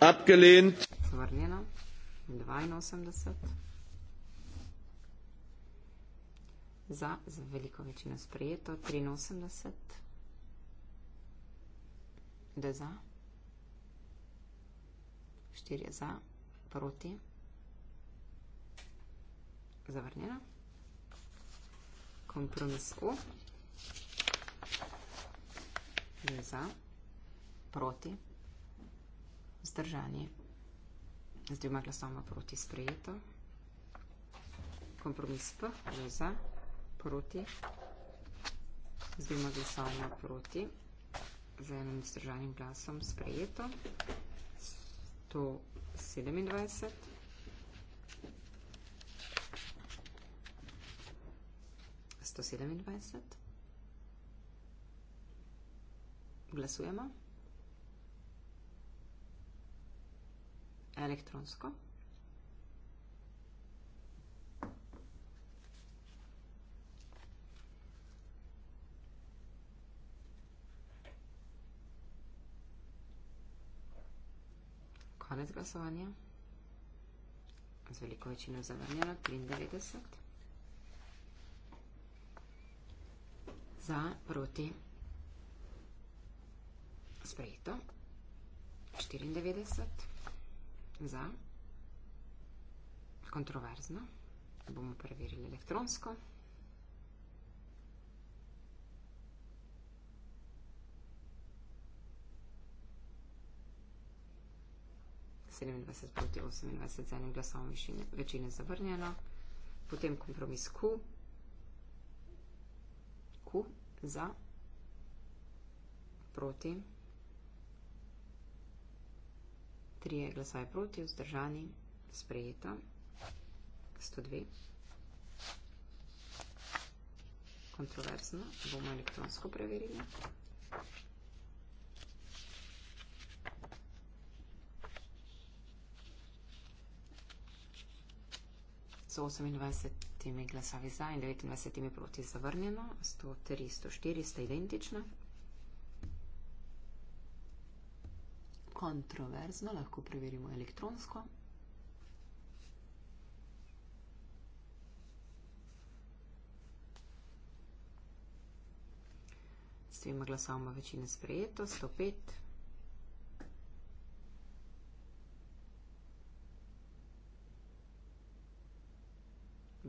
Abgelehnt. Zavrnjeno. 82. Za, za veliko večino sprejeto. 83. 2 za, 4 za, proti, zavrnjena, kompromis O, 2 za, proti, zdržanje, z dvima glasoma proti sprejeto, kompromis P, 2 za, proti, z dvima glasoma proti, proti, z enim zdržanim glasom sprejeto. 127. Sto sedemindvajset. Glasujemo elektronsko. Konec glasovanja. Z veliko večino zavrnjeno, 93. Za, proti. Sprejeto. 94. Za. Kontroverzno. Bomo preverili elektronsko. 27 proti 28 z enim glasom višine, večine zavrnjeno. Potem kompromis Q. Q za proti. Trije glasaj proti, vzdržani, sprejeto. 102. Kontroverzno bomo elektronsko preverili. Thank you. z 28 glasovi za in 29 proti zavrnjeno, 103, 104 sta identična. Kontroverzno lahko preverimo elektronsko. S dvema glasovoma večine sprejeto, 105.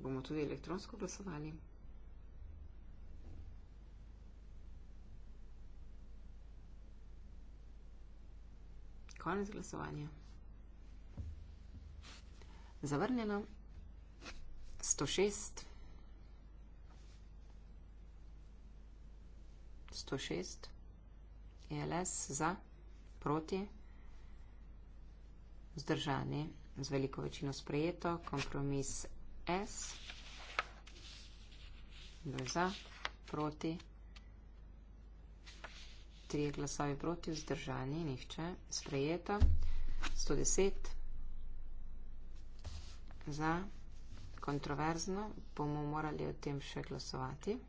bomo tudi elektronsko glasovali. Konec glasovanja. Zavrnjeno 106. 106. ELS za, proti, vzdržani, z veliko večino sprejeto, kompromis S, dve za, proti, tri glasovi proti, vzdržani, nihče, sprejeta, 110, za, kontroverzno, bomo morali o tem še glasovati.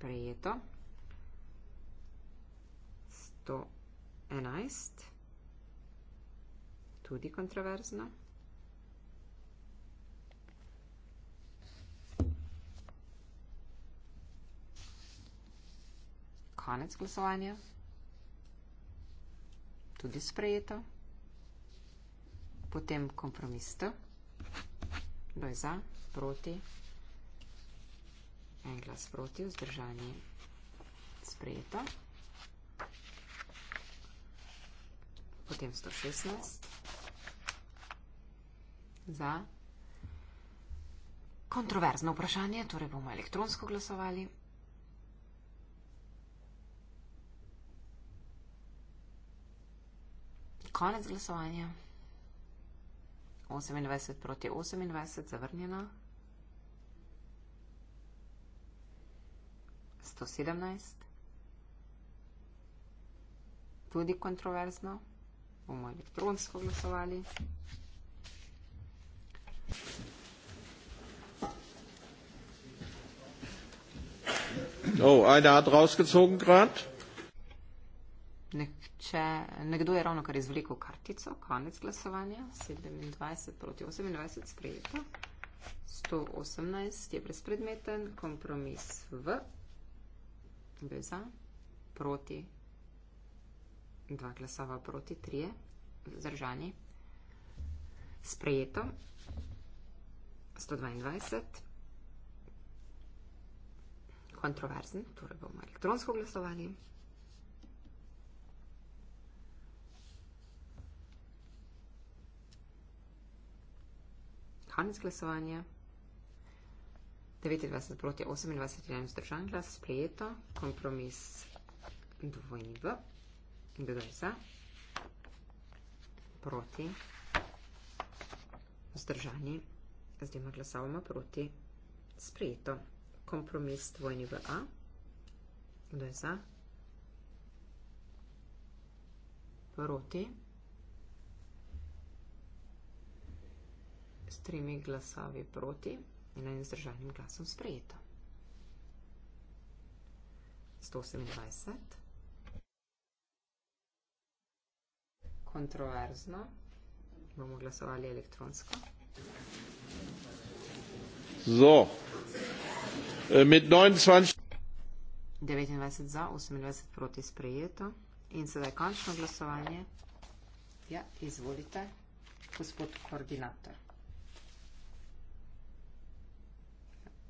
sprejeto. 111, tudi kontroverzno. Konec glasovanja, tudi sprejeto. Potem kompromisto, kdo je za, proti, en glas proti, vzdržanje sprejeto. Potem 116 za kontroverzno vprašanje, torej bomo elektronsko glasovali. Konec glasovanja. 28 proti 28, zavrnjeno. 117. Tudi kontroverzno, bomo elektronsko glasovali. Oh, ajde, ad rausgezogen grad. Nekče, nekdo je ravno kar izvlekel kartico, konec glasovanja, 27 proti 28 sprejeto, 118 je brezpredmeten, kompromis v Beza. Proti. Dva glasova proti, trije. Zdržani. Sprejeto. 122. Kontroverzen, torej bomo elektronsko glasovali. Konec glasovanja. 29 proti 28 je vzdržan glas, sprejeto, kompromis dvojni V, kdo je za, proti, vzdržani, zdaj ima glasavoma proti, sprejeto, kompromis dvojni V A, kdo je za, proti, s tremi glasavi proti, proti, in na izdržanim glasom sprejeto. 128. Kontroverzno. Bomo glasovali elektronsko. Zo. Eh, med 29. 29 za, 28 proti sprejeto. In sedaj končno glasovanje. Ja, izvolite, gospod koordinator.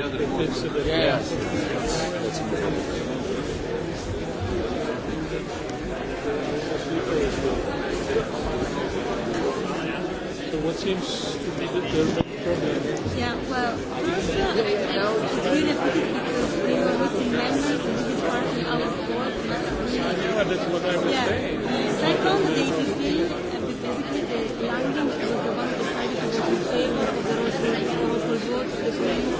together. It fits in the yeah. yeah. That's incredible. So what seems to be the, the problem? Yeah, well, first of all, I know it's really because we were having members of this party on our board. Really yeah, that's what I was yeah. saying. Second, they just feel, basically, the language is the one decided to be in favor of the Rosary, like, for the board, for the Supreme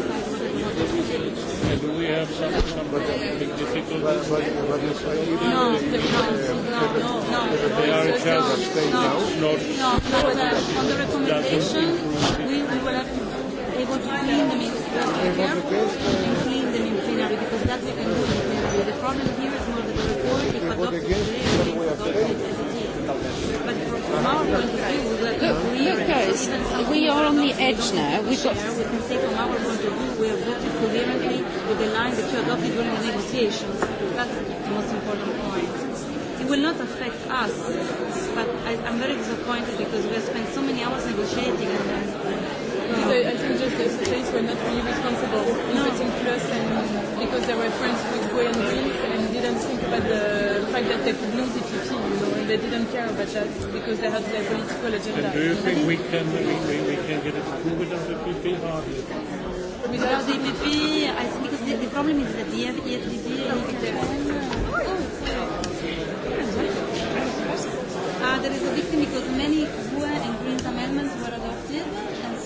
have some, some but, uh, big difficulties. But, but, but it's no, no, no, no, no. They are in charge of staying out. No, no, not, no, no but, uh, on the recommendation, we, we will have to be able to clean them in the plenary because that we can do in plenary. The problem here is more that the report is what Dr. Gray is adopted because we are on the edge now. We've got to say from our point of view, we are voting coherently with the lines that you adopted during the negotiations. That's the most important point. It will not affect us, but I, I'm very disappointed because we have spent so many hours negotiating and then. Well, uh, so I think just the states were not really responsible no. in plus and because they were friends with Gui and Greens and didn't think about the fact that they could lose the TTP, you know, and they didn't care about that because they had their political agenda. And do you think we can, we, we, we can get a with them to be hard? without the EPP, I think because the, the problem is that the EPP is uh, there is a victim because many blue and green amendments were adopted and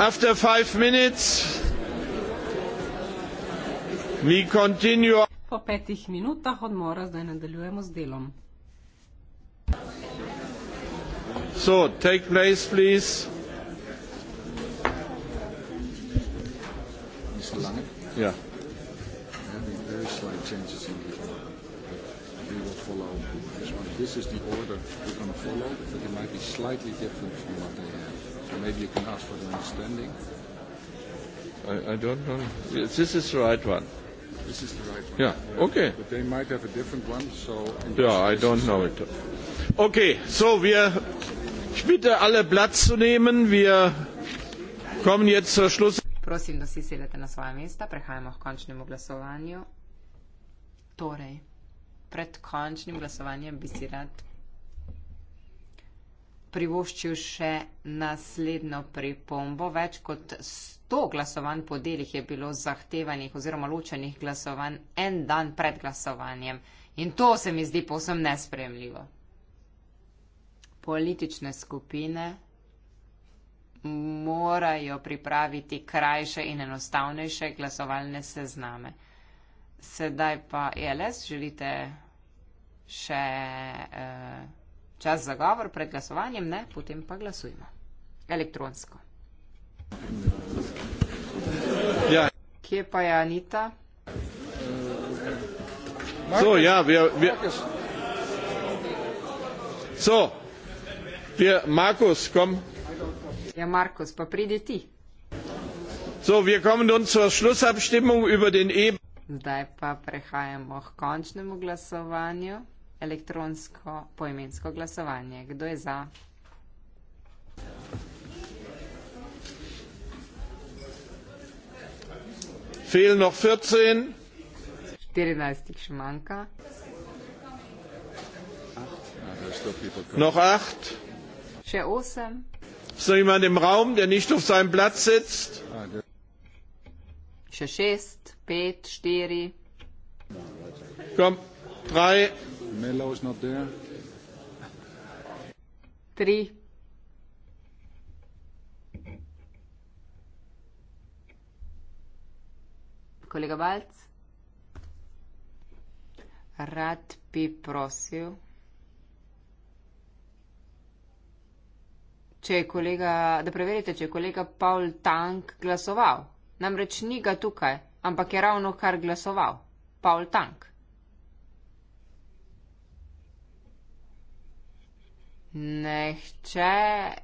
After five minutes, we continue. Po petih minutah odmora zdaj nadaljujemo z delom. So, take place, please. Yeah. This is the order we're going to follow, but it might be slightly different from what they have maybe you can ask for the understanding. I, I don't know. Yes, this is the right one. This is the right one. Yeah. yeah. Okay. But they might have a different one, so. Yeah, I don't know it. Okay, so wir. Ich bitte alle Platz zu nehmen. Wir kommen jetzt zur Schluss. Prosim, da vsi sedete na svoje mesta, prehajamo k končnemu glasovanju. Torej, pred končnim glasovanjem bi si rad privoščil še naslednjo pripombo. Več kot 100 glasovanj po delih je bilo zahtevanih oziroma ločenih glasovanj en dan pred glasovanjem. In to se mi zdi povsem nespremljivo. Politične skupine morajo pripraviti krajše in enostavnejše glasovalne sezname. Sedaj pa, ELS, želite še. Uh, čas za govor pred glasovanjem, ne, potem pa glasujmo. Elektronsko. Ja. Kje pa je Anita? So, ja, vi, vi, so, vi, Markus, kom. Ja, Markus, pa pridi ti. So, wir kommen nun zur Schlussabstimmung über den E. Zdaj pa prehajamo k končnemu glasovanju elektronsko poimensko glasovanje. Kdo je za? Fehl noch 14. 14 še manjka. Noch 8. Še 8. So jemand im Raum, der nicht auf seinem Platz sitzt? Še 6, 5, 4. Komm, 3. Mello is not there. Three. Kolega Balc. Rad bi prosil. Če je kolega, da preverite, če je kolega Paul Tank glasoval. Namreč ni ga tukaj, ampak je ravno kar glasoval. Paul Tank. Nehče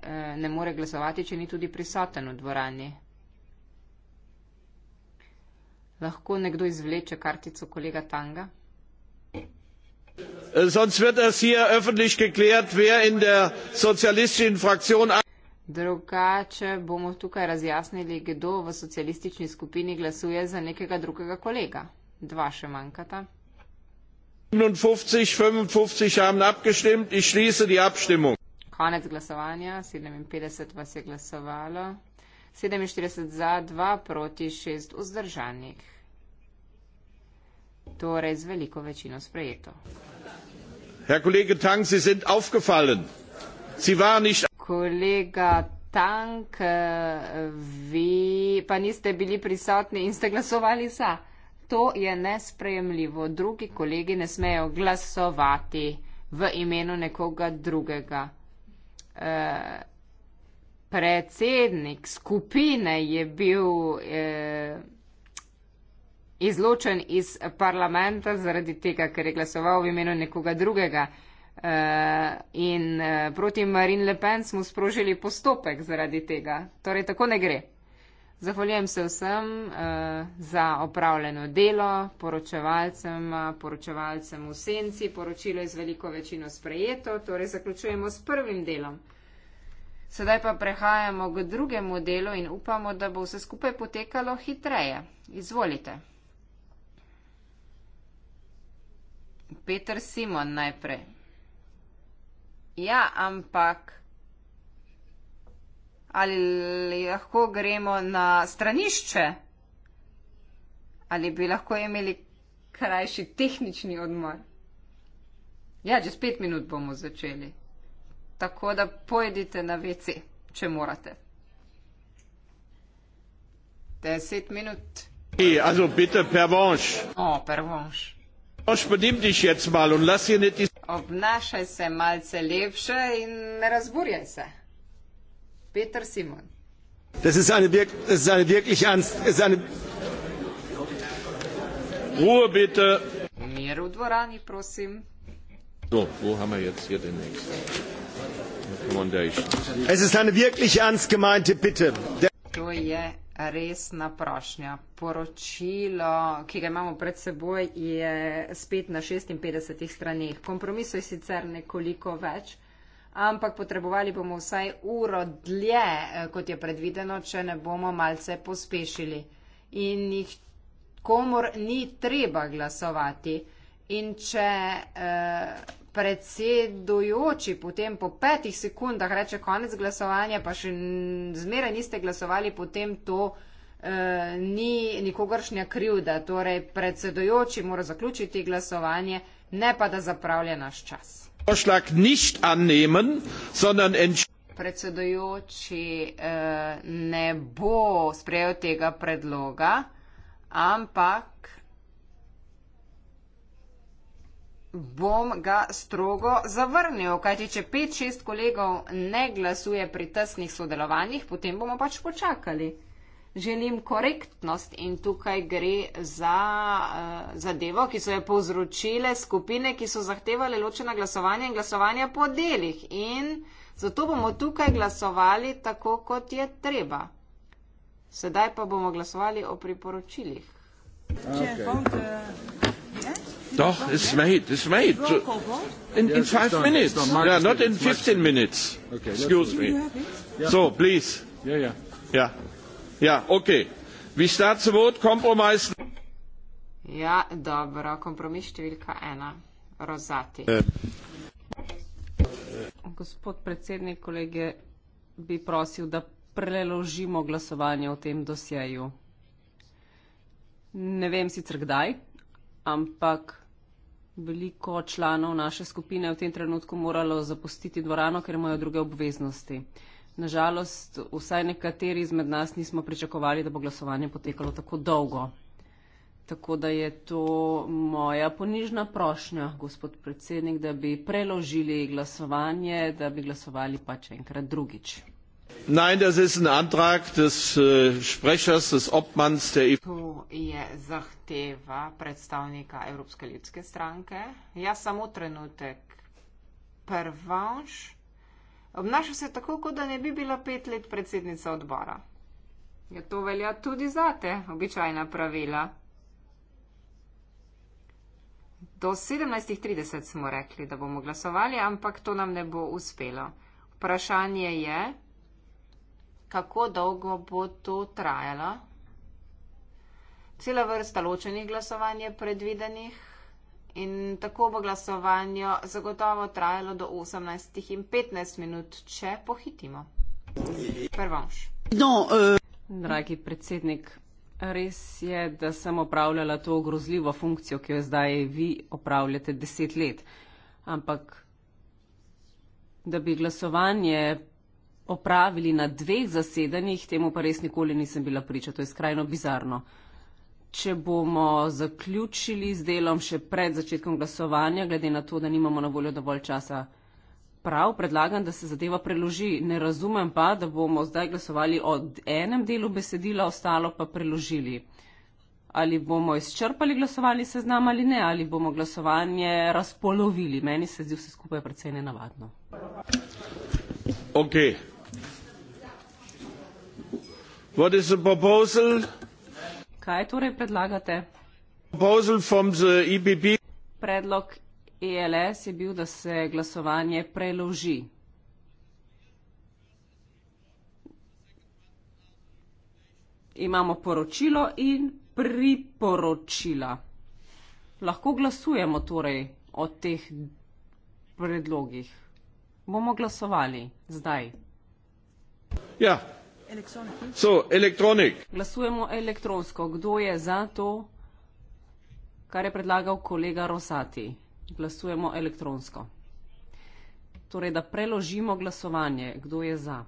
eh, ne more glasovati, če ni tudi prisoten v dvorani. Lahko nekdo izvleče kartico kolega Tanga? Äh, Drugače bomo tukaj razjasnili, kdo v socialistični skupini glasuje za nekega drugega kolega. Dva še manjkata siebenundfünfzig fünfundfünfzig haben abgestimmt ich schließe die abstimmung konec glasovanja sedeminpetdeset vas je glasovalo sedeminštirideset za dva proti šest vzdržanih torej z veliko večino sprejeto herr kollege tang sie sind aufgefallen sie war nicht kolega tang eh, vi pa niste bili prisotni in ste glasovali za To je nesprejemljivo. Drugi kolegi ne smejo glasovati v imenu nekoga drugega. E, predsednik skupine je bil e, izločen iz parlamenta zaradi tega, ker je glasoval v imenu nekoga drugega. E, in proti Marine Le Pen smo sprožili postopek zaradi tega. Torej, tako ne gre. Zahvaljujem se vsem uh, za opravljeno delo, poročevalcem, poročevalcem v senci, poročilo je z veliko večino sprejeto, torej zaključujemo s prvim delom. Sedaj pa prehajamo k drugemu delu in upamo, da bo vse skupaj potekalo hitreje. Izvolite. Peter Simon najprej. Ja, ampak ali lahko gremo na stranišče, ali bi lahko imeli krajši tehnični odmor. Ja, čez pet minut bomo začeli. Tako da pojedite na vece, če morate. Deset minut. Also bitte pervonš. O, pervonš. Pervonš, podim tiš jetzt mal in las je neti. Obnašaj se malce lepše in ne razburjaj se. Peter Simon. Das ist eine, wirk das ist eine wirklich ernst. Ist eine Ruhe bitte. Miru Dvorani, prosim. So, wo haben wir jetzt hier den nächsten? Es ist eine wirklich ernst gemeinte Bitte. Resna prošnja. Poročilo, ki ga imamo pred seboj, je spet na 56 straneh. Kompromisov je sicer nekoliko več ampak potrebovali bomo vsaj uro dlje, eh, kot je predvideno, če ne bomo malce pospešili. In jih komor ni treba glasovati. In če eh, predsedujoči potem po petih sekundah reče konec glasovanja, pa še zmeraj niste glasovali, potem to eh, ni nikogaršnja krivda. Torej, predsedujoči mora zaključiti glasovanje, ne pa da zapravlja naš čas vorschlag nicht annehmen sondern predsedujoči eh, ne bo sprejel tega predloga ampak bom ga strogo zavrnil, kajti če pet, šest kolegov ne glasuje pri tesnih sodelovanjih, potem bomo pač počakali želim korektnost in tukaj gre za uh, zadevo, ki so jo povzročile skupine, ki so zahtevali ločena glasovanja in glasovanja po delih. In zato bomo tukaj glasovali tako, kot je treba. Sedaj pa bomo glasovali o priporočilih. Doch, it's made, it's made. In, in five minutes. Yeah, not in 15 minutes. Excuse me. So, please. Yeah, yeah. Yeah. Ja, ok. Vi ste se vod kompromis. Ja, dobro. Kompromis številka ena. Rozati. Eh. Gospod predsednik, kolege, bi prosil, da preložimo glasovanje o tem dosjeju. Ne vem sicer kdaj, ampak veliko članov naše skupine je v tem trenutku moralo zapustiti dvorano, ker imajo druge obveznosti. Nažalost, vsaj nekateri izmed nas nismo pričakovali, da bo glasovanje potekalo tako dolgo. Tako da je to moja ponižna prošnja, gospod predsednik, da bi preložili glasovanje, da bi glasovali pač enkrat drugič. Nein, das ist ein Antrag des äh, Sprechers, des Obmanns der EVP. To je zahteva predstavnika Evropske ljudske stranke. Ja, samo trenutek. Prvanš. Äh, obnaša se tako, kot da ne bi bila pet let predsednica odbora. Je ja, to velja tudi za te običajna pravila. Do 17.30 smo rekli, da bomo glasovali, ampak to nam ne bo uspelo. Vprašanje je, kako dolgo bo to trajalo. Cela vrsta ločenih glasovanj je predvidenih. In tako bo glasovanje zagotovo trajalo do 18:15 minut, če pohitimo. Prvonš. No, uh... Dragi predsednik, res je, da sem opravljala to grozljivo funkcijo, ki jo zdaj vi opravljate deset let. Ampak, da bi glasovanje opravili na dveh zasedanjih, temu pa res nikoli nisem bila priča. To je skrajno bizarno. Če bomo zaključili z delom še pred začetkom glasovanja, glede na to, da nimamo na voljo dovolj časa, prav predlagam, da se zadeva preloži. Ne razumem pa, da bomo zdaj glasovali o enem delu besedila, ostalo pa preložili. Ali bomo izčrpali glasovanje seznam ali ne, ali bomo glasovanje razpolovili. Meni se zdi vse skupaj precej nenavadno. Okay. What is the proposal? Kaj torej predlagate? E Predlog ELS je bil, da se glasovanje preloži. Imamo poročilo in priporočila. Lahko glasujemo torej o teh predlogih. Bomo glasovali zdaj. Ja. Yeah. So, elektronik. Glasujemo elektronsko. Kdo je za to, kar je predlagal kolega Rosati? Glasujemo elektronsko. Torej, da preložimo glasovanje. Kdo je za?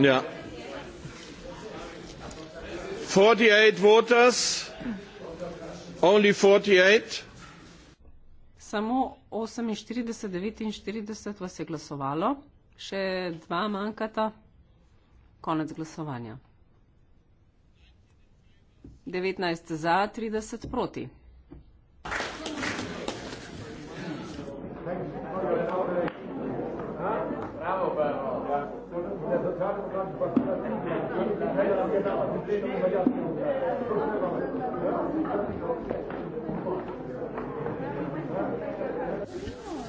Ja forty eight voters only forty eight samo oseminštirideset devetinštirideset vas je glasovalo še dva manjkata konec glasovanja devetnajst za trideset proti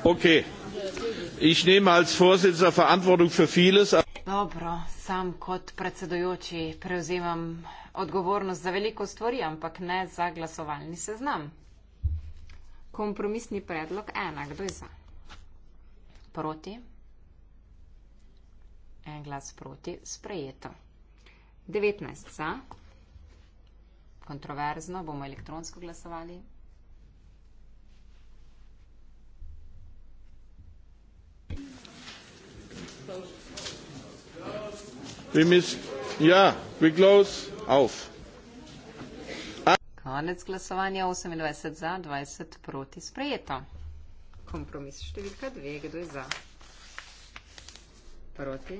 Okay. Ich nehme als Vorsitzender Verantwortung für vieles. Dobro, sam kot predsedujoči prevzemam odgovornost za veliko stvari, ampak ne za glasovalni seznam. Kompromisni predlog ena, kdo je za? Proti? En glas proti, sprejeto. 19 za. Kontroverzno bomo elektronsko glasovali. Ja, we close off. Konec glasovanja 28 za, 20 proti sprejeto. Kompromis številka 2, kdo je za? Proti?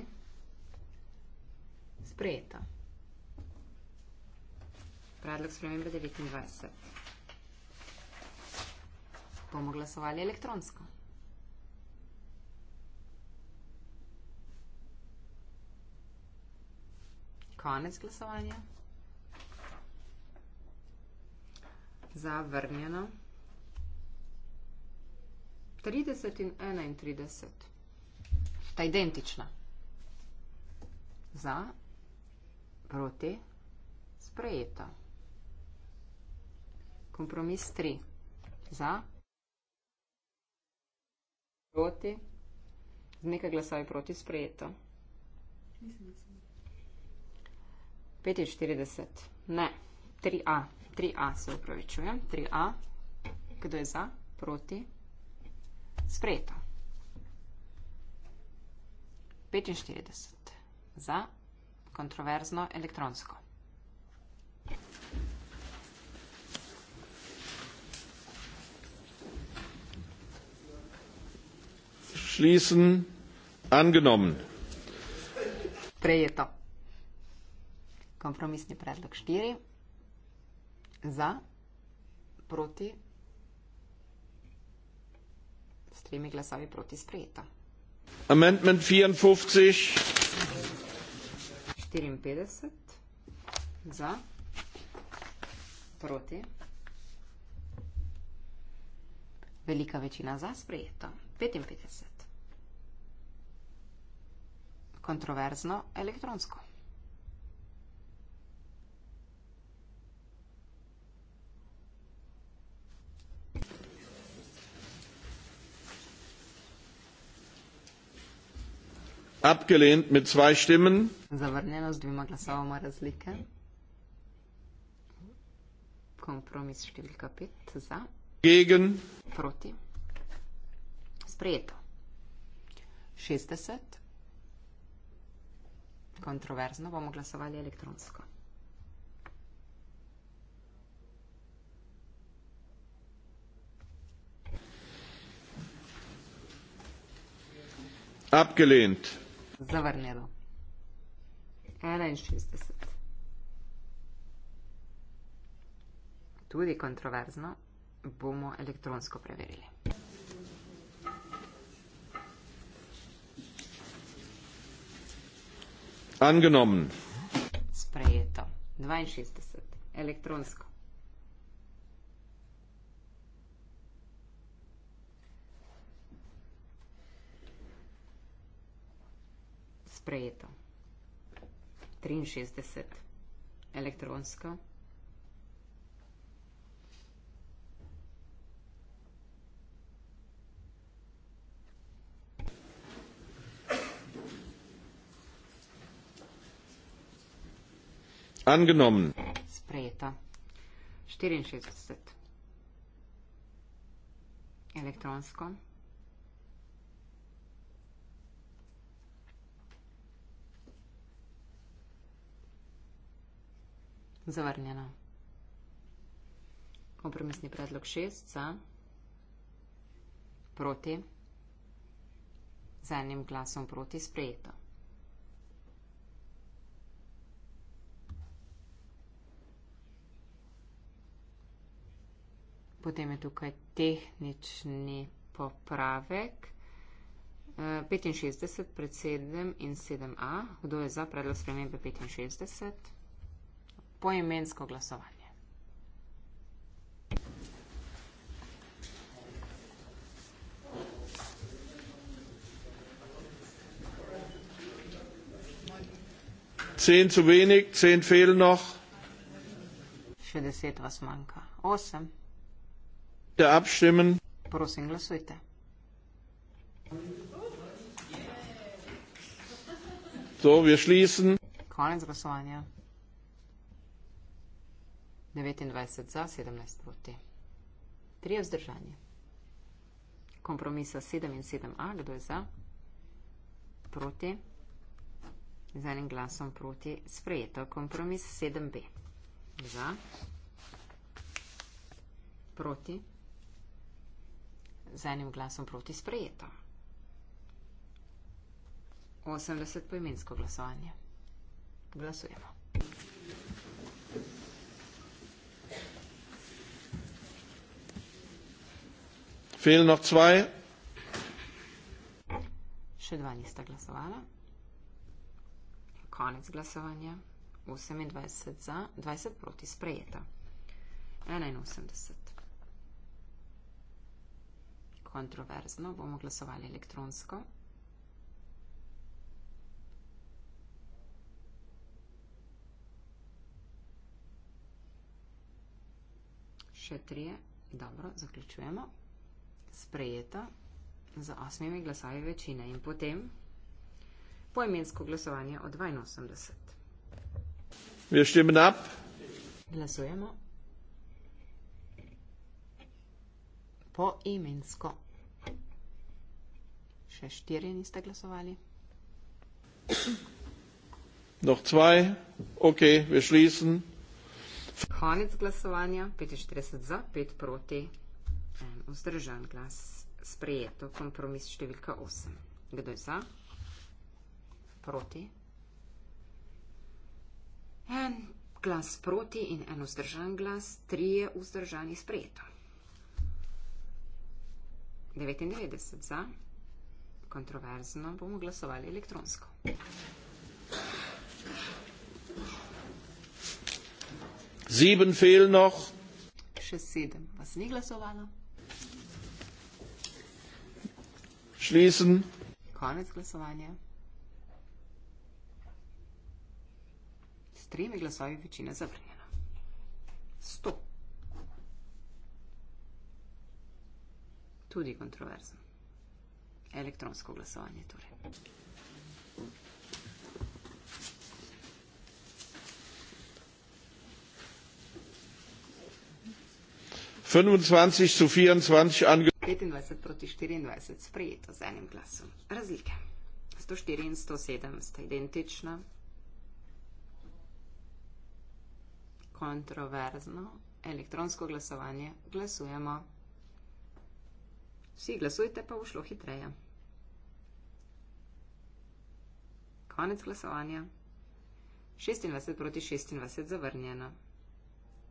Sprejeto. Predlog spremembe 29. Bomo glasovali elektronsko. konec glasovanja. Zavrnjeno. 30 in 31. Ta identična. Za, proti, sprejeta. Kompromis 3. Za, proti, z nekaj glasovi proti, sprejeta. Mislim, da so. 45, ne, 3A, 3A se upravičujem, 3A, kdo je za, proti, sprejeto. 45, za, kontroverzno, elektronsko. Schließen, angenommen. Prejeto kompromisni predlog štiri za, proti, s tremi glasovi proti sprejeta. Amendment 54. 54 za, proti, velika večina za sprejeta. 55. Kontroverzno elektronsko. abgelehnt mit zwei Stimmen. Zavrneno z dvima glasovoma razlike. Kompromis številka 5 za. Gegen. Proti. Sprejeto. 60. Kontroverzno bomo glasovali elektronsko. Abgelehnt zavrnjeno. 61. Tudi kontroverzno bomo elektronsko preverili. Angenomen. Sprejeto. 62. Elektronsko. sprejeto. 63 elektronsko. Angenommen. Sprejeto. 64. Elektronsko. Zavrnjeno. Kompromisni predlog šest za. Proti. Z enim glasom proti sprejeto. Potem je tukaj tehnični popravek. 65 eh, pred 7 in 7a. Kdo je za predlog spremembe 65? poimensko glasovanje. Cen so venik, cen felno. Še deset vas manjka. Osem. Da abšimen. Prosim, glasujte. So, wir schließen. Konec glasovanja. 29 za, 17 proti. 3 vzdržanje. Kompromisa 7 in 7a, kdo je za? Proti. Z enim glasom proti sprejeto. Kompromis 7b. Za. Proti. Z enim glasom proti sprejeto. 80 poimensko glasovanje. Glasujemo. Fehlen noch zwei. Še dva nista glasovala. Konec glasovanja. 28 za, 20 proti sprejeta. 81. Kontroverzno bomo glasovali elektronsko. Še trije. Dobro, zaključujemo sprejeta z osmimi glasovi večine in potem poimensko glasovanje od 82. Vještem nap. Glasujemo. Poimensko. Še štiri niste glasovali. Noh dvaj, ok, vešlisen. Konec glasovanja, 45 za, 5 proti. Vzdržan glas. Sprejeto. Kompromis številka 8. Kdo je za? Proti. En glas proti in en vzdržan glas. Tri je vzdržan in sprejeto. 99 za. Kontroverzno bomo glasovali elektronsko. Sieben fehlen noch. Še sedem vas ni glasovalo. schließen. Konec glasovanja. S tremi glasovi večina zavrnjena. Sto. Tudi kontroverzno. Elektronsko glasovanje torej. Fünfundzwanzig zu vierundzwanzig ange 25 proti 24 sprejeto z enim glasom. Razlike. 104 in 107 sta identična. Kontroverzno elektronsko glasovanje glasujemo. Vsi glasujte, pa bo šlo hitreje. Konec glasovanja. 26 proti 26 zavrnjeno.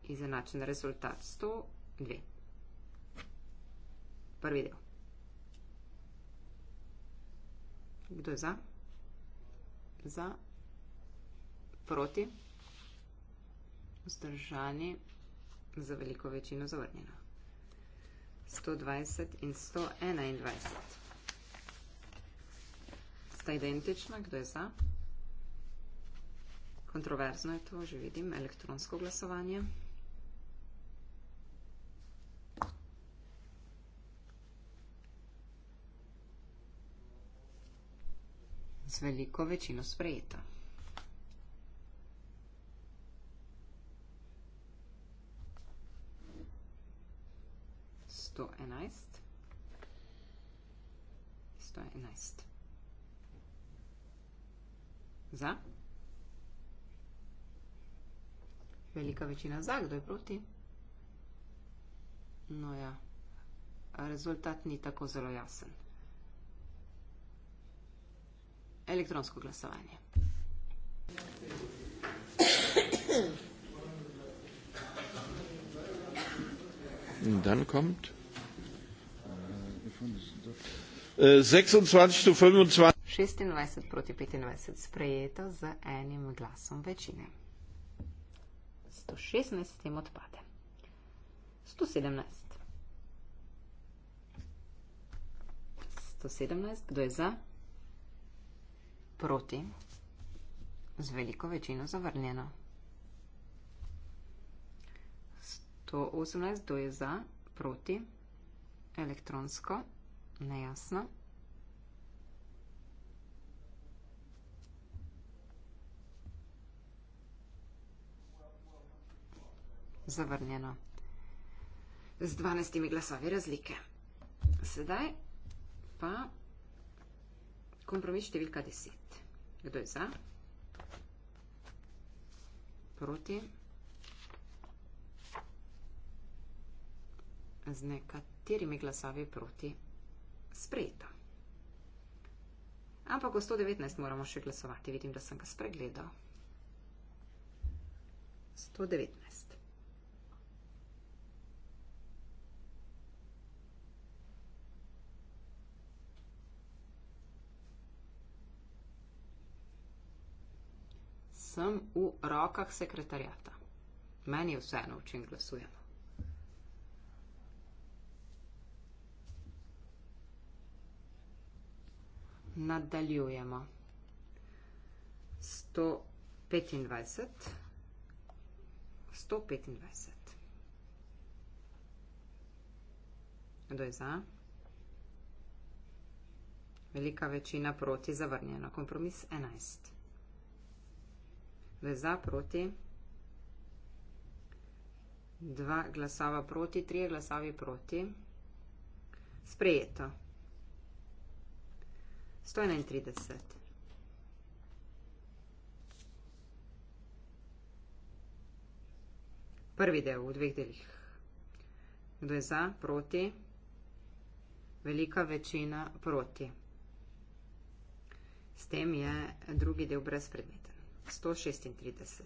Izenačen rezultat 102 prvi del. Kdo je za? Za? Proti? Vzdržani? Za veliko večino zavrnjeno. 120 in 121. Sta identična, kdo je za? Kontroverzno je to, že vidim, elektronsko glasovanje. z veliko večino sprejeto. Sto enajst. Sto enajst. Za? Velika večina za, kdo je proti? No ja, rezultat ni tako zelo jasen elektronsko glasovanje. Dan kommt. 26 25. 26 proti 25 sprejeto z enim glasom večine. 116 s tem odpade. 117. 117, kdo je za? Proti. Z veliko večino zavrnjeno. 118 do je za, proti, elektronsko, nejasno. Zavrnjeno. Z 12 glasovi razlike. Sedaj pa kompromis številka 10. Kdo je za? Proti? Z nekaterimi glasavi proti sprejeta. Ampak v 119 moramo še glasovati. Vidim, da sem ga spregledal. 119. sem v rokah sekretarjata. Meni je vseeno, v čem glasujemo. Nadaljujemo. 125. 125. Kdo je za? Velika večina proti zavrnjeno. Kompromis 11 v za proti, dva glasova proti, tri glasovi proti. Sprejeto. 131. Prvi del v dveh delih. Kdo je za, proti, velika večina proti. S tem je drugi del brez predmeta. 136.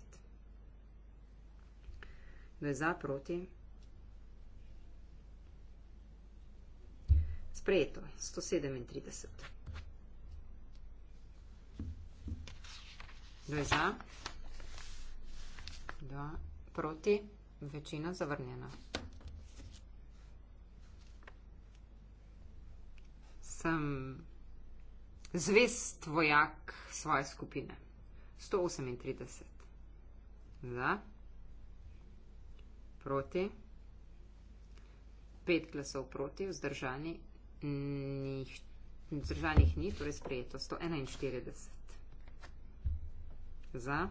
Kdo je za proti? Sprejeto, 137. Kdo je za? Dva proti, večina zavrnjena. Sem zvest vojak svoje skupine. 138. Za, proti, pet glasov proti, vzdržani, njih, vzdržanih ni, torej sprejeto 141. Za,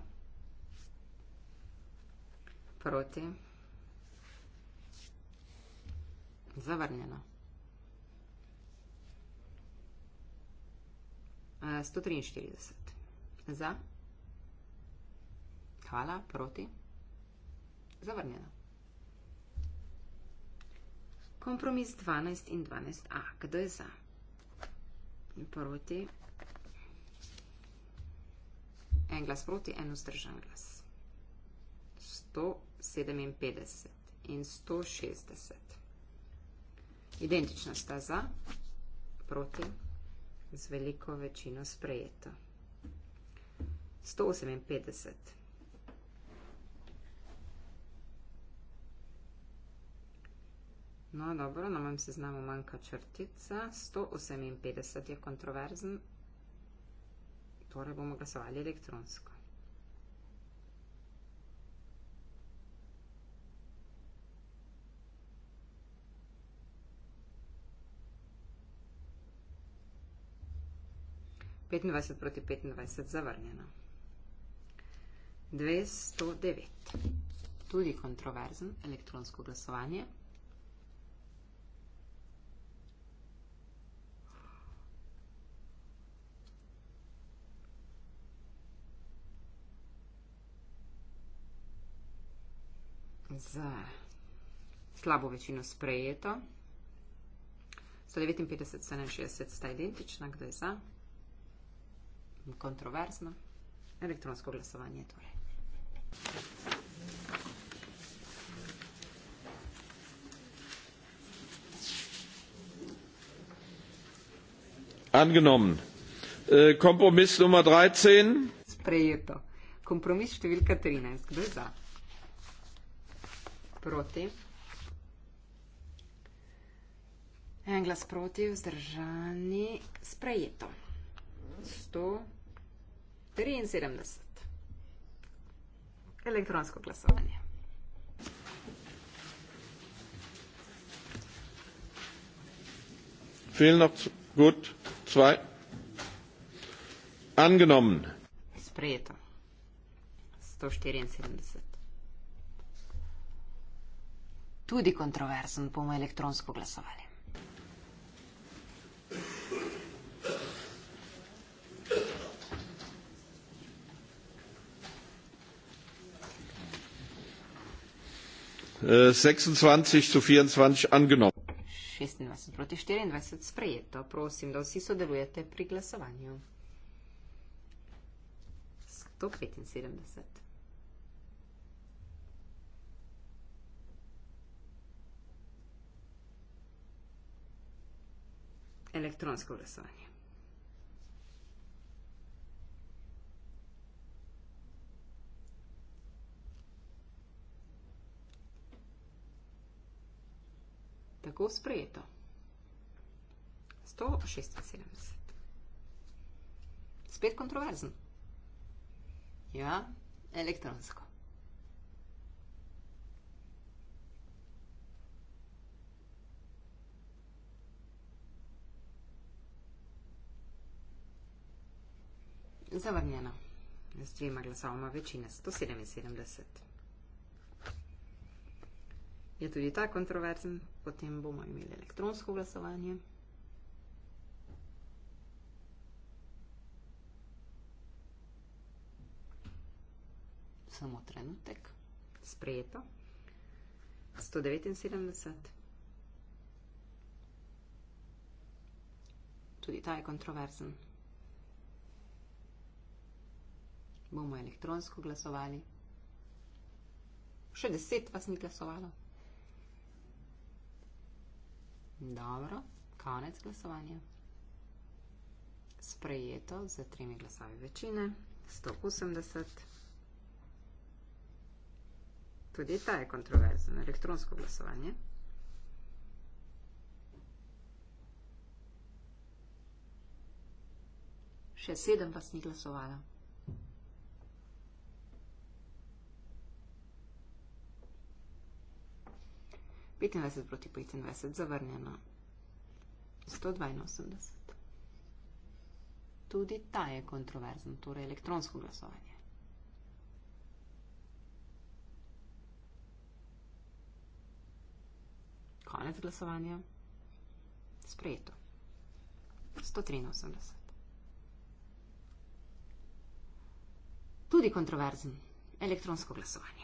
proti, zavrnjeno. 143. Eh, Za. Hvala, proti? Zavrnjeno. Kompromis 12 in 12a. Kdo je za? Proti? En glas proti, en vzdržan glas. 157 in 160. Identična sta za, proti, z veliko večino sprejeto. 158. No, dobro, na mojem seznamu manjka črtica. 158 je kontroverzen, torej bomo glasovali elektronsko. Petindvajset proti petindvajset zavrnjeno. Dvesto devet. Tudi kontroverzen elektronsko glasovanje. z slabo večino sprejeto. 159, 67 sta identična, kdo je za. Kontroverzno. Elektronsko glasovanje torej. Angenommen. Äh, Kompromis Nummer 13. Sprejeto. Kompromis številka 13. Kdo je za? proti. En glas proti, vzdržani, sprejeto. 173. Elektronsko glasovanje. Fehl noch gut zwei. Angenommen. Sprejeto. 174 tudi kontroversen, bomo elektronsko glasovali. Äh, sprejeto. Prosim, da vsi sodelujete pri glasovanju. 175. elektronsko glasovanje. Tako sprejeto. 176. Spet kontroverzen. Ja, elektronsko. Zavrnjeno. Z dvema glasovoma večine 177. Je tudi ta kontroverzen, potem bomo imeli elektronsko glasovanje. Samo trenutek. Sprejeto. 179. Tudi ta je kontroverzen. bomo elektronsko glasovali. Še deset vas ni glasovalo. Dobro, konec glasovanja. Sprejeto za tremi glasovi večine, 180. Tudi ta je kontroverzen, elektronsko glasovanje. Še sedem vas ni glasovalo. 25 proti 25, zavrnjeno. 182. Tudi ta je kontroverzen, torej elektronsko glasovanje. Konec glasovanja. Sprejeto. 183. Tudi kontroverzen, elektronsko glasovanje.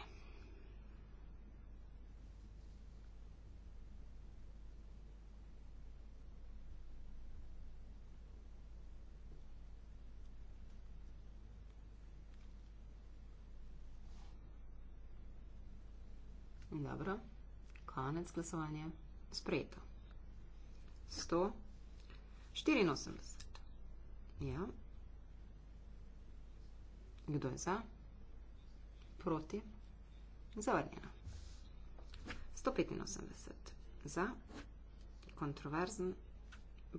Dobro, konec glasovanja. Sprejeto. 184. Ja. Kdo je za? Proti? Zavrnjeno. 185. Za. Kontroverzen.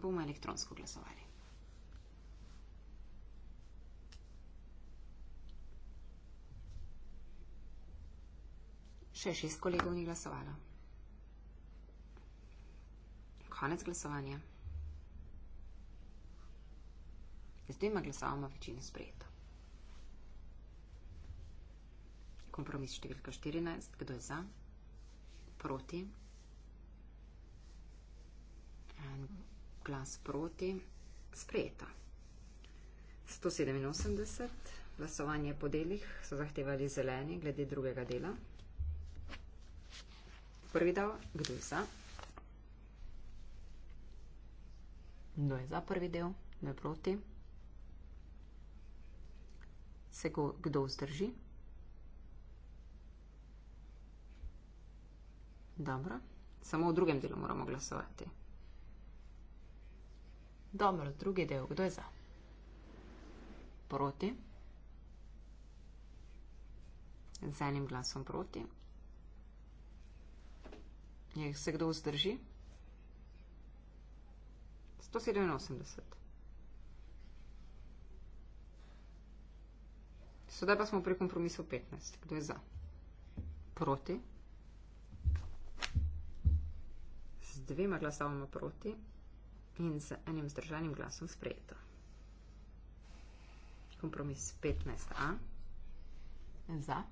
Bomo elektronsko glasovali. še šest kolegov ni glasovalo. Konec glasovanja. Z dvema glasovama večino sprejeto. Kompromis številka 14. Kdo je za? Proti. En glas proti. Sprejeto. 187. Glasovanje po delih so zahtevali zeleni glede drugega dela. Prvi del, kdo je za? Kdo je za prvi del, kdo je proti? Se go, kdo vzdrži? Dobro, samo v drugem delu moramo glasovati. Dobro, drugi del, kdo je za? Proti. Z enim glasom proti, njih se kdo vzdrži? 187. Sedaj pa smo pri kompromisu 15. Kdo je za? Proti. Z dvema glasovoma proti in z enim zdržanim glasom sprejeto. Kompromis 15a. Za.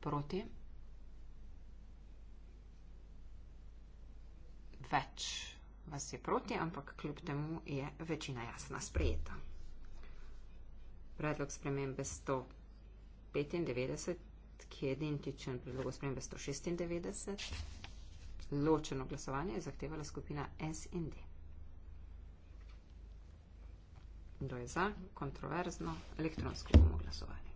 Proti. več vas je proti, ampak kljub temu je večina jasna sprejeta. Predlog spremembe 195, ki je identičen predlogu spremembe 196, ločeno glasovanje je zahtevala skupina SND. Kdo je za kontroverzno elektronsko bomo glasovali?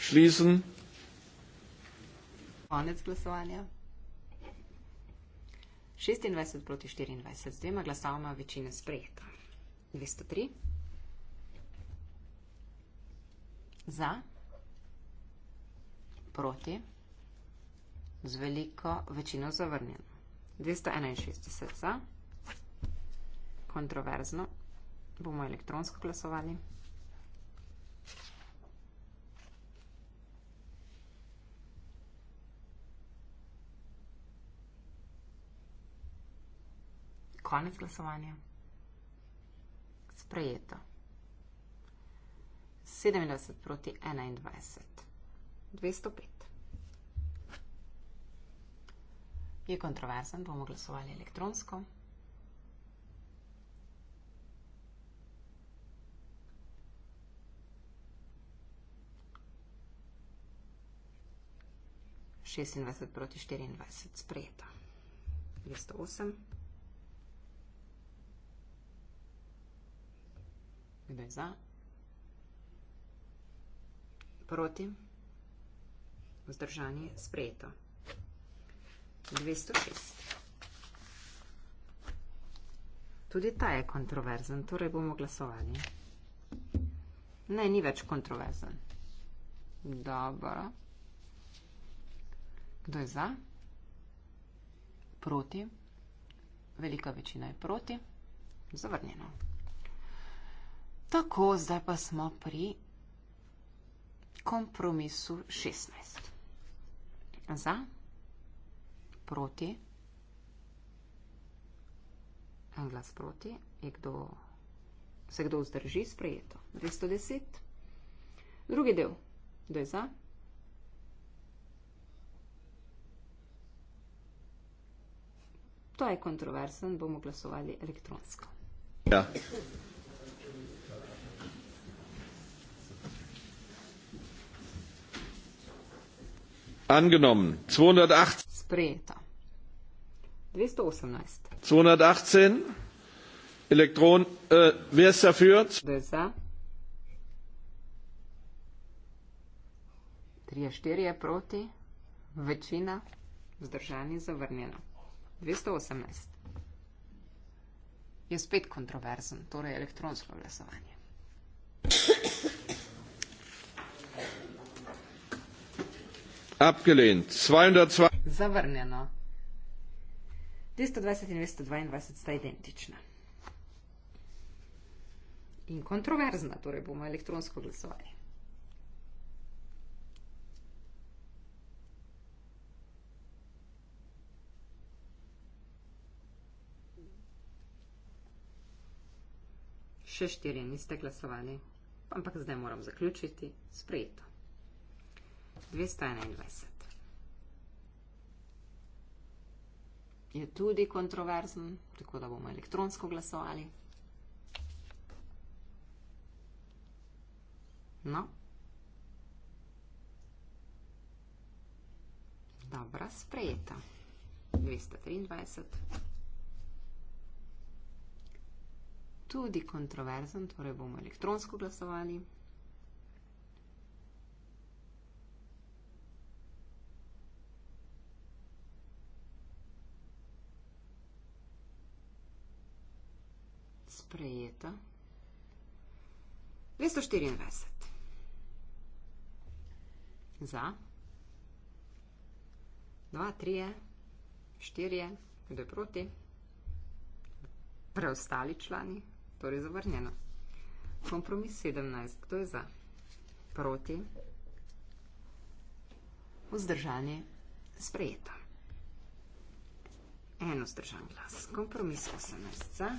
Schließen konec glasovanja. 26 proti 24 z dvema glasovama večine sprejeta. 203. Za. Proti. Z veliko večino zavrnjen. 261 za. Kontroverzno. Bomo elektronsko glasovali. Konec glasovanja. Sprejeto. 27 proti 21. 205. Je kontroverzen, bomo glasovali elektronsko. Šestindvajset proti štiriindvajset sprejeta. Dvesto osem. kdo je za, proti, vzdržanje, sprejeto. 206. Tudi ta je kontroverzen, torej bomo glasovali. Ne, ni več kontroverzen. Dobro. Kdo je za? Proti. Velika večina je proti. Zavrnjeno. Tako, zdaj pa smo pri kompromisu 16. Za, proti, en glas proti, kdo, se kdo vzdrži, sprejeto. 210. Drugi del, kdo je za? To je kontroversen, bomo glasovali elektronsko. Ja. angenommen. 218. Sprejeta. 218. 218. Elektron. Äh, wer ist dafür? Besser. 34 je proti, večina vzdržani zavrnjena. 218. Je spet kontroverzen, torej elektronsko glasovanje abgelehnt. 202 Zavrnjeno. 220 in 222 sta identična. In kontroverzna, torej bomo elektronsko glasovali. Še štiri niste glasovali, ampak zdaj moram zaključiti. Sprejeto. 221. Je tudi kontroverzen, tako da bomo elektronsko glasovali. No. Dobra, sprejeta. 223. Tudi kontroverzen, torej bomo elektronsko glasovali. sprejeta. 224. Za. 2, 3, 4, kdo je proti? Preostali člani, torej zavrnjeno. Kompromis 17, kdo je za? Proti. Vzdržanje sprejeto. Eno zdržan glas. Kompromis 18. Za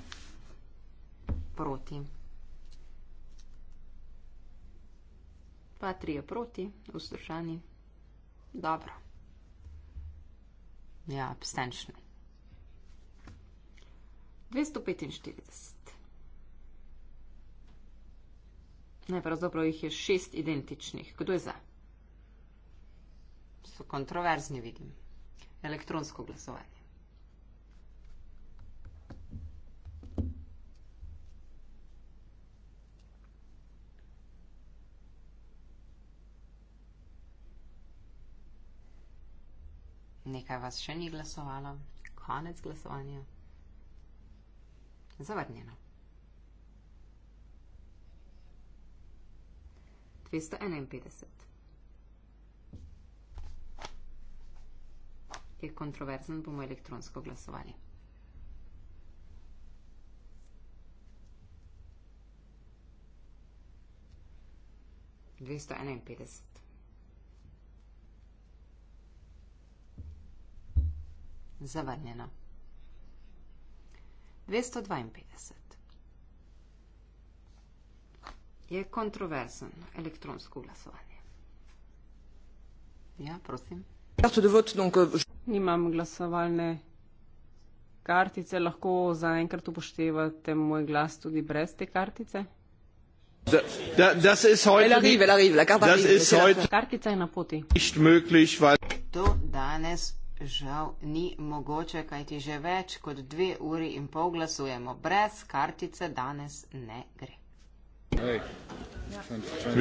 proti. Pa tri je proti, vzdržani. Dobro. Ja, abstention. 245. Najprej dobro, jih je šest identičnih. Kdo je za? So kontroverzni, vidim. Elektronsko glasovanje. nekaj vas še ni glasovalo, konec glasovanja. Zavrnjeno. 251. Je kontroverzen, bomo elektronsko glasovali. Dvesto enainpetdeset. zavrnjeno. 252. Je kontroverzen elektronsko glasovanje. Ja, prosim. Euh, Nimam glasovalne kartice, lahko zaenkrat upoštevate moj glas tudi brez te kartice. To danes žal ni mogoče, kajti že več kot dve uri in pol glasujemo. Brez kartice danes ne gre. Hey. Ja.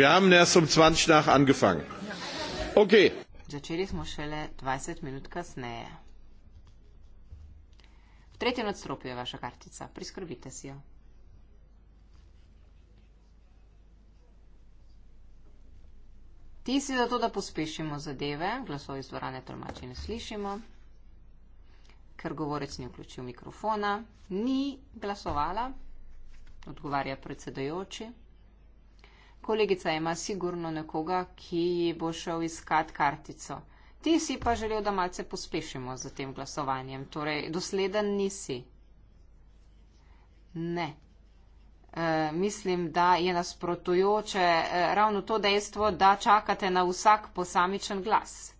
Ja. Um ja. okay. Začeli smo šele 20 minut kasneje. V tretjem nadstropju je vaša kartica. Priskrbite si jo. Ti si zato, da pospešimo zadeve, glasov iz dvorane tolmači ne slišimo, ker govorec ni vključil mikrofona, ni glasovala, odgovarja predsedojoči. Kolegica ima sigurno nekoga, ki bo šel iskat kartico. Ti si pa želel, da malce pospešimo z tem glasovanjem, torej dosleden nisi. Ne, Eh, mislim, da je nasprotujoče eh, ravno to dejstvo, da čakate na vsak posamičen glas.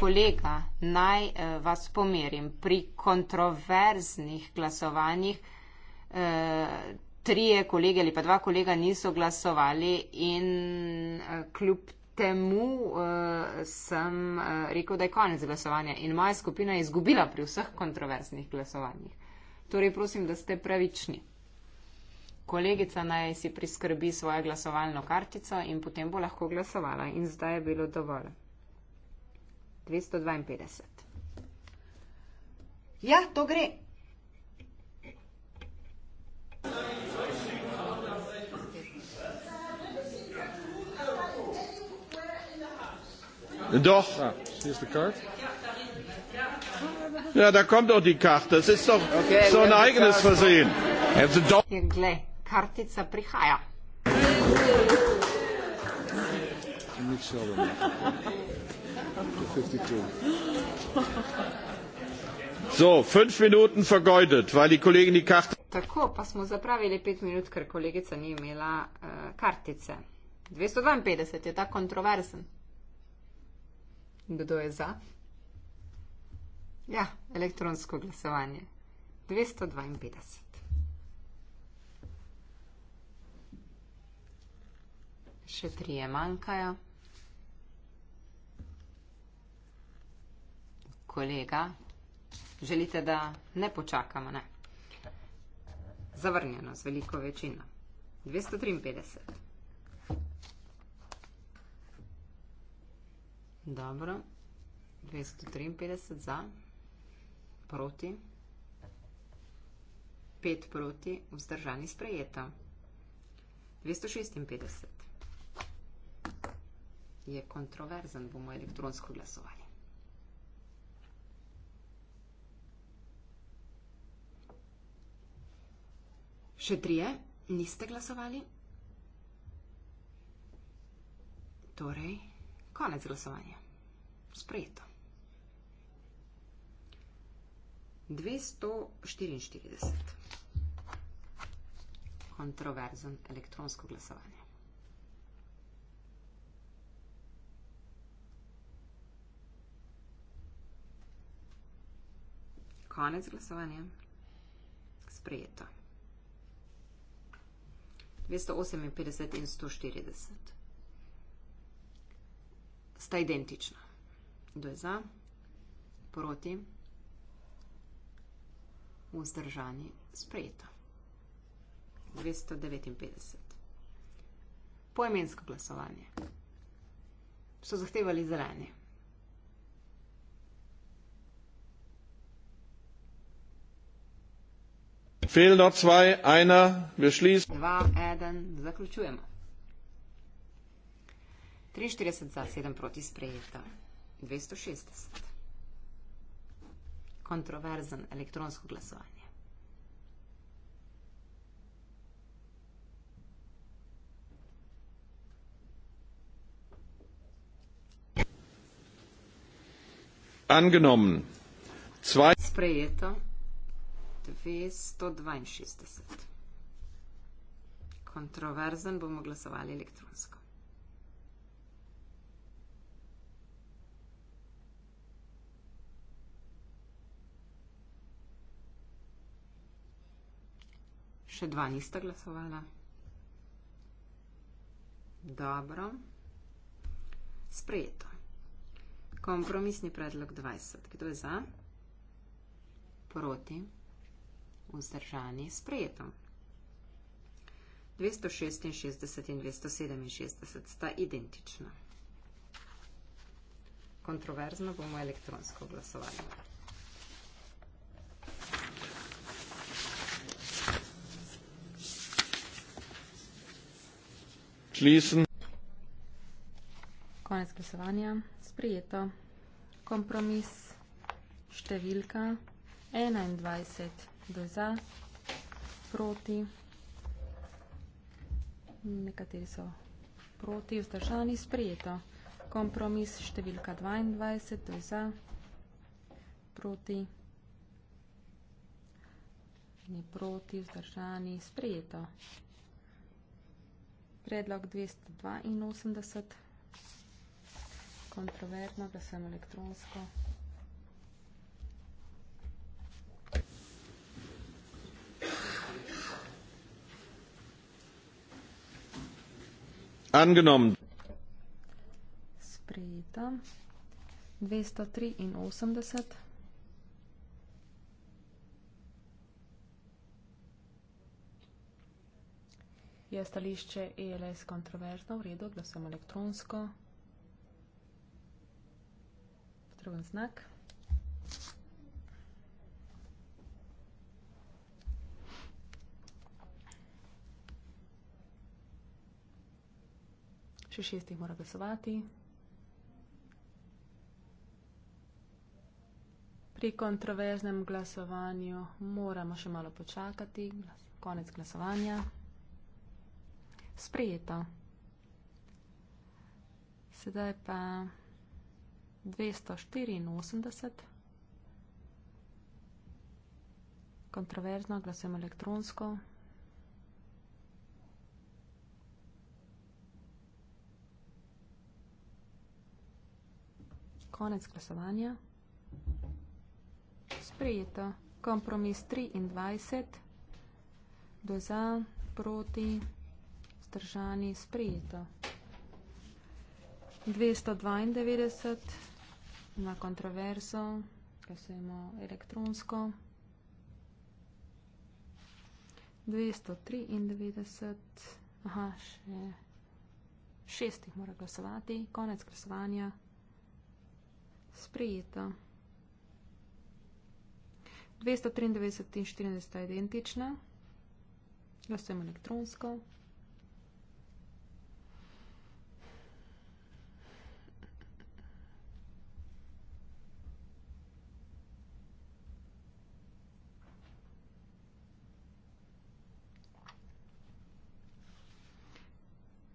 Kolega, naj eh, vas pomerim. Pri kontroverznih glasovanjih trije kolege ali pa dva kolega niso glasovali in kljub temu sem rekel, da je konec glasovanja in moja skupina je izgubila pri vseh kontroverznih glasovanjih. Torej prosim, da ste pravični kolegica naj si priskrbi svojo glasovalno kartico in potem bo lahko glasovala. In zdaj je bilo dovolj. 252. Ja, to gre. Doch. Ah, hier ist die Karte. Ja, da kommt doch die Karte. Das ist doch okay, so ein eigenes Versehen. Ja, gleich kartica prihaja. So, fünf Minuten vergeudet, weil die Kollegin die Karte. Tako, pa smo zapravili pet minut, ker kolegica ni imela uh, kartice. 252 je ta kontroverzen. Kdo je za? Ja, elektronsko glasovanje. 252. Še trije manjkajo. Kolega, želite, da ne počakamo, ne? Zavrnjeno z veliko večino. 253. Dobro. 253 za. Proti. 5 proti. Vzdržani sprejeto. 256 je kontroverzen, bomo elektronsko glasovali. Še trije niste glasovali? Torej, konec glasovanja. Sprejeto. 244. Kontroverzen elektronsko glasovanje. konec glasovanja. Sprejeto. 258 in 140. Sta identična. Kdo je za? Proti? Vzdržani? Sprejeto. 259. Poimensko glasovanje. So zahtevali zelenje. Fehlen noch zwei. Einer. Wir schließen. Kontroverzen elektronsko glasovanje. Angenommen. Zwei. Sprejeto. 262. Kontroverzen bomo glasovali elektronsko. Še dva nista glasovala. Dobro. Sprejeto. Kompromisni predlog 20. Kdo je za? Proti vzdržani sprejeto. 266 in 267 sta identična. Kontroverzno bomo elektronsko glasovali. Schließen. Konec glasovanja. Sprijeto. Kompromis. Številka 21 kdo za, proti, nekateri so proti, vzdržani, sprejeto. Kompromis številka 22, kdo za, proti, ne proti, vzdržani, sprejeto. Predlog 282, kontrovertno, glasujemo elektronsko. Predlog 282. angenommen. Sprejeta. 283. Je stališče ELS kontroverzno, v redu, glasujemo elektronsko. Drugi znak. še šest jih mora glasovati. Pri kontroverznem glasovanju moramo še malo počakati. Konec glasovanja. Sprejeto. Sedaj pa 284. Kontroverzno glasujemo elektronsko. konec glasovanja. Sprejeto. Kompromis 23. Do za, proti, zdržani, sprejeto. 292 na kontroverzo, glasujemo elektronsko. 293, aha, še šestih mora glasovati, konec glasovanja sprijeta. 293 in 14 sta identična. Glasujemo elektronsko.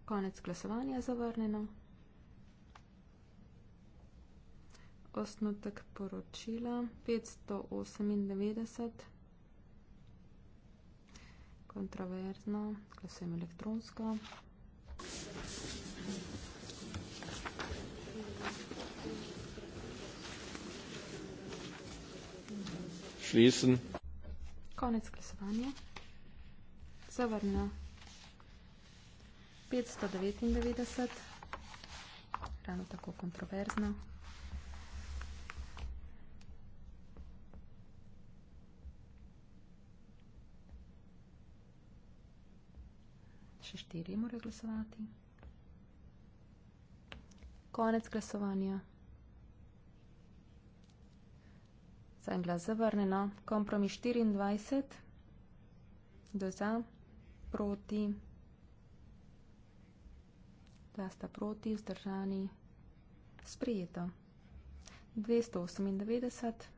Konec glasovanja zavrnjeno. osnutek poročila 598. Kontroverzno, glasujem elektronsko. Schließen. Konec glasovanja. Zavrnjeno. 599. Ravno tako kontroverzno. še štiri morajo glasovati. Konec glasovanja. Zdaj glas zavrneno. Kompromis 24. Do za, proti. Glasta proti, vzdržani. Sprijeto. 298.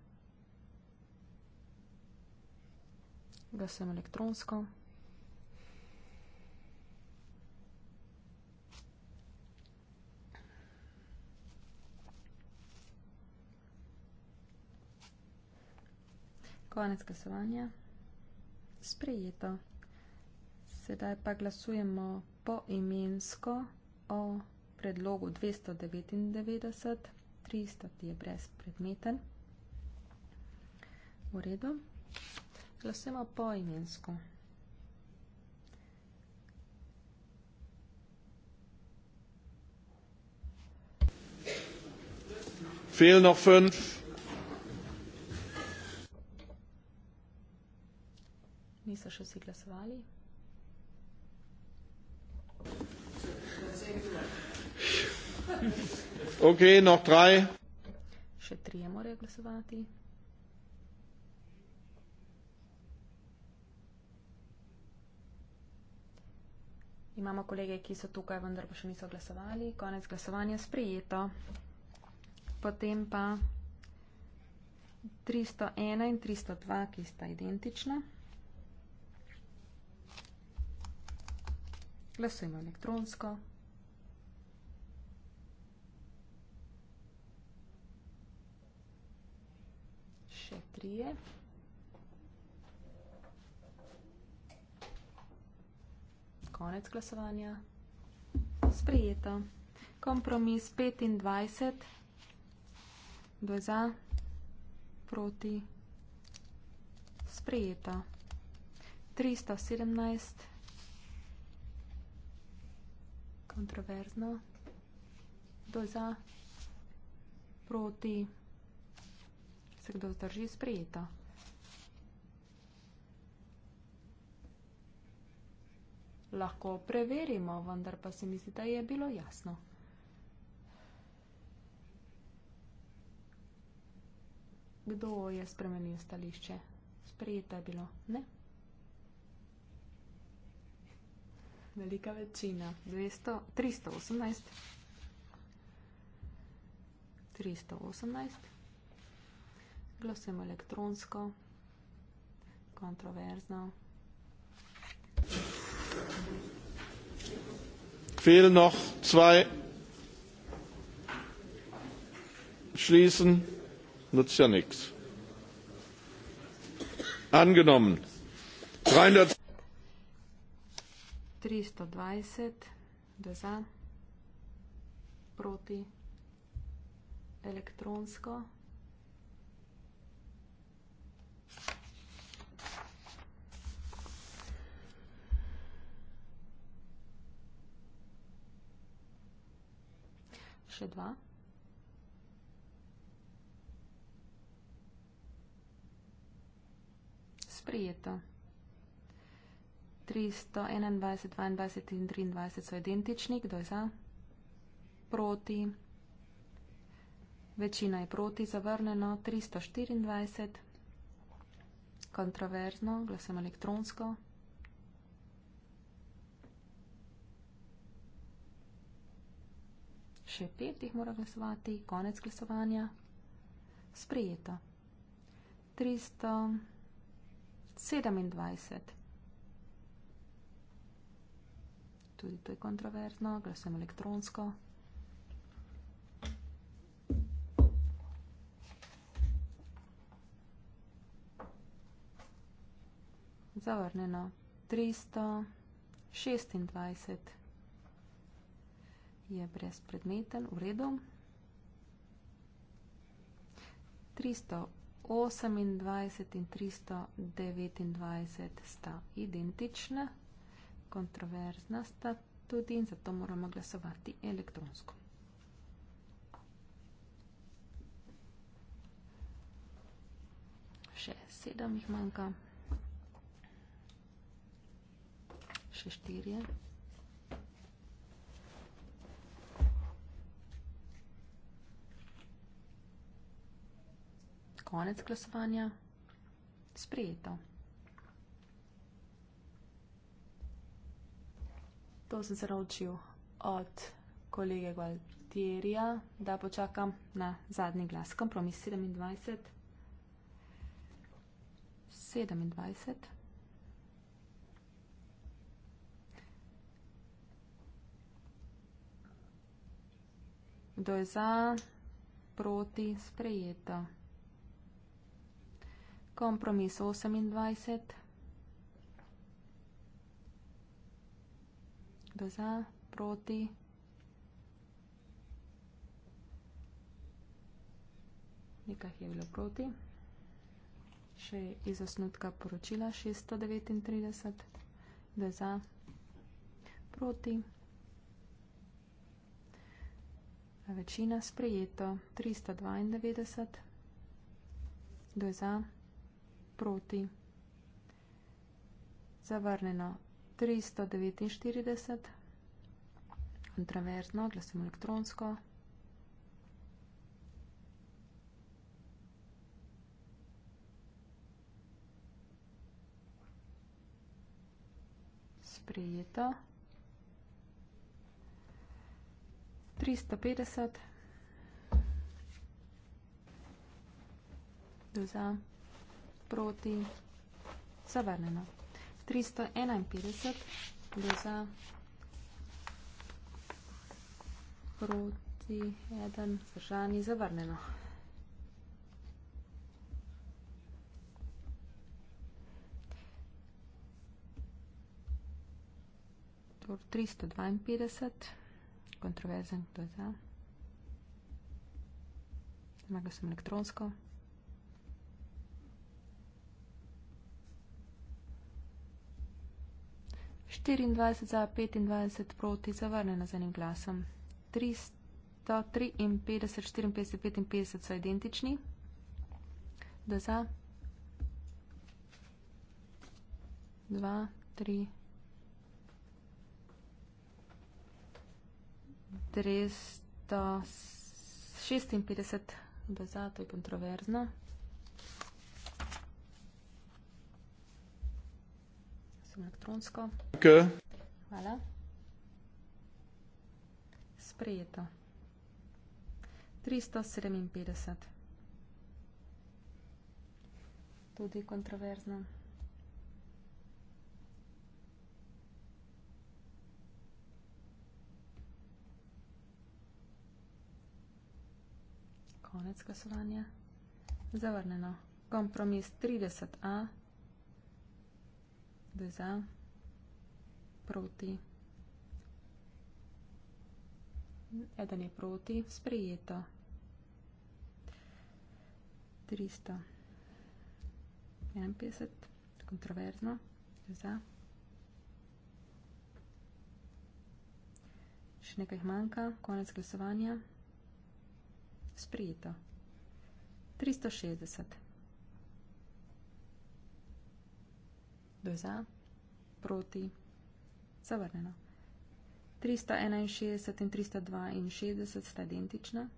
Glasujemo elektronsko. Konec glasovanja. Sprejeto. Sedaj pa glasujemo poimensko o predlogu 299. 300 ti je brezpredmeten. V redu. Glasujemo poimensko. Fehl noch fünf. niso še vsi glasovali. Ok, noch drei. Še trije morajo glasovati. Imamo kolege, ki so tukaj, vendar pa še niso glasovali. Konec glasovanja sprijeto. Potem pa 301 in 302, ki sta identična. Glasujem elektronsko. Še trije. Konec glasovanja. Sprijeto. Kompromis 25. Do za. Proti. Sprijeto. 317. 317 kontroverzno, kdo za, proti, se kdo zdrži sprejeto. Lahko preverimo, vendar pa se mi zdi, da je bilo jasno. Kdo je spremenil stališče? Sprejeto je bilo, ne? Velika večina. 218. 318. Glasujemo elektronsko, kontroverzno. Fehlen noch zwei. Schließen. Nutzt ja nichts. Angenommen. 300. 320, da za, proti, elektronsko. Še dva. Sprijeto. 321, 22 in 23 so identični. Kdo je za? Proti. Večina je proti, zavrnjeno. 324. Kontroverzno, glasujem elektronsko. Še pet jih mora glasovati, konec glasovanja. Sprijeto. 327. tudi to je kontroverzno, glasujem elektronsko. Zavrnjeno 326 je brezpredmeten, v redu. 328 in 329 sta identična kontroverzna sta tudi in zato moramo glasovati elektronsko. Še sedem jih manjka. Še štirje. Konec glasovanja. Sprijeto. To sem se naučil od kolege Gualtierija, da počakam na zadnji glas. Kompromis 27. 27. Kdo je za, proti, sprejeto. Kompromis 28. kdo za, proti. Nekaj je bilo proti. Še iz osnutka poročila 639, kdo za, proti. Večina sprejeto 392, kdo za, proti. Zavrneno 349, kontraverzno, glasujemo elektronsko. Sprejeto. 350. Za, proti, zavrnjeno proti eden, zdržani, zavrneno. Tor 352, kontroverzen, kdo je za? Zmaga sem elektronsko. 24 za 25 proti zavrnjena z enim glasom. 353, 54, 55 so identični. Da za. 2, 3. Dresto 56, da za, to je kontroverzno. čisto elektronsko. K. Hvala. Sprejeto. 357. Tudi kontroverzno. Konec glasovanja. Zavrneno. Kompromis 30a de za, proti. Eden je proti, sprejeto. 351, kontroverzno, de za. Še nekaj manjka, konec glasovanja. Sprejeto. 360. 2 za, proti, zavrnjeno. 361 in 362 sta identična.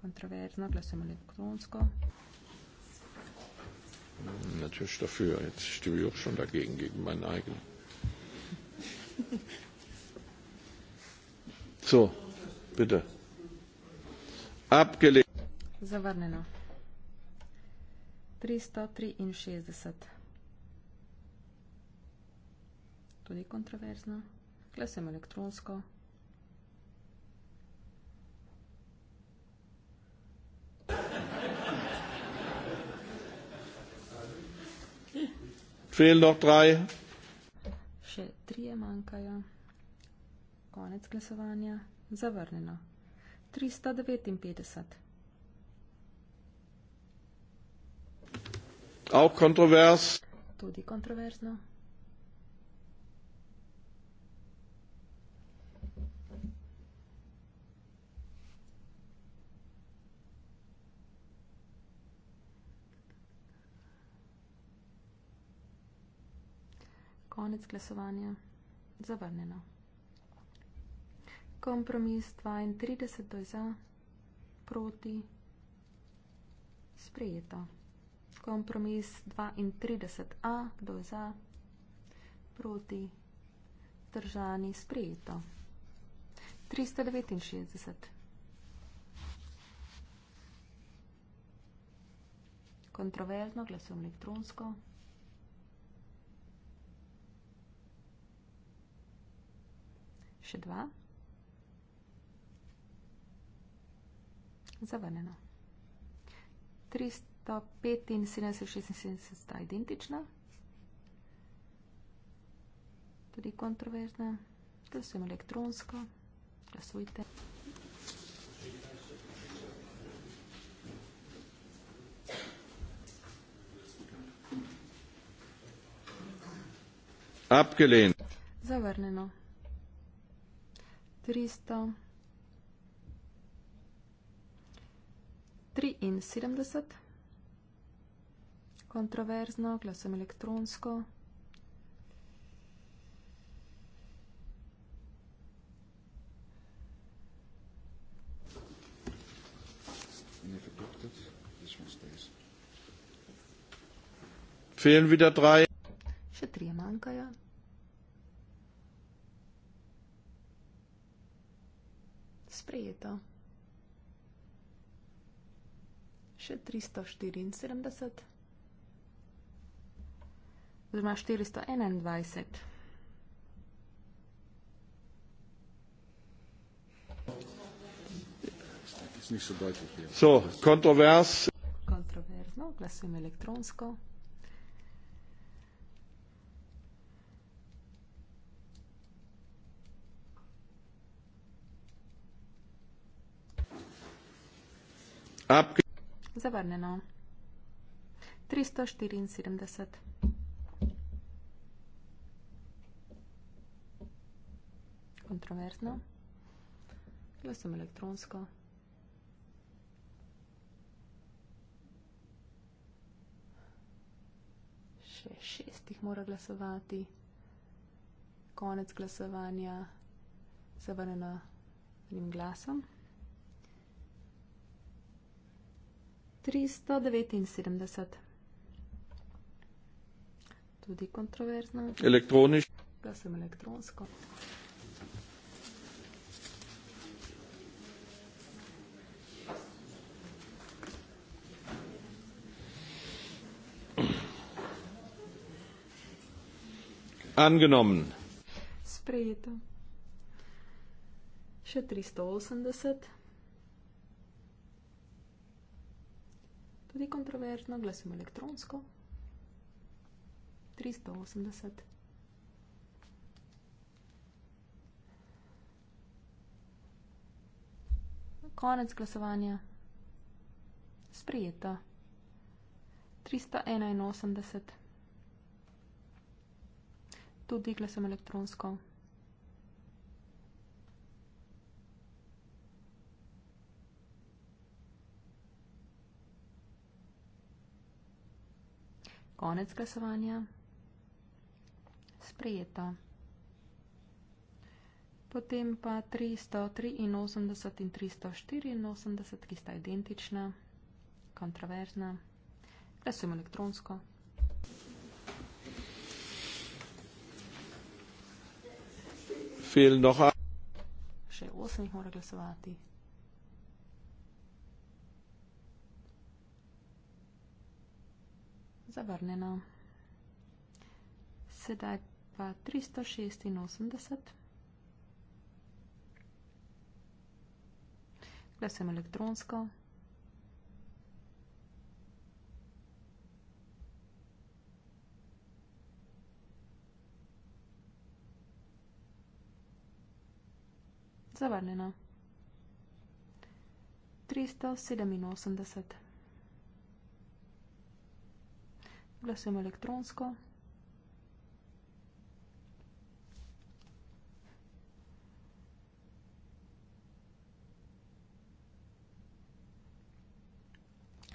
Kontroverzno, glasujemo elektronsko. Natürlich dafür. Jetzt stimme ich auch schon dagegen, gegen meinen eigenen. So, bitte. Abgelehnt. Zavrneno. 363. tudi kontroverzna. Tukaj sem elektronsko. Fehl noch drei. Še trije manjkajo. Konec glasovanja. Zavrnjeno. 359. Auch kontrovers. Tudi kontroverzno. konec glasovanja. Zavrnjeno. Kompromis 32 do za, proti, sprejeto. Kompromis 32a do za, proti, držani, sprejeto. 369. Kontroverzno glasujem elektronsko. še dva. Zavrnjeno. 375 in 76 sta identična. Tudi kontroverzna. Glasujemo elektronsko. Glasujte. Abgelehnt. Zavrnjeno tristo triinsedemdeset kontroverzno glasujem elektronsko Fehlen wieder drei. Še tri manjkajo. sprejeto. Še 374. Oziroma 421. So, kontrovers. Kontroverzno, glasujem elektronsko. Zavrnjeno. 374. Kontroverzno. Glasujem elektronsko. Še šestih mora glasovati. Konec glasovanja. Zavrnjeno enim glasom. 379. Tudi kontroverzna. Elektroniško. Da sem elektronsko. Angenomen. Sprejeto. Še 380. tudi kontroverzno, glasimo elektronsko. 380. Konec glasovanja. Sprijeta. 381. Tudi glasom elektronsko. 380. Konec glasovanja. Sprejeto. Potem pa 383 in 384, ki sta identična, kontroverzna. Glasujemo elektronsko. Še osem jih mora glasovati. zavrnjeno. Sedaj pa 386. Glasujem elektronsko. Zavrnjeno. 387. glasujem elektronsko.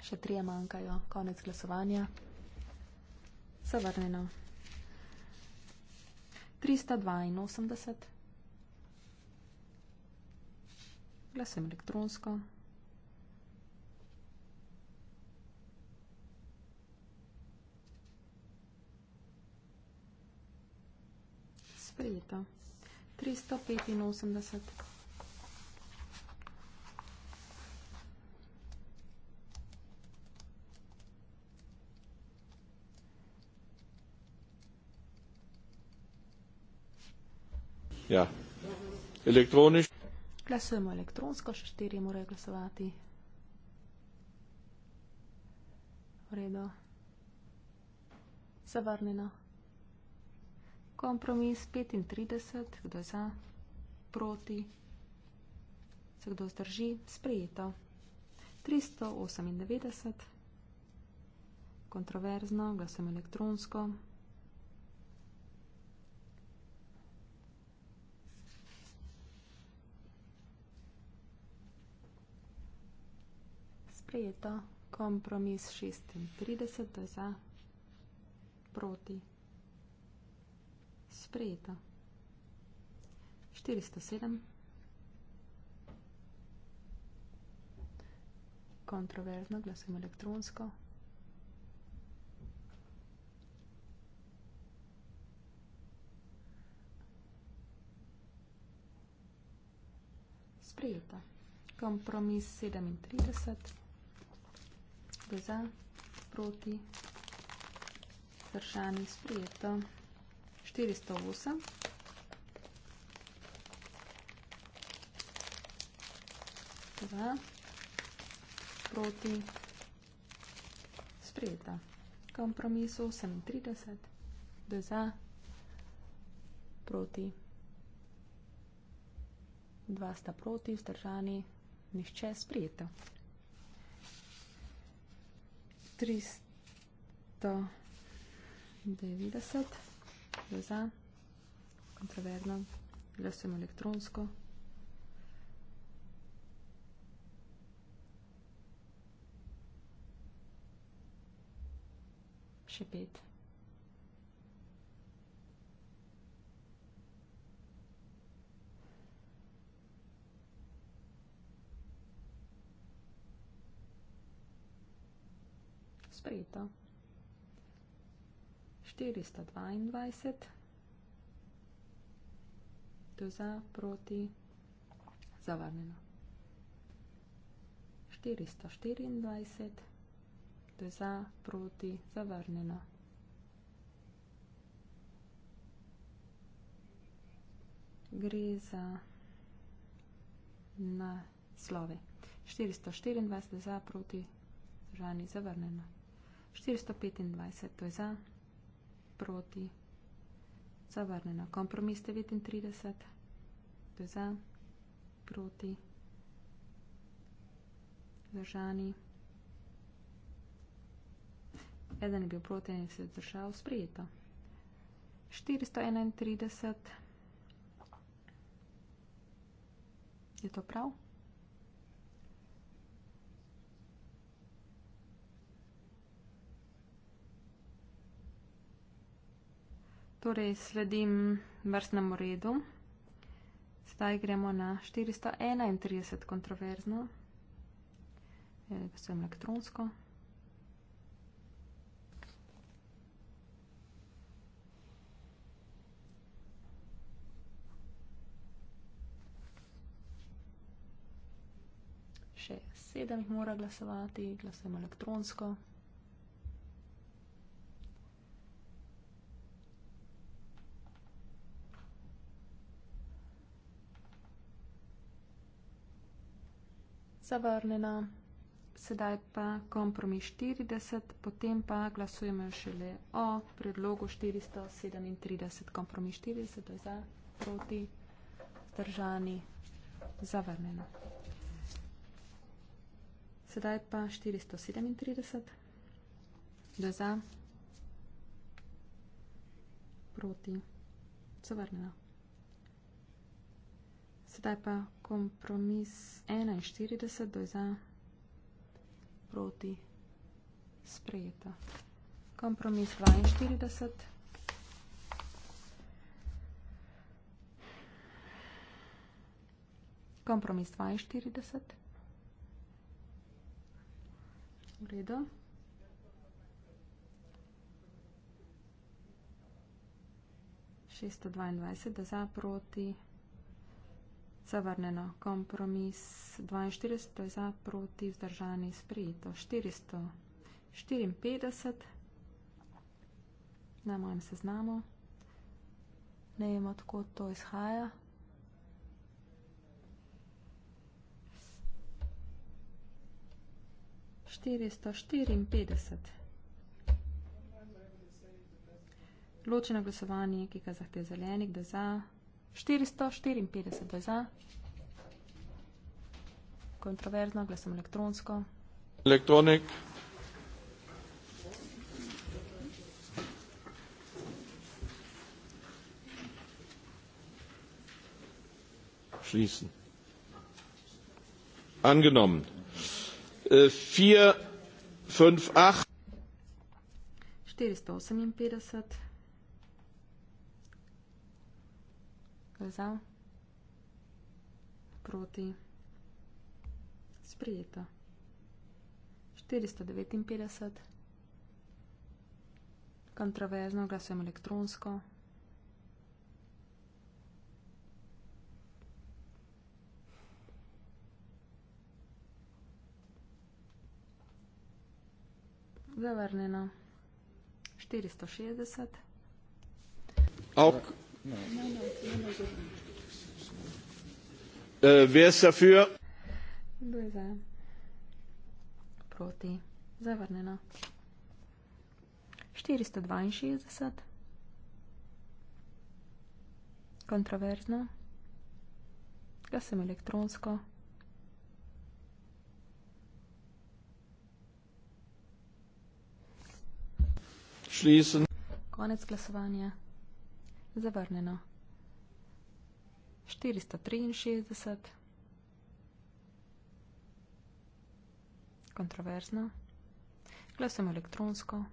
Še trije manjkajo, konec glasovanja. Zavrnjeno. 382. Glasujem elektronsko. sprejeta. 385. Ja. Elektronič. Glasujemo elektronsko, še štiri morajo glasovati. V redu. Zavrnjeno. Kompromis 35, kdo je za, proti, se kdo zdrži, sprejeto. 398, kontroverzno, glasujemo elektronsko. Sprejeto, kompromis 36, kdo je za, proti sprejeta. 407. Kontroverzno, glasujemo elektronsko. Sprejeta. Kompromis 37. Do za, proti, vršani sprejeto. 408. Za. Proti. Sprejeta. Kompromis 38. Da za. Proti. Dva sta proti, vzdržani, nišče sprijeta. 390 je za, kontraverno, glasujemo elektronsko. Še pet. Sprejeto. 422 to za, proti, zavarneno. 424 to za, proti, zavarneno. 424 to za, proti, zavarneno. 425 to za, proti, zavarneno proti. Zavrnjeno. Kompromis 39. To je za, proti, zdržani. Eden je bil proti in se je zdržal. Sprijeto. 431. Je to prav? Torej, sledim vrstnemu redu. Zdaj gremo na 431 kontroverzno. Vse eh, elektronsko. Še sedem jih mora glasovati, glasujemo elektronsko. zavrnjena. Sedaj pa kompromis 40, potem pa glasujemo šele o predlogu 437. Kompromis 40 je za, proti, zdržani, zavrnjena. Sedaj pa 437, da za, proti, zavrnjena. Sedaj pa kompromis 41 do za proti sprejeta. Kompromis 42. Kompromis 42. V redu. Šesto dvajset za proti. Zavrnjeno. Kompromis 42 je za, proti vzdržani sprejeto. 454 na mojem seznamu. Ne vem, odkot to izhaja. Štiristo štiriinpetdeset. Ločeno glasovanje, ki ga zahteva zelenik, da za. 454 je za. Kontroverzno, glasem elektronsko. Elektronik. Schließen. Angenommen. 458. Äh, 458. Vezav. Proti. Sprijeto. 459. Kontroverzno glasujem elektronsko. Zavrnjeno. 460. Auk. Äh, wer ist dafür? Böse. Proti. Zavrnena. 462. Kontroverzno. Glasem elektronsko. Schließen. Konec glasovanja zavrnjeno. 463. Kontroverzno. Glasujemo elektronsko.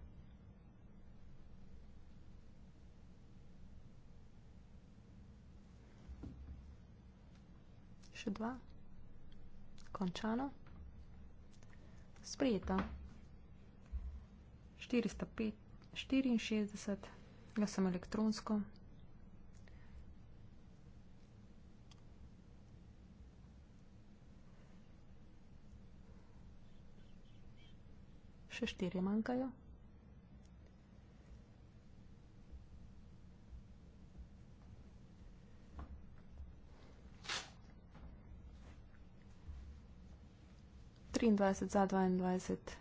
Še dva. Končano. Sprejeta. 465. Glasujemo elektronsko. še štiri manjkajo. Triindvajset za, dvaindvajset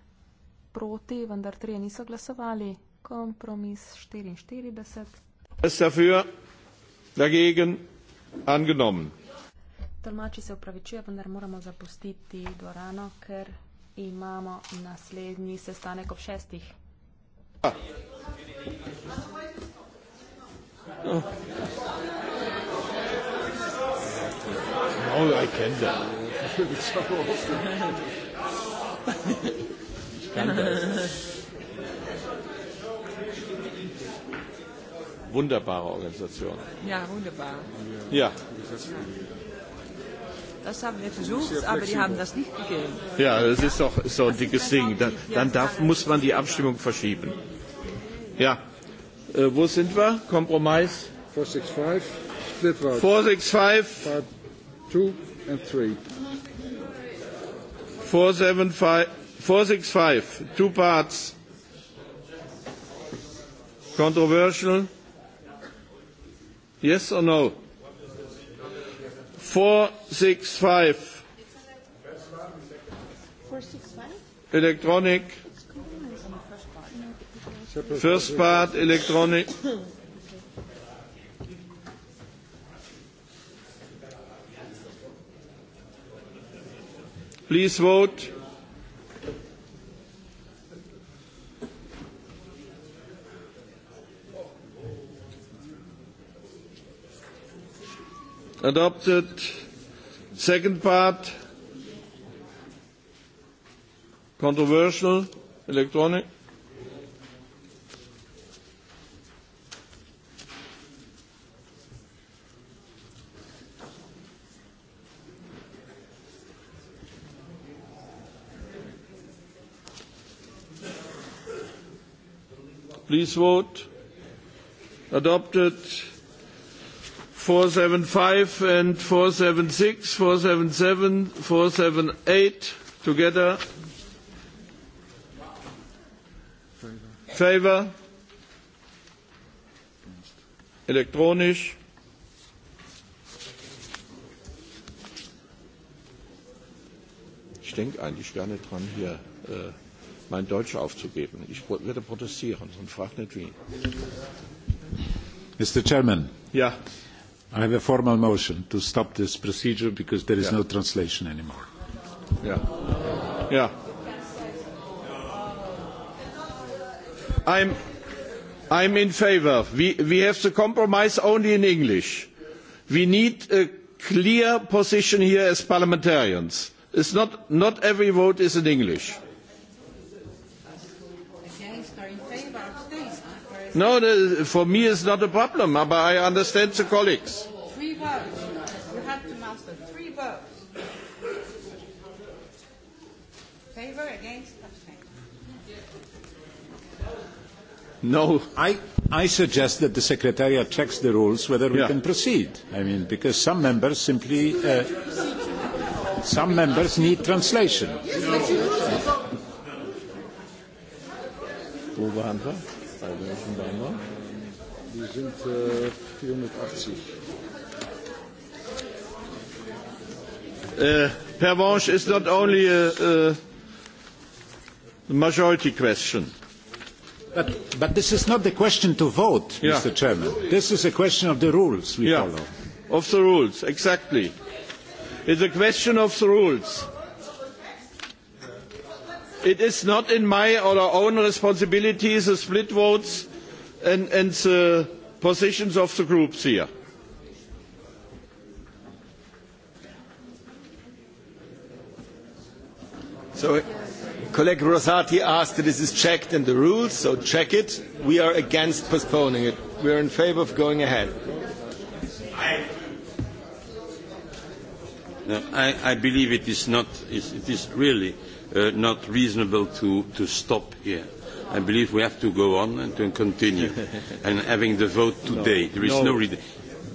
proti, vendar trije niso glasovali. Kompromis štiriinštirideset. Tolmači se upravičuje, vendar moramo zapustiti dvorano, ker imamo naslednji sestanek ob šestih. Oh, I can do it. Wunderbare Organisation. Ja, wunderbar. Ja. ja das haben wir versucht, aber die haben das nicht gegeben. Ja, das ist doch so ein dickes Ding. Dann, ja. dann darf, muss man die Abstimmung verschieben. Ja, äh, wo sind wir? Kompromiss? 465. 465. 465. 465. Two parts. Controversial? Yes or no? 465. Elektronik. First Part Elektronik. Please vote. adopted. Second part, controversial, electronic. Please vote. Adopted. 475 and 476, 477, 478 together. Favor. Electronic. Ich denke eigentlich gar nicht dran, hier äh, mein Deutsch aufzugeben. Ich werde protestieren und frage nicht wie. Mr. Chairman. Ja. I have a formal motion to stop this procedure because there is yeah. no translation anymore. Yeah. Yeah. I'm, I'm in favor. We, we have to compromise only in English. We need a clear position here as parliamentarians. It's not, not every vote is in English. no for me it's not a problem but i understand the colleagues three votes you have to master three votes favor against No. I, I suggest that the Secretariat checks the rules whether we yeah. can proceed. I mean, because some members simply... Uh, some members need translation. No. No. Wir sind äh, 480. Uh, äh, Herr Walsh, it's not only a, a majority question. But, but this is not the question to vote, yeah. Mr. Chairman. This is a question of the rules we yeah. follow. Of the rules, exactly. It's a question of the rules it is not in my or our own responsibility the split votes and, and the uh, positions of the groups here. So, colleague Rosati asked that this is checked in the rules, so check it. We are against postponing it. We are in favour of going ahead. No, I, I believe it is not, it is really uh, not reasonable to, to stop here. I believe we have to go on and to continue. and having the vote no. today, no. there is no, no reason.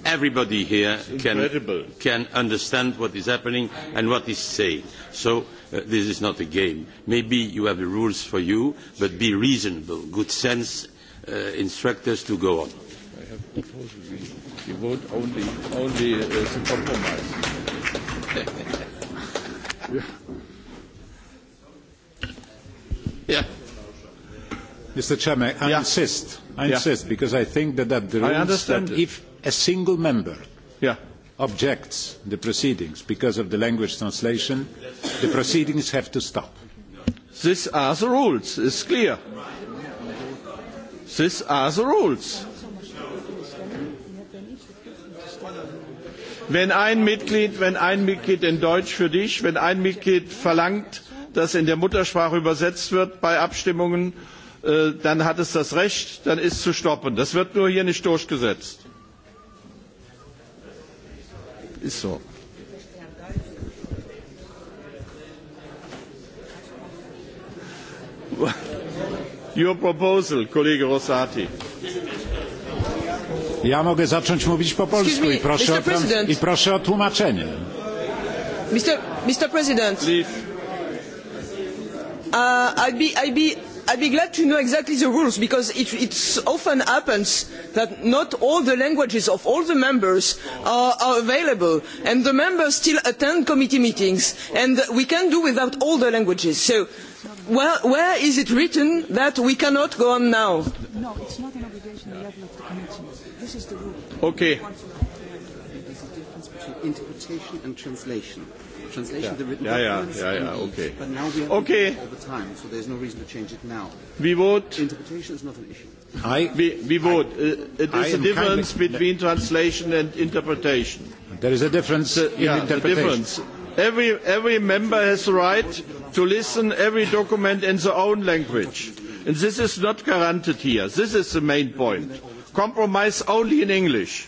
Everybody here can, can understand what is happening and what is saying. So uh, this is not a game. Maybe you have the rules for you, but be reasonable. Good sense uh, instructors to go on. I have proposed you vote only, only uh, as a compromise. yeah. mr chairman i insist i insist because i think that at the rules and if a single member objects to the proceedings because of the language translation the proceedings have to stop. these are the rules it's clear. these are the rules. wenn ein mitglied wenn ein mitglied in deutsch für dich wenn ein mitglied verlangt das in der Muttersprache übersetzt wird bei Abstimmungen, äh, dann hat es das Recht, dann ist zu stoppen. Das wird nur hier nicht durchgesetzt. Ist so. Your proposal, Kollege Rossati. Ja mogę zacząć mówić po polsku i proszę, o, i proszę o tłumaczenie. Mr. Mr. President. Please. Uh, I'd be, I'd, be, I'd be glad to know exactly the rules because it it's often happens that not all the languages of all the members are, are available and the members still attend committee meetings and we can do without all the languages. So where, where is it written that we cannot go on now? No, it's not an obligation the level of the committee. This is the rule. Okay. There's a difference between interpretation and translation translation yeah. the written yeah, yeah, yeah, yeah, yeah, okay. but now we are okay. all the time so there's no reason to change it now we vote interpretation is not an issue I, we, we vote. I, uh, it is a difference kindly. between no. translation and interpretation. There is a difference the, in yeah, interpretation. Difference. Every, every member has the right to listen every document in their own language. And this is not guaranteed here. This is the main point. Compromise only in English.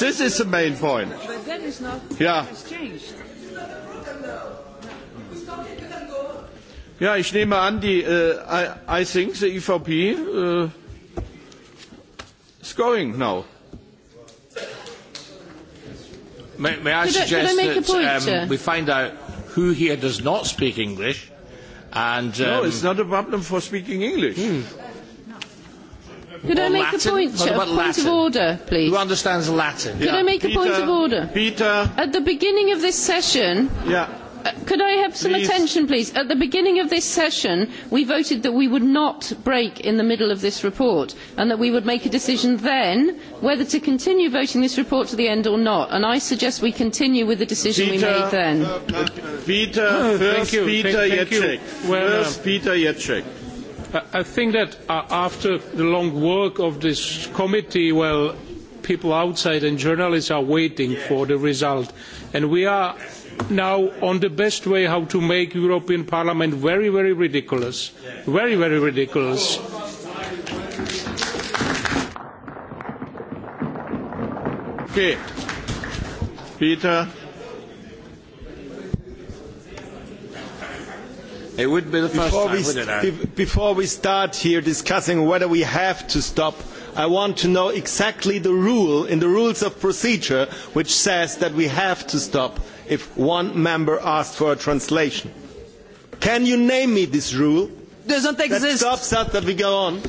This is the main point. But then it's not yeah. changed. Ja, ich nehme an, die uh, äh, I, I think the EVP uh, äh, is going now. May, may I suggest I, I that um, we find out who here does not speak English? And, no, um, no, it's not a problem for speaking English. Hmm. Could or I make Latin? a point, a point Latin? of order, please? Who understands Latin? Yeah. Could I make Peter, a point of order? Peter. At the beginning of this session, yeah. Uh, could I have some please. attention, please? At the beginning of this session, we voted that we would not break in the middle of this report and that we would make a decision then whether to continue voting this report to the end or not. And I suggest we continue with the decision Peter, we made then. Peter, no, uh, first Peter Jacek. I think that uh, after the long work of this committee, well, people outside and journalists are waiting yes. for the result. And we are. Yes now on the best way how to make European Parliament very, very ridiculous. Very, very ridiculous. Okay. Peter. It would be the first before time, we, wouldn't I? Before we start here discussing whether we have to stop, I want to know exactly the rule in the rules of procedure which says that we have to stop if one member asks for a translation. Can you name me this rule? Doesn't exist. That stops us that we go on.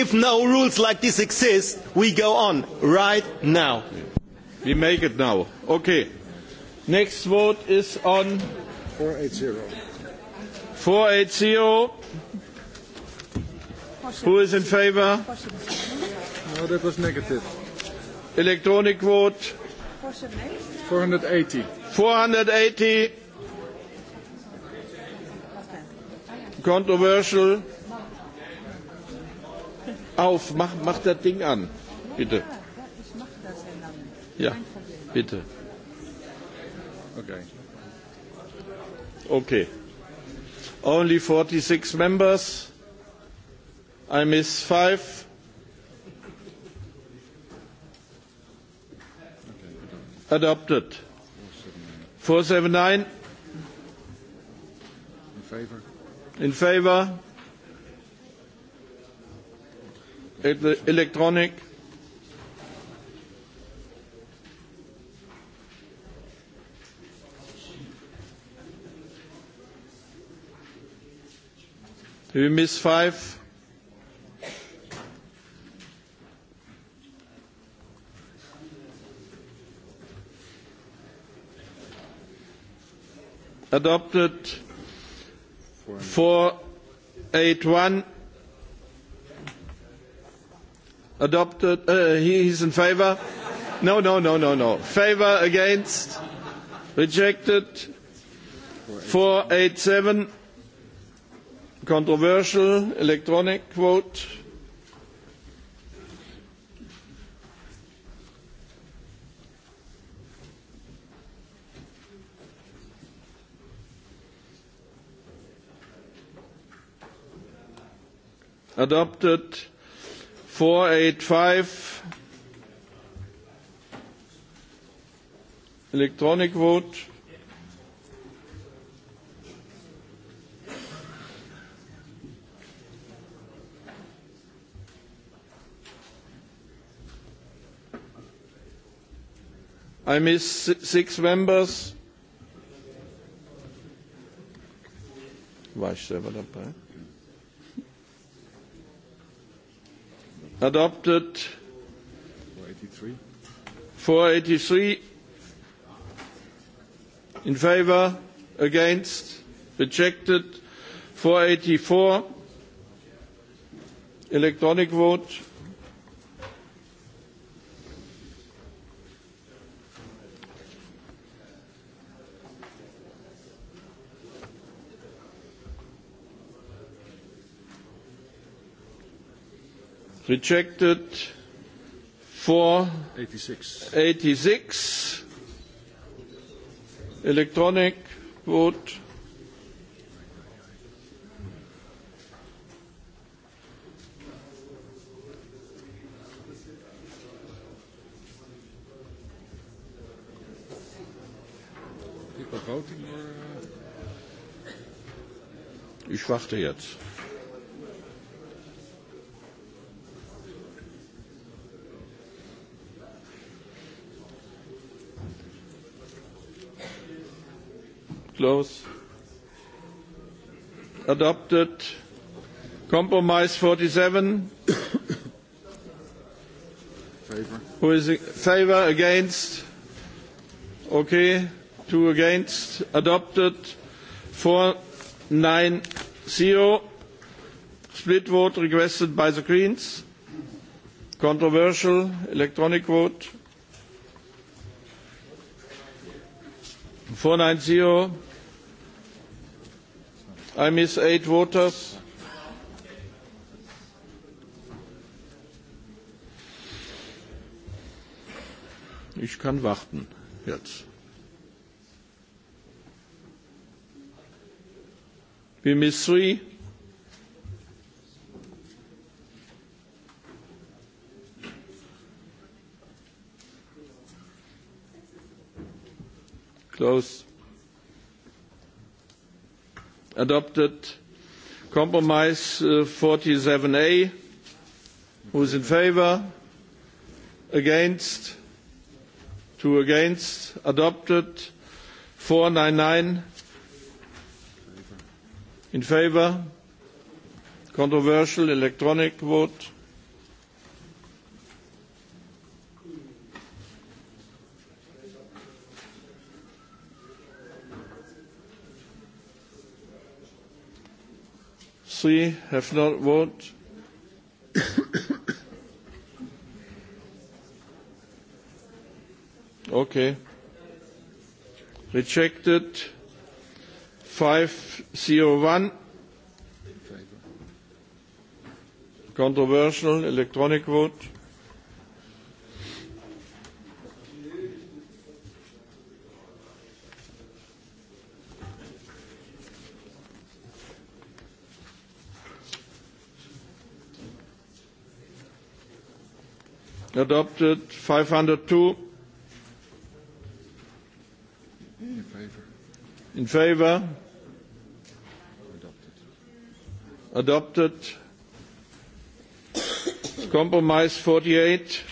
If no rules like this exist, we go on right now. We make it now. Okay. Next vote is on 480. 480. Who is in favor? No, that was negative. Electronic vote. 480. 480. 480. Controversial. Auf, mach, mach das Ding an, bitte. Ja, bitte. Okay. Okay. Only 46 members. I miss five. adopted. Four seven nine. In favour. In favour. Electronic. Do we miss five? adopted 481 adopted uh, he's in favor no no no no no favor against rejected 487 controversial electronic vote adopted 485 electronic vote I miss six members. Weiß selber dabei. adopted 483 in favor against rejected 484 electronic vote rejected 486 86. electronic vote people voting or uh, ich warte jetzt clause adopted compromise 47 favor. who is in favor against okay two against adopted 490 split vote requested by the greens controversial electronic vote 490 I miss eight voters. Ich kann warten jetzt. We miss three. Close adopted compromise uh, 47A. Who is in favor? Against? Two against? Adopted? 499? In favor? Controversial electronic vote? three have not voted. okay. Rejected. Five zero one. Controversial electronic vote. adopted five hundred two in favor adopted, adopted. compromise forty eight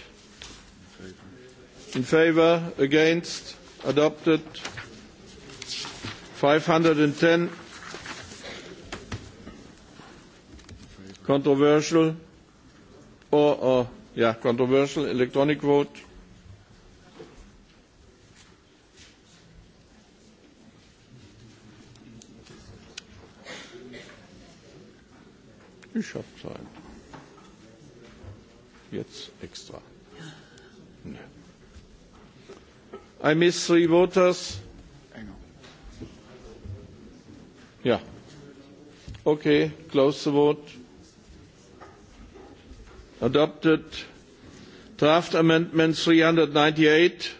in favor against adopted five hundred and ten controversial or, or Yeah, ja, controversial electronic vote. Ich habe Zeit. Jetzt extra. Nee. I miss three voters. Ja. Okay, close the vote adopted draft amendment 398,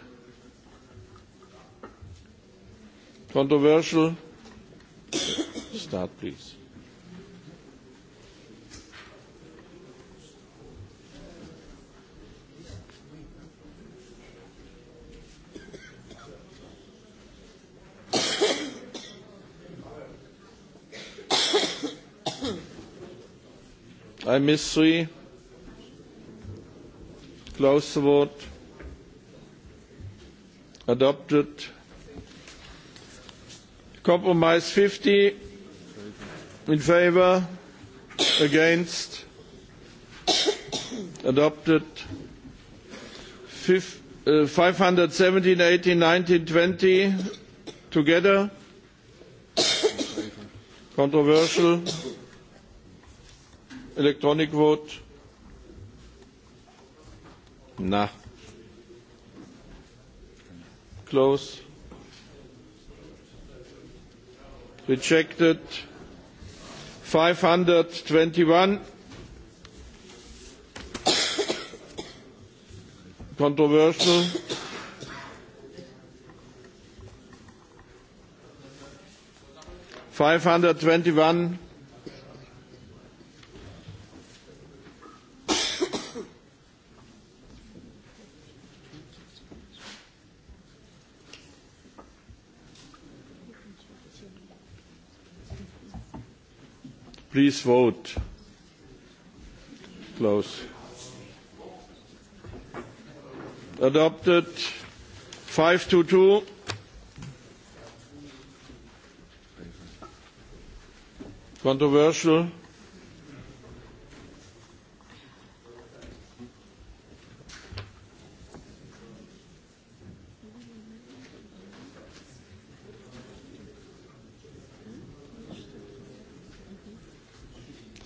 controversial. Start, please. I miss three. Klaus Wort adopted compromise 50 in favor against adopted uh, Five, uh, 517, 18, 19, 20 together. Controversial. Electronic vote. Na. Close. Rejected. 521. Controversial. Five hundred twenty one. Please vote. Close. Adopted 522. Controversial.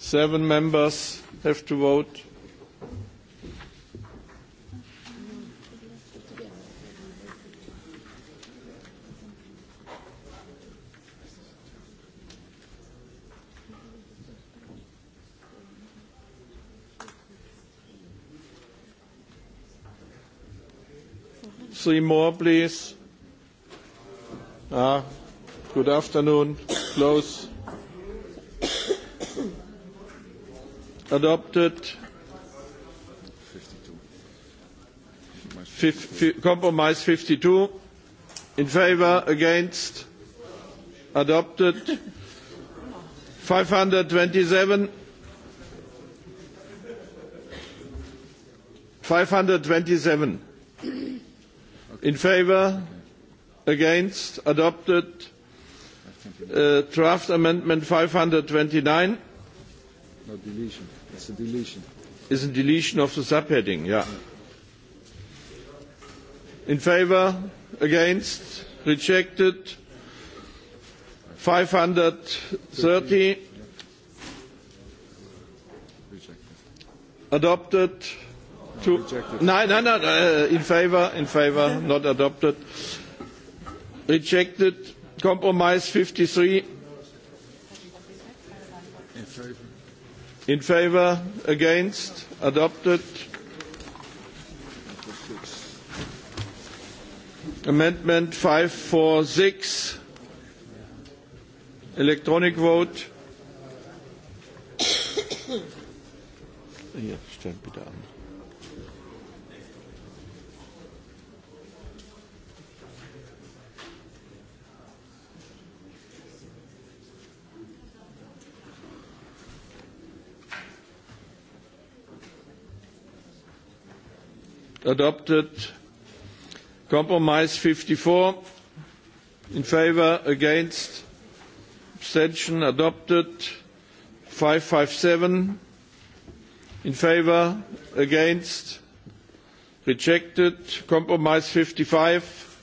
seven members have to vote. Three more, please. Ah, good afternoon. Close. adopted compromise 52 in favor against adopted 527 527 in favor against adopted uh, draft amendment 529 no deletion It's a deletion. It's a deletion of the subheading, yeah. In favor, against, rejected, 530. Adopted. To no, no, no. Uh, in favor, in favor, not adopted. Rejected. Compromise 53. In favour? Against? Adopted? Amendment 546. Electronic vote. Hier, ja, stellen bitte an. adopted. Compromise 54, in favor, against, abstention, adopted. 557, in favor, against, rejected. Compromise 55,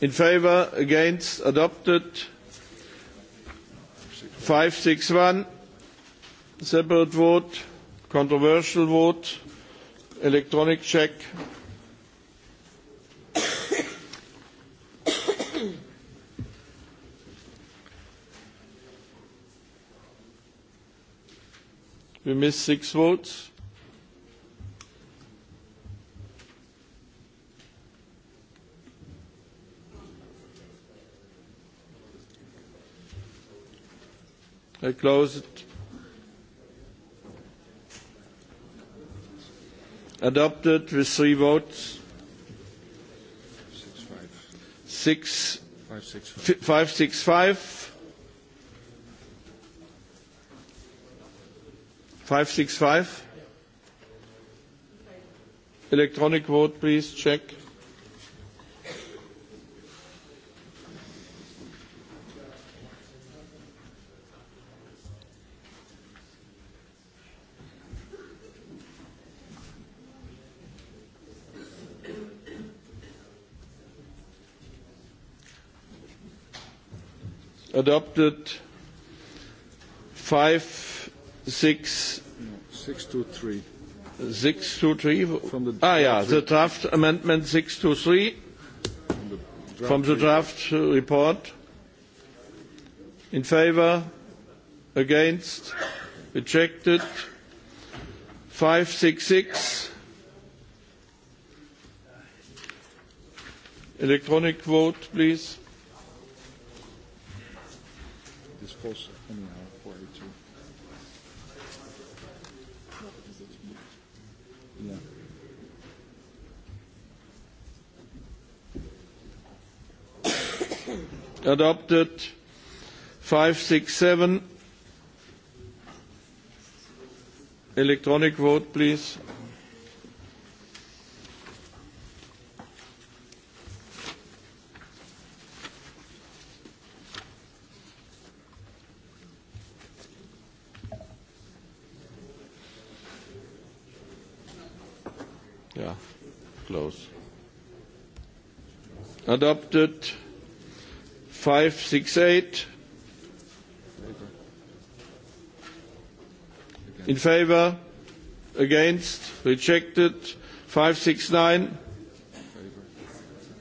in favor, against, adopted. 561, separate vote, controversial vote electronic check. We missed six votes. I close it. adopted with three votes. Six, five, six, five. Five, six, five. Electronic vote, please check. adopted five six six two three. Six two three from the draft ah yeah the draft amendment six two three from the draft, from the draft report. In favour, against, rejected, five six six. Electronic vote, please is closer anyhow for you too. Yeah. Adopted five six seven. Electronic vote, please. adopted. 568 in favor, against, rejected. 569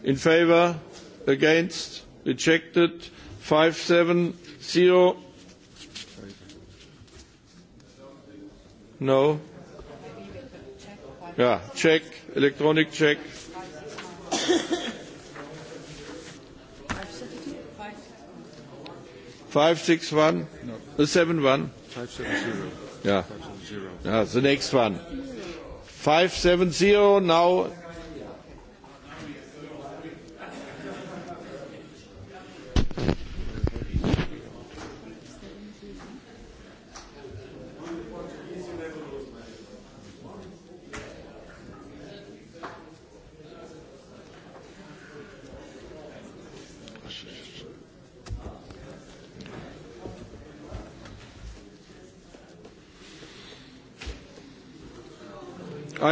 in favor, against, rejected. 570 No. Yeah, check, electronic check. 561 71 570 yeah. yeah the next one 570 now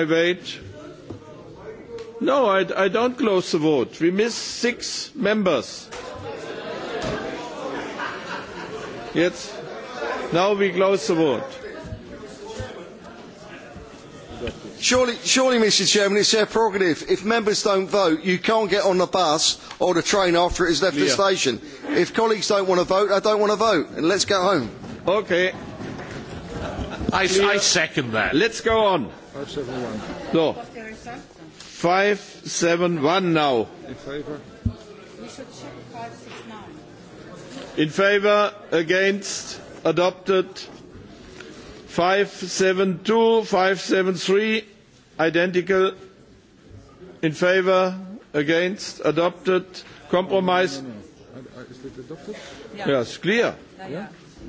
I wait? No, I, I don't close the vote. We miss six members. Yes. Now we close the vote. Surely, surely, Mr. Chairman, it's their prerogative. If members don't vote, you can't get on the bus or the train after it has left yeah. the station. If colleagues don't want to vote, I don't want to vote. And let's go home. Okay. I, I second that. Let's go on. So, no. 571 now. In favor? We should check 569. In favor, against, adopted. 572, 573, identical. In favor, against, adopted. Compromise. No, no, no. Is it adopted? Yeah. Yes, clear. Yeah?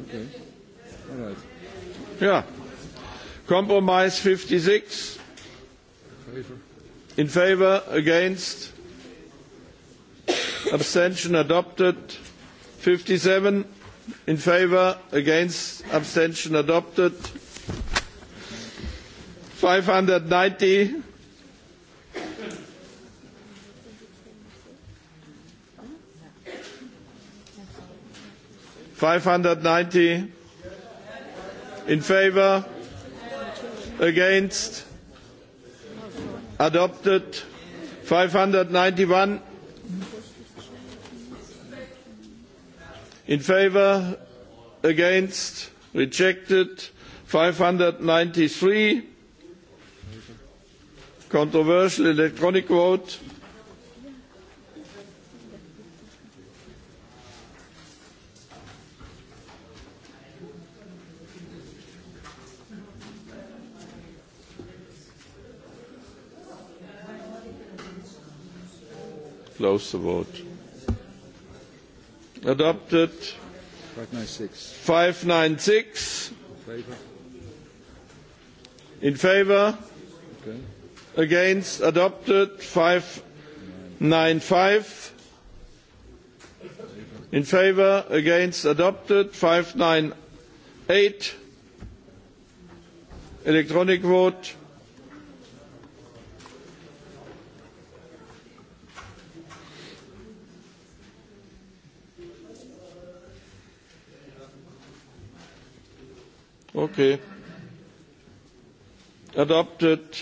Okay. All right. Yeah. Compromise 56? In favour? Against? Abstention adopted. 57? In favour? Against? Abstention adopted. 590? Five hundred ninety in favour, against adopted 591 in favor against rejected 593 controversial electronic vote close the vote. Adopted. 596. In favour? Against? Adopted. 595. In favour? Against? Adopted. 598. Electronic vote. Okay. Adopted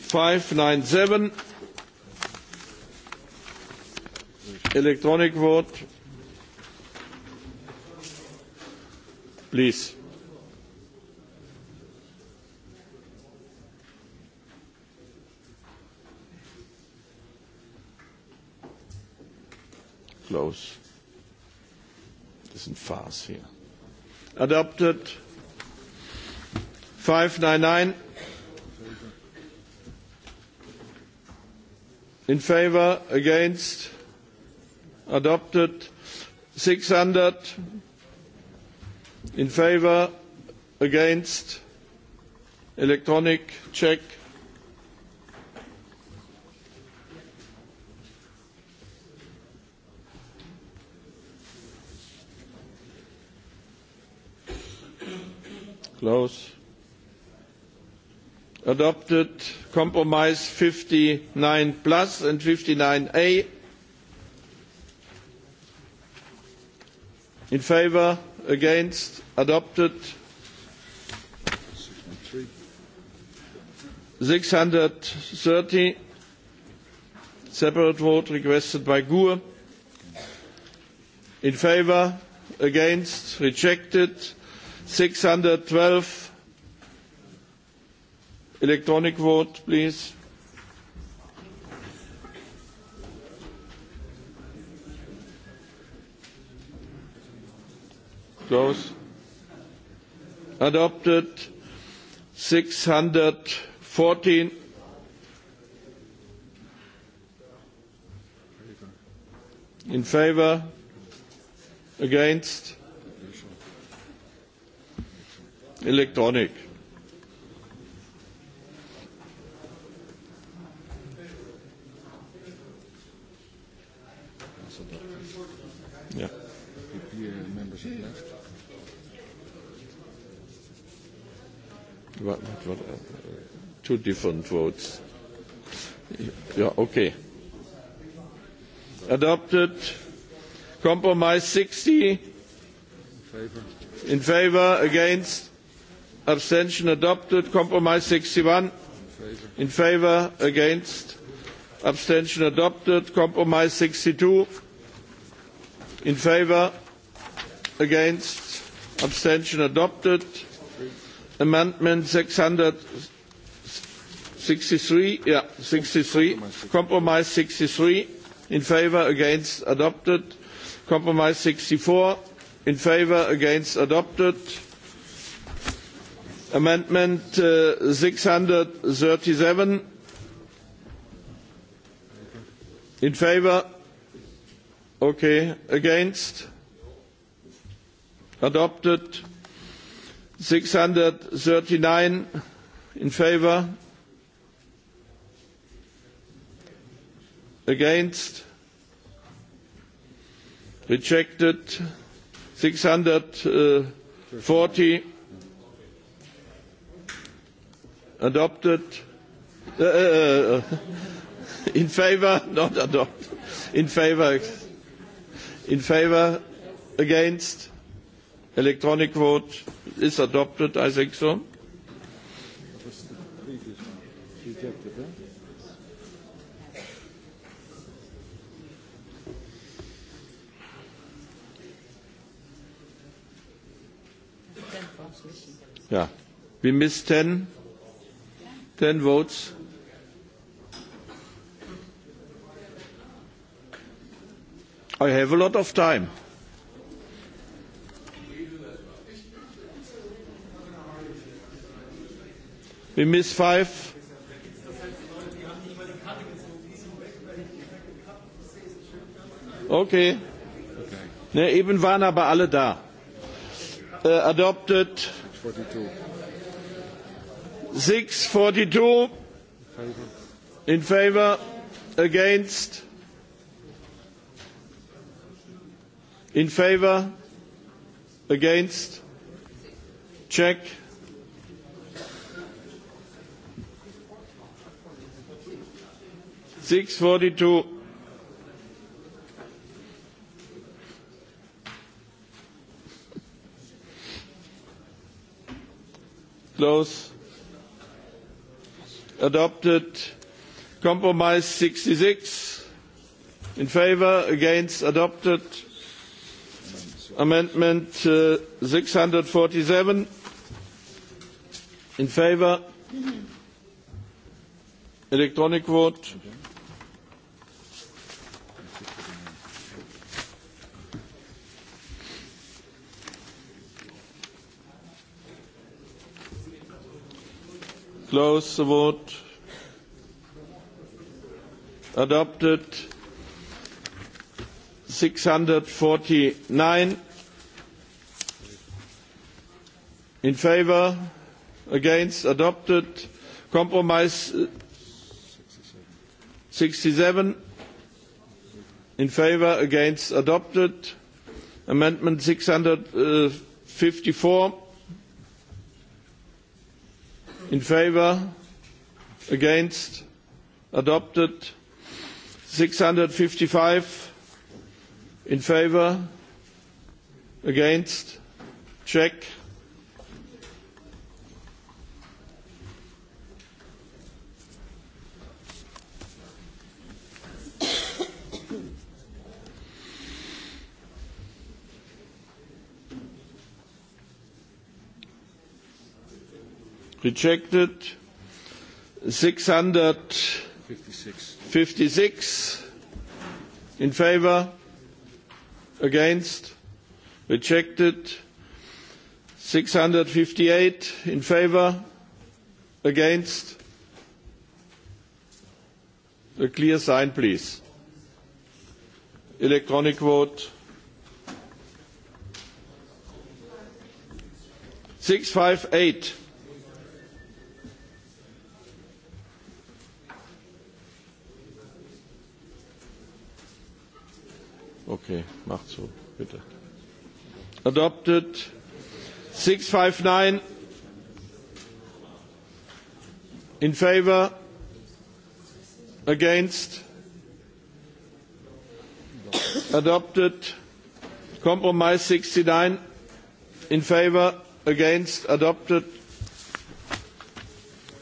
597. Electronic vote. Please. Close. This is fast here adopted 599 in favor against adopted 600 in favor against electronic check close. Adopted compromise 59 plus and 59A. In favor, against, adopted. 630. Separate vote requested by GUE. In favor, against, rejected. 612 electronic vote please close adopted 614 in favor against Electronic. Ja. What, what, what, uh, two different votes. Yeah, ja, okay. Adopted. Compromise 60. In favor. In favor. Against abstention adopted compromise 61 in favor against abstention adopted compromise 62 in favor against abstention adopted amendment 663 yeah 63 compromise 63 in favor against adopted compromise 64 in favor against adopted amendment uh, 637 in favor okay against adopted 639 in favor against rejected 640 uh, adopted uh, uh, uh, uh, in favor not adopted in favor in favor against electronic vote is adopted i think so Yeah, we missed 10. 10 votes. I have a lot of time. We miss five. Okay. okay. Ne, eben waren aber alle da. Uh, adopted. 42 six forty two in favor against in favor against check six forty two Close adopted compromise 66 in favor against adopted amendment uh, 647 in favor mm-hmm. electronic vote close the vote. Adopted 649. In favor, against, adopted. Compromise 67. Uh, In favor, against, adopted. Amendment 654 in favour, against, adopted, 655 in favour, against, check, rejected 656 in favor against rejected 658 in favor against a clear sign please electronic vote 658 Okay, macht so, bitte. Adopted 659. In favor? Against? Adopted. Compromise 69. In favor? Against? Adopted.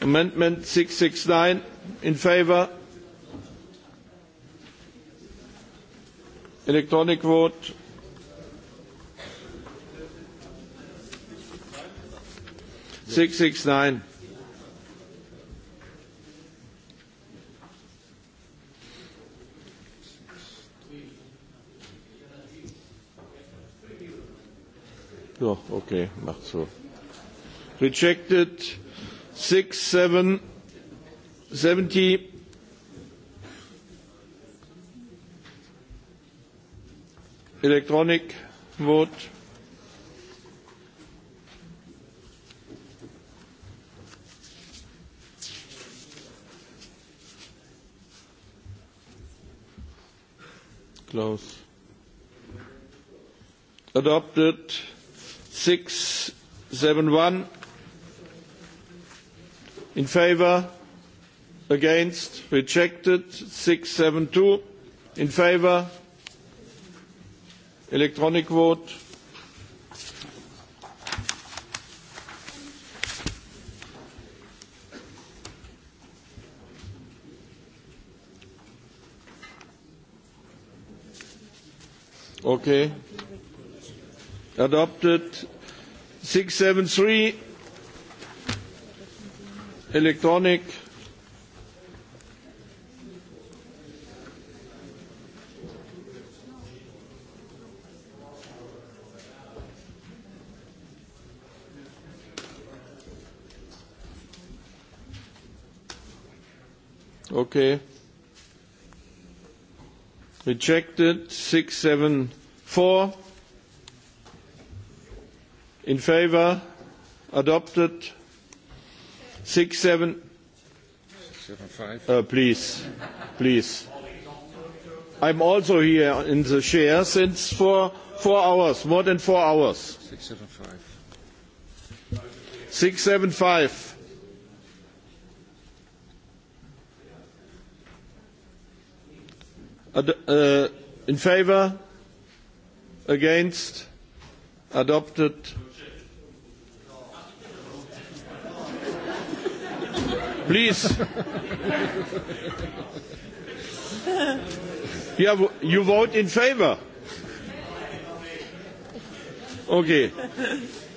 Amendment 669. In favor? Against? Electronic vote. Six six nine. So, ja, okay, macht so. Rejected 6770. electronic vote. Close. Adopted six seven one in favor against rejected six seven two in favor electronic vote. Okay. Adopted. 673. Electronic. okay. Rejected, 6, 7, 4. In favor, adopted, 6, 7. Seven, five. Uh, please, please. I'm also here in the chair since four, four hours, more than four hours. 6, 7, 5. 6, 7, 5. Ad uh, in favor? Against? Adopted? Please. you, have, you vote in favor? Okay.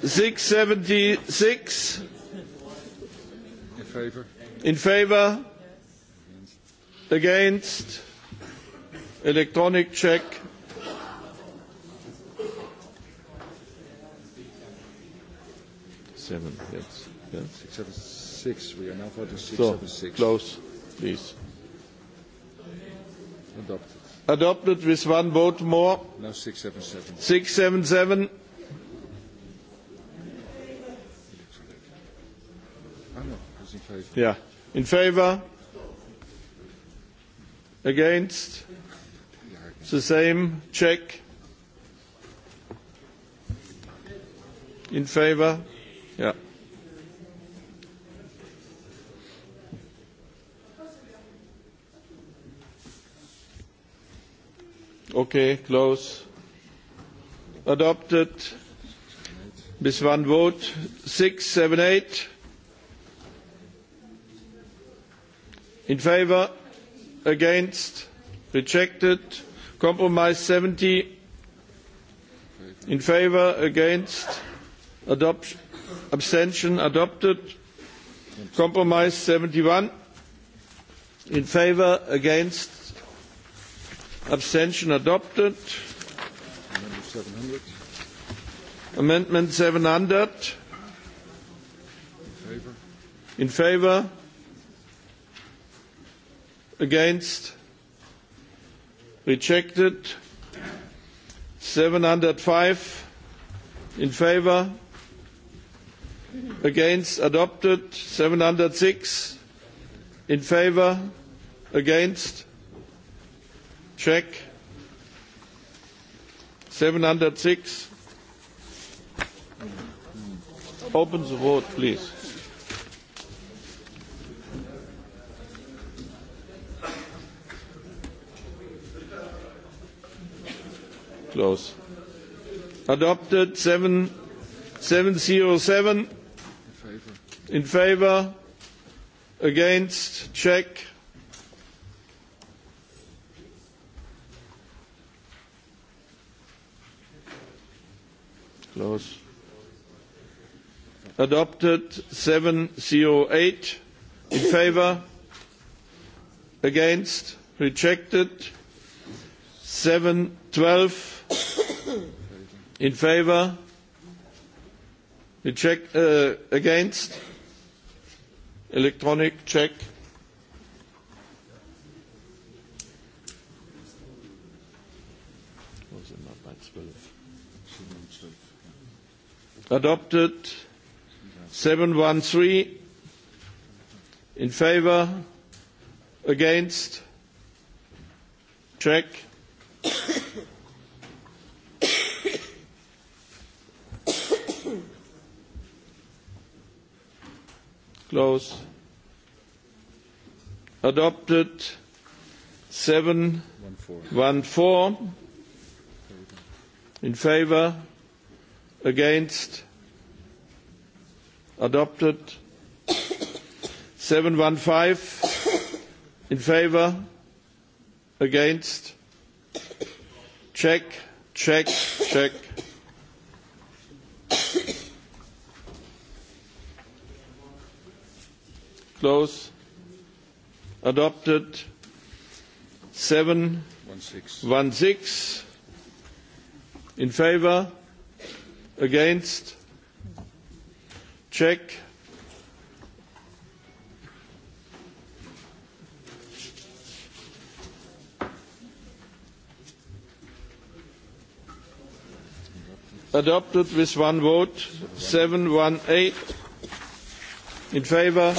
676? In favor? In favor? Against? Against electronic check. Seven, yes. yes. Six seven six. We are now for the six so, seven six. Close, please. Adopted. Adopted with one vote more. Now six seven seven. Six seven seven. Ah, no, yeah. In favor? Against? It's the same. Check. In favor? Yeah. Okay, close. Adopted. This one vote. Six, seven, eight. In favor? Against? Rejected? compromise seventy in favour against adopt, abstention adopted compromise seventy one in favour against abstention adopted amendment seven hundred in favour against rejected 705 in favor against adopted 706 in favor against check 706 open the vote please close. Adopted seven seven zero seven in favour. Against check. Close. Adopted seven zero eight in favour. Against rejected seven twelve in favor the check uh, against electronic check adopted 713 in favor against check close. Adopted 7 1 4. In favor? Against? Adopted 7 1 5. In favor? Against? Check, check, check. close adopted 7 one six. One six. in favor against check adopted with one vote 718 in favor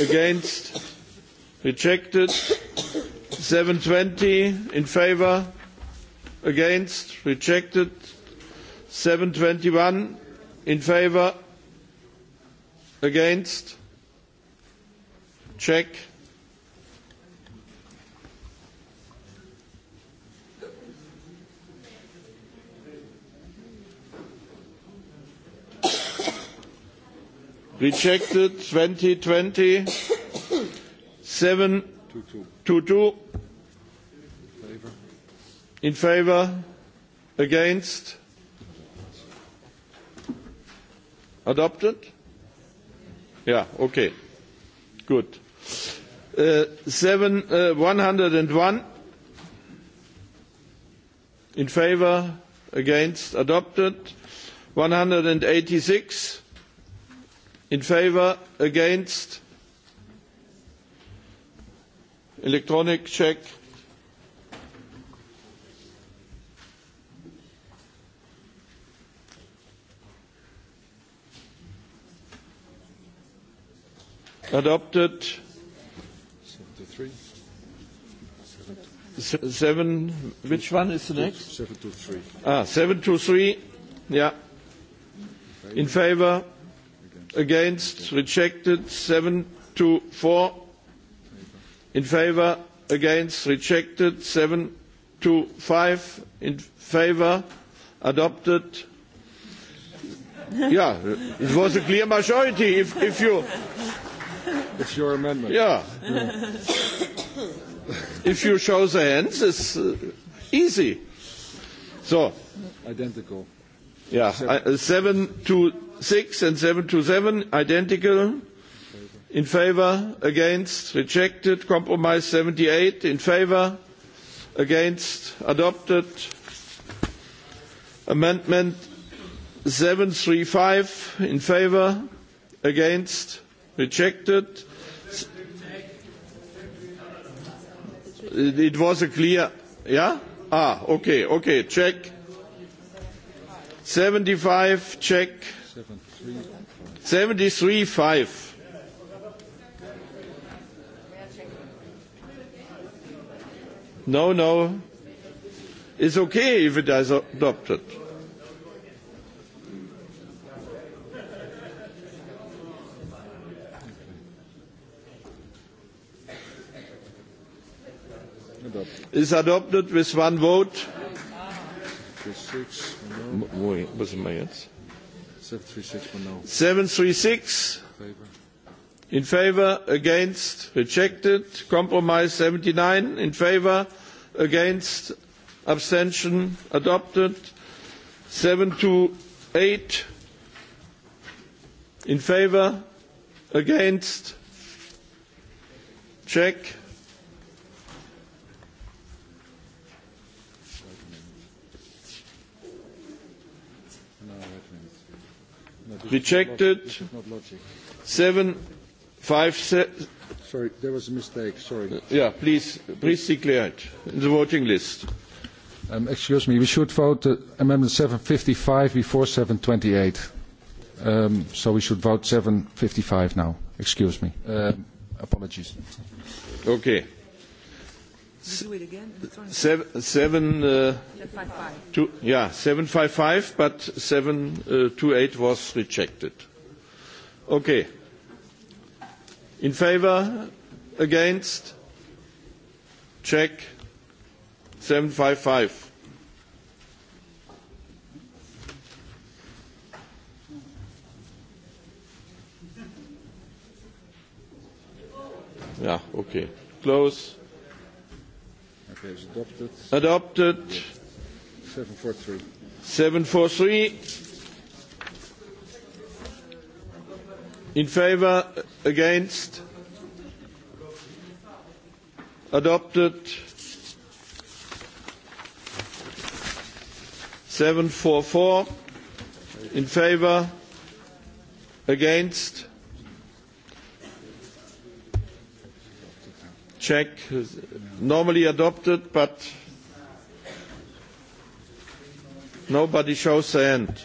against, rejected, 720 in favour, against, rejected, 721 in favour, against, check, rejected twenty twenty seven two two in favor against adopted yeah okay good uh, seven uh, one hundred and one in favor against adopted one hundred and eighty six In favour? Against? Electronic check. Adopted. 7, which one is the next? 723. Ah, 723, yeah. In favour? In favor against rejected seven to four in favor against rejected seven to five in favor adopted yeah it was a clear majority if, if you it's your amendment yeah if you show the hands it's uh, easy so identical yeah uh, seven to six and seven to seven identical in favor against rejected compromise seventy eight in favor against adopted amendment seven three five in favor against rejected it was a clear yeah ah okay okay check 75 check 73 5 No, no. It's okay if it is adopted. Adopted. Is adopted with one vote. Six, no. Wait, was it my answer? 736 in favor against rejected compromise 79 in favor against abstention adopted 728 in favor against check rejected. Seven, five, se sorry, there was a mistake, sorry. Uh, yeah, please, please see clear it in the voting list. Um, excuse me, we should vote uh, amendment 755 before 728. Um, so we should vote 755 now. Excuse me. Uh, apologies. Okay. 755, uh, five. Yeah, but 728 uh, was rejected. Okay. In favor? Against? Check. 755. Yeah, okay. Close has adopted. Adopted. Yes. 743. 743. In favor? Against? Adopted. 744. In favor? Against? check normally adopted, but nobody shows the end.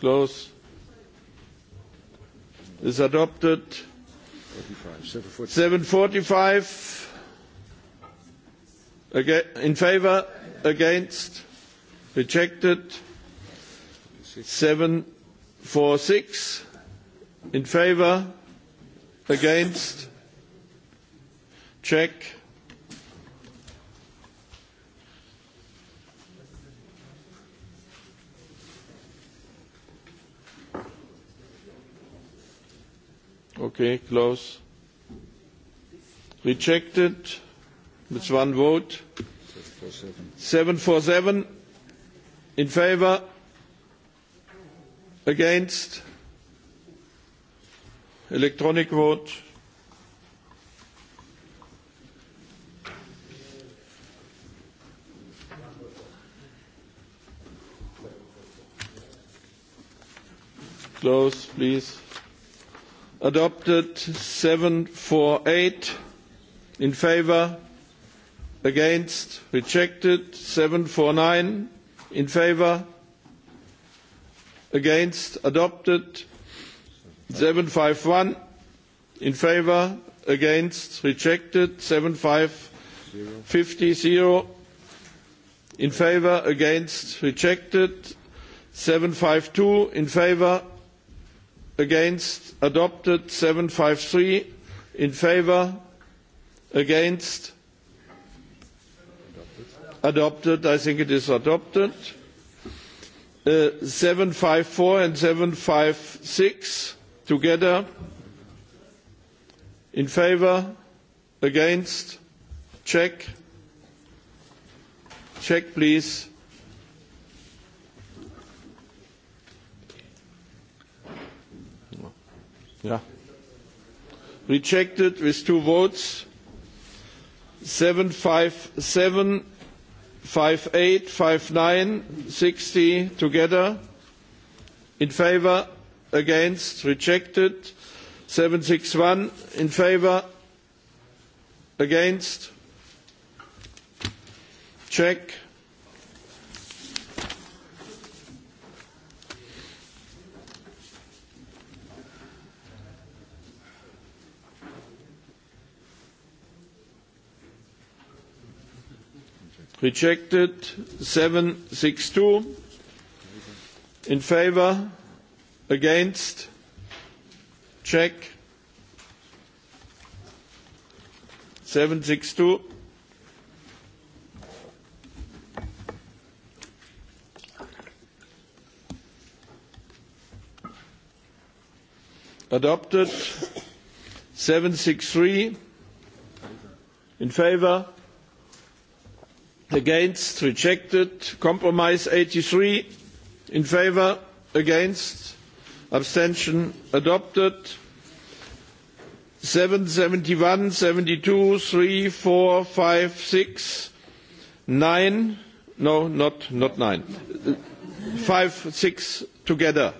Close. Is adopted. 745. In favor? Against? Rejected? 746. In favor? against check okay close rejected with one vote 747 seven, in favor against electronic vote. Close, please. Adopted 748. In favor? Against? Rejected? 749. In favor? Against? Adopted? 751 in favor, against, rejected. 750 0 in favor, against, rejected. 752 in favor, against, adopted. 753 in favor, against, adopted. I think it is adopted. 754 uh, and 756 together in favor, against, check, check please. Yeah. Rejected with two votes, 757, 58, 59, 60 together, in favor, against rejected 761 in favor against check rejected 762 in favor against check 762 adopted 763 in favor against rejected compromise 83 in favor against abstention adopted. 771, 72, 3, 4, 5, 6, 9, no, not, not 9, 5, 6 together.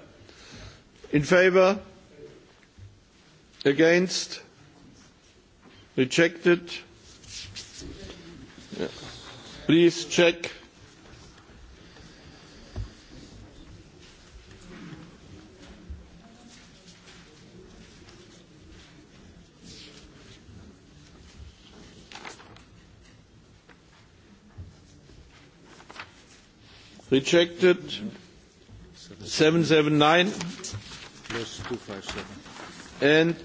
In favor? Against? Rejected? Yeah. Please check. rejected 779 and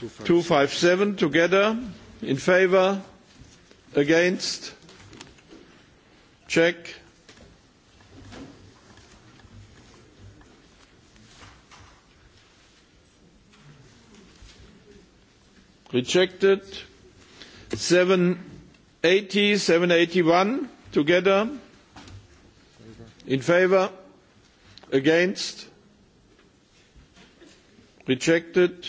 257 together in favor against check rejected 780 781 together in favour against rejected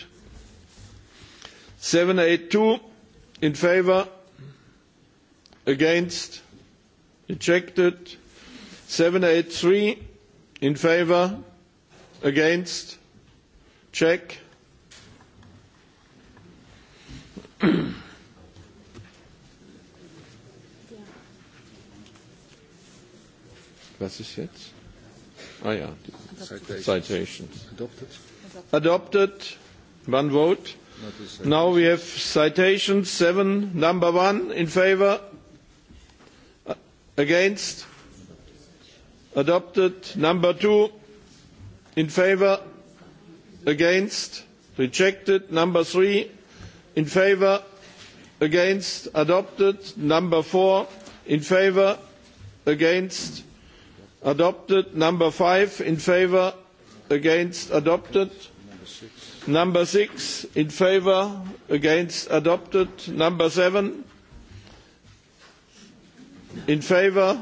seven eight two in favour against rejected seven eight three in favour against check was ist jetzt? Ah ja, die Citations. citations. Adopted. Adopted. One vote. Now we have citations. Seven. Number one in favor. Against. Adopted. Number two in favor. Against. Rejected. Number three in favor. Against. Adopted. Number four in favor. Against. Mm -hmm adopted number five in favor against adopted number six in favor against adopted number seven in favor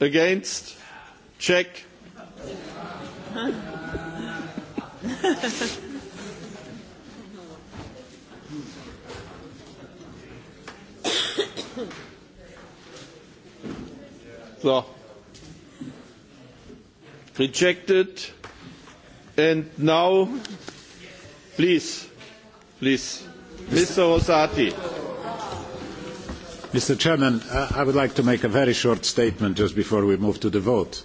against check So, rejected and now please please mr osati mr chairman i would like to make a very short statement just before we move to the vote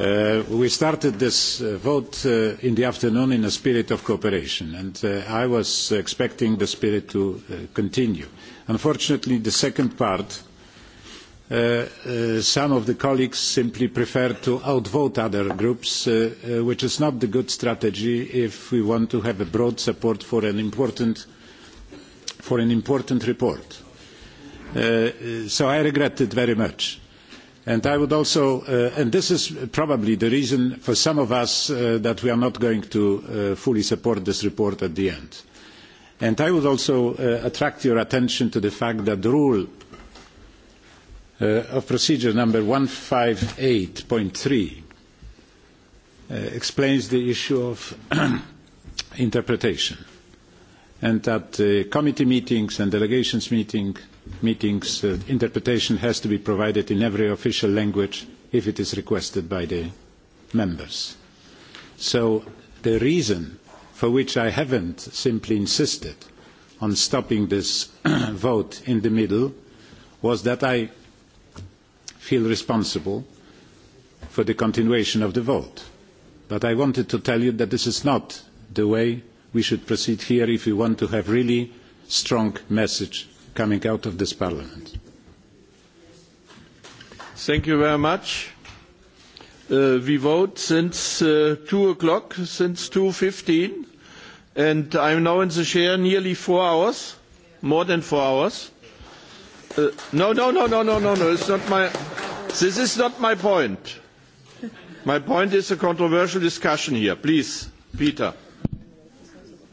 uh, we started this uh, vote uh, in the afternoon in a spirit of cooperation and uh, i was expecting the spirit to uh, continue unfortunately the second part uh, Uh, uh, some of the colleagues simply prefer to outvote other groups, uh, uh, which is not the good strategy if we want to have a broad support for an important, for an important report. Uh, so I regret it very much. And I would also, uh, and this is probably the reason for some of us uh, that we are not going to uh, fully support this report at the end. And I would also uh, attract your attention to the fact that the rule Uh, of procedure number 158.3 uh, explains the issue of interpretation and that uh, committee meetings and delegations meeting, meetings uh, interpretation has to be provided in every official language if it is requested by the members. So the reason for which I haven't simply insisted on stopping this vote in the middle was that I feel responsible for the continuation of the vote. But I wanted to tell you that this is not the way we should proceed here if we want to have really strong message coming out of this parliament. Thank you very much. Uh, we vote since uh, 2 o'clock, since 2.15, and I'm now in the chair nearly four hours, more than four hours. Uh, no, no, no, no, no, no, no. It's not my. This is not my point. My point is a controversial discussion here. Please, Peter.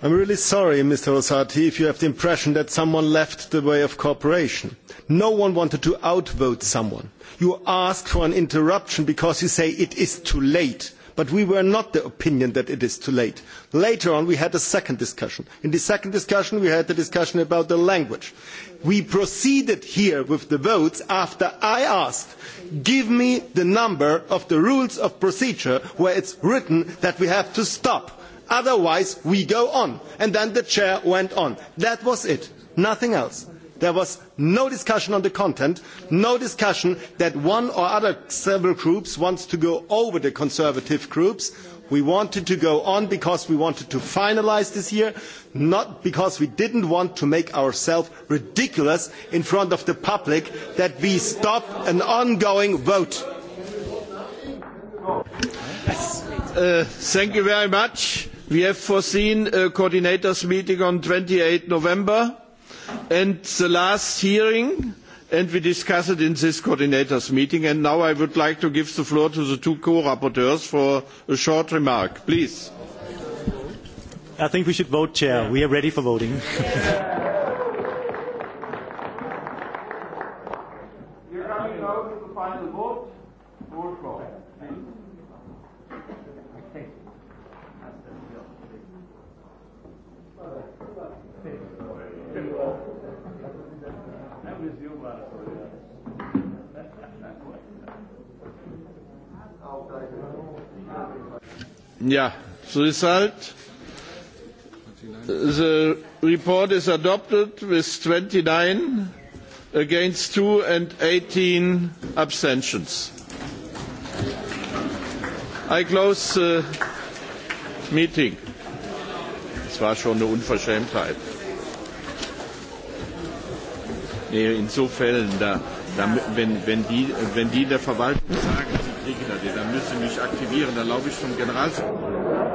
I'm really sorry, Mr. Rosati, if you have the impression that someone left the way of cooperation. No one wanted to outvote someone. You asked for an interruption because you say it is too late but we were not of the opinion that it is too late. later on we had a second discussion. in the second discussion we had the discussion about the language. we proceeded here with the votes after i asked give me the number of the rules of procedure where it is written that we have to stop otherwise we go on and then the chair went on. that was it nothing else there was no discussion on the content no discussion that one or other several groups wants to go over the conservative groups. we wanted to go on because we wanted to finalise this year not because we did not want to make ourselves ridiculous in front of the public that we stop an ongoing vote. Uh, thank you very much. We have foreseen a coordinators meeting on 28 November and the last hearing and we discuss it in this coordinators meeting and now I would like to give the floor to the two co-rapporteurs for a short remark, please. I think we should vote, Chair. Yeah. We are ready for voting. we are coming now to the final vote. Vote for. Okay. Ja, so ist halt. The report is adopted with 29 against 2 and 18 abstentions. I close the meeting. Es war schon eine Unverschämtheit. Äh, in so Fällen, da, da, wenn, wenn, die, wenn die in der Verwaltung sagen, sie kriegen das, dann müssen sie mich aktivieren, dann laufe ich zum Generalsekretär.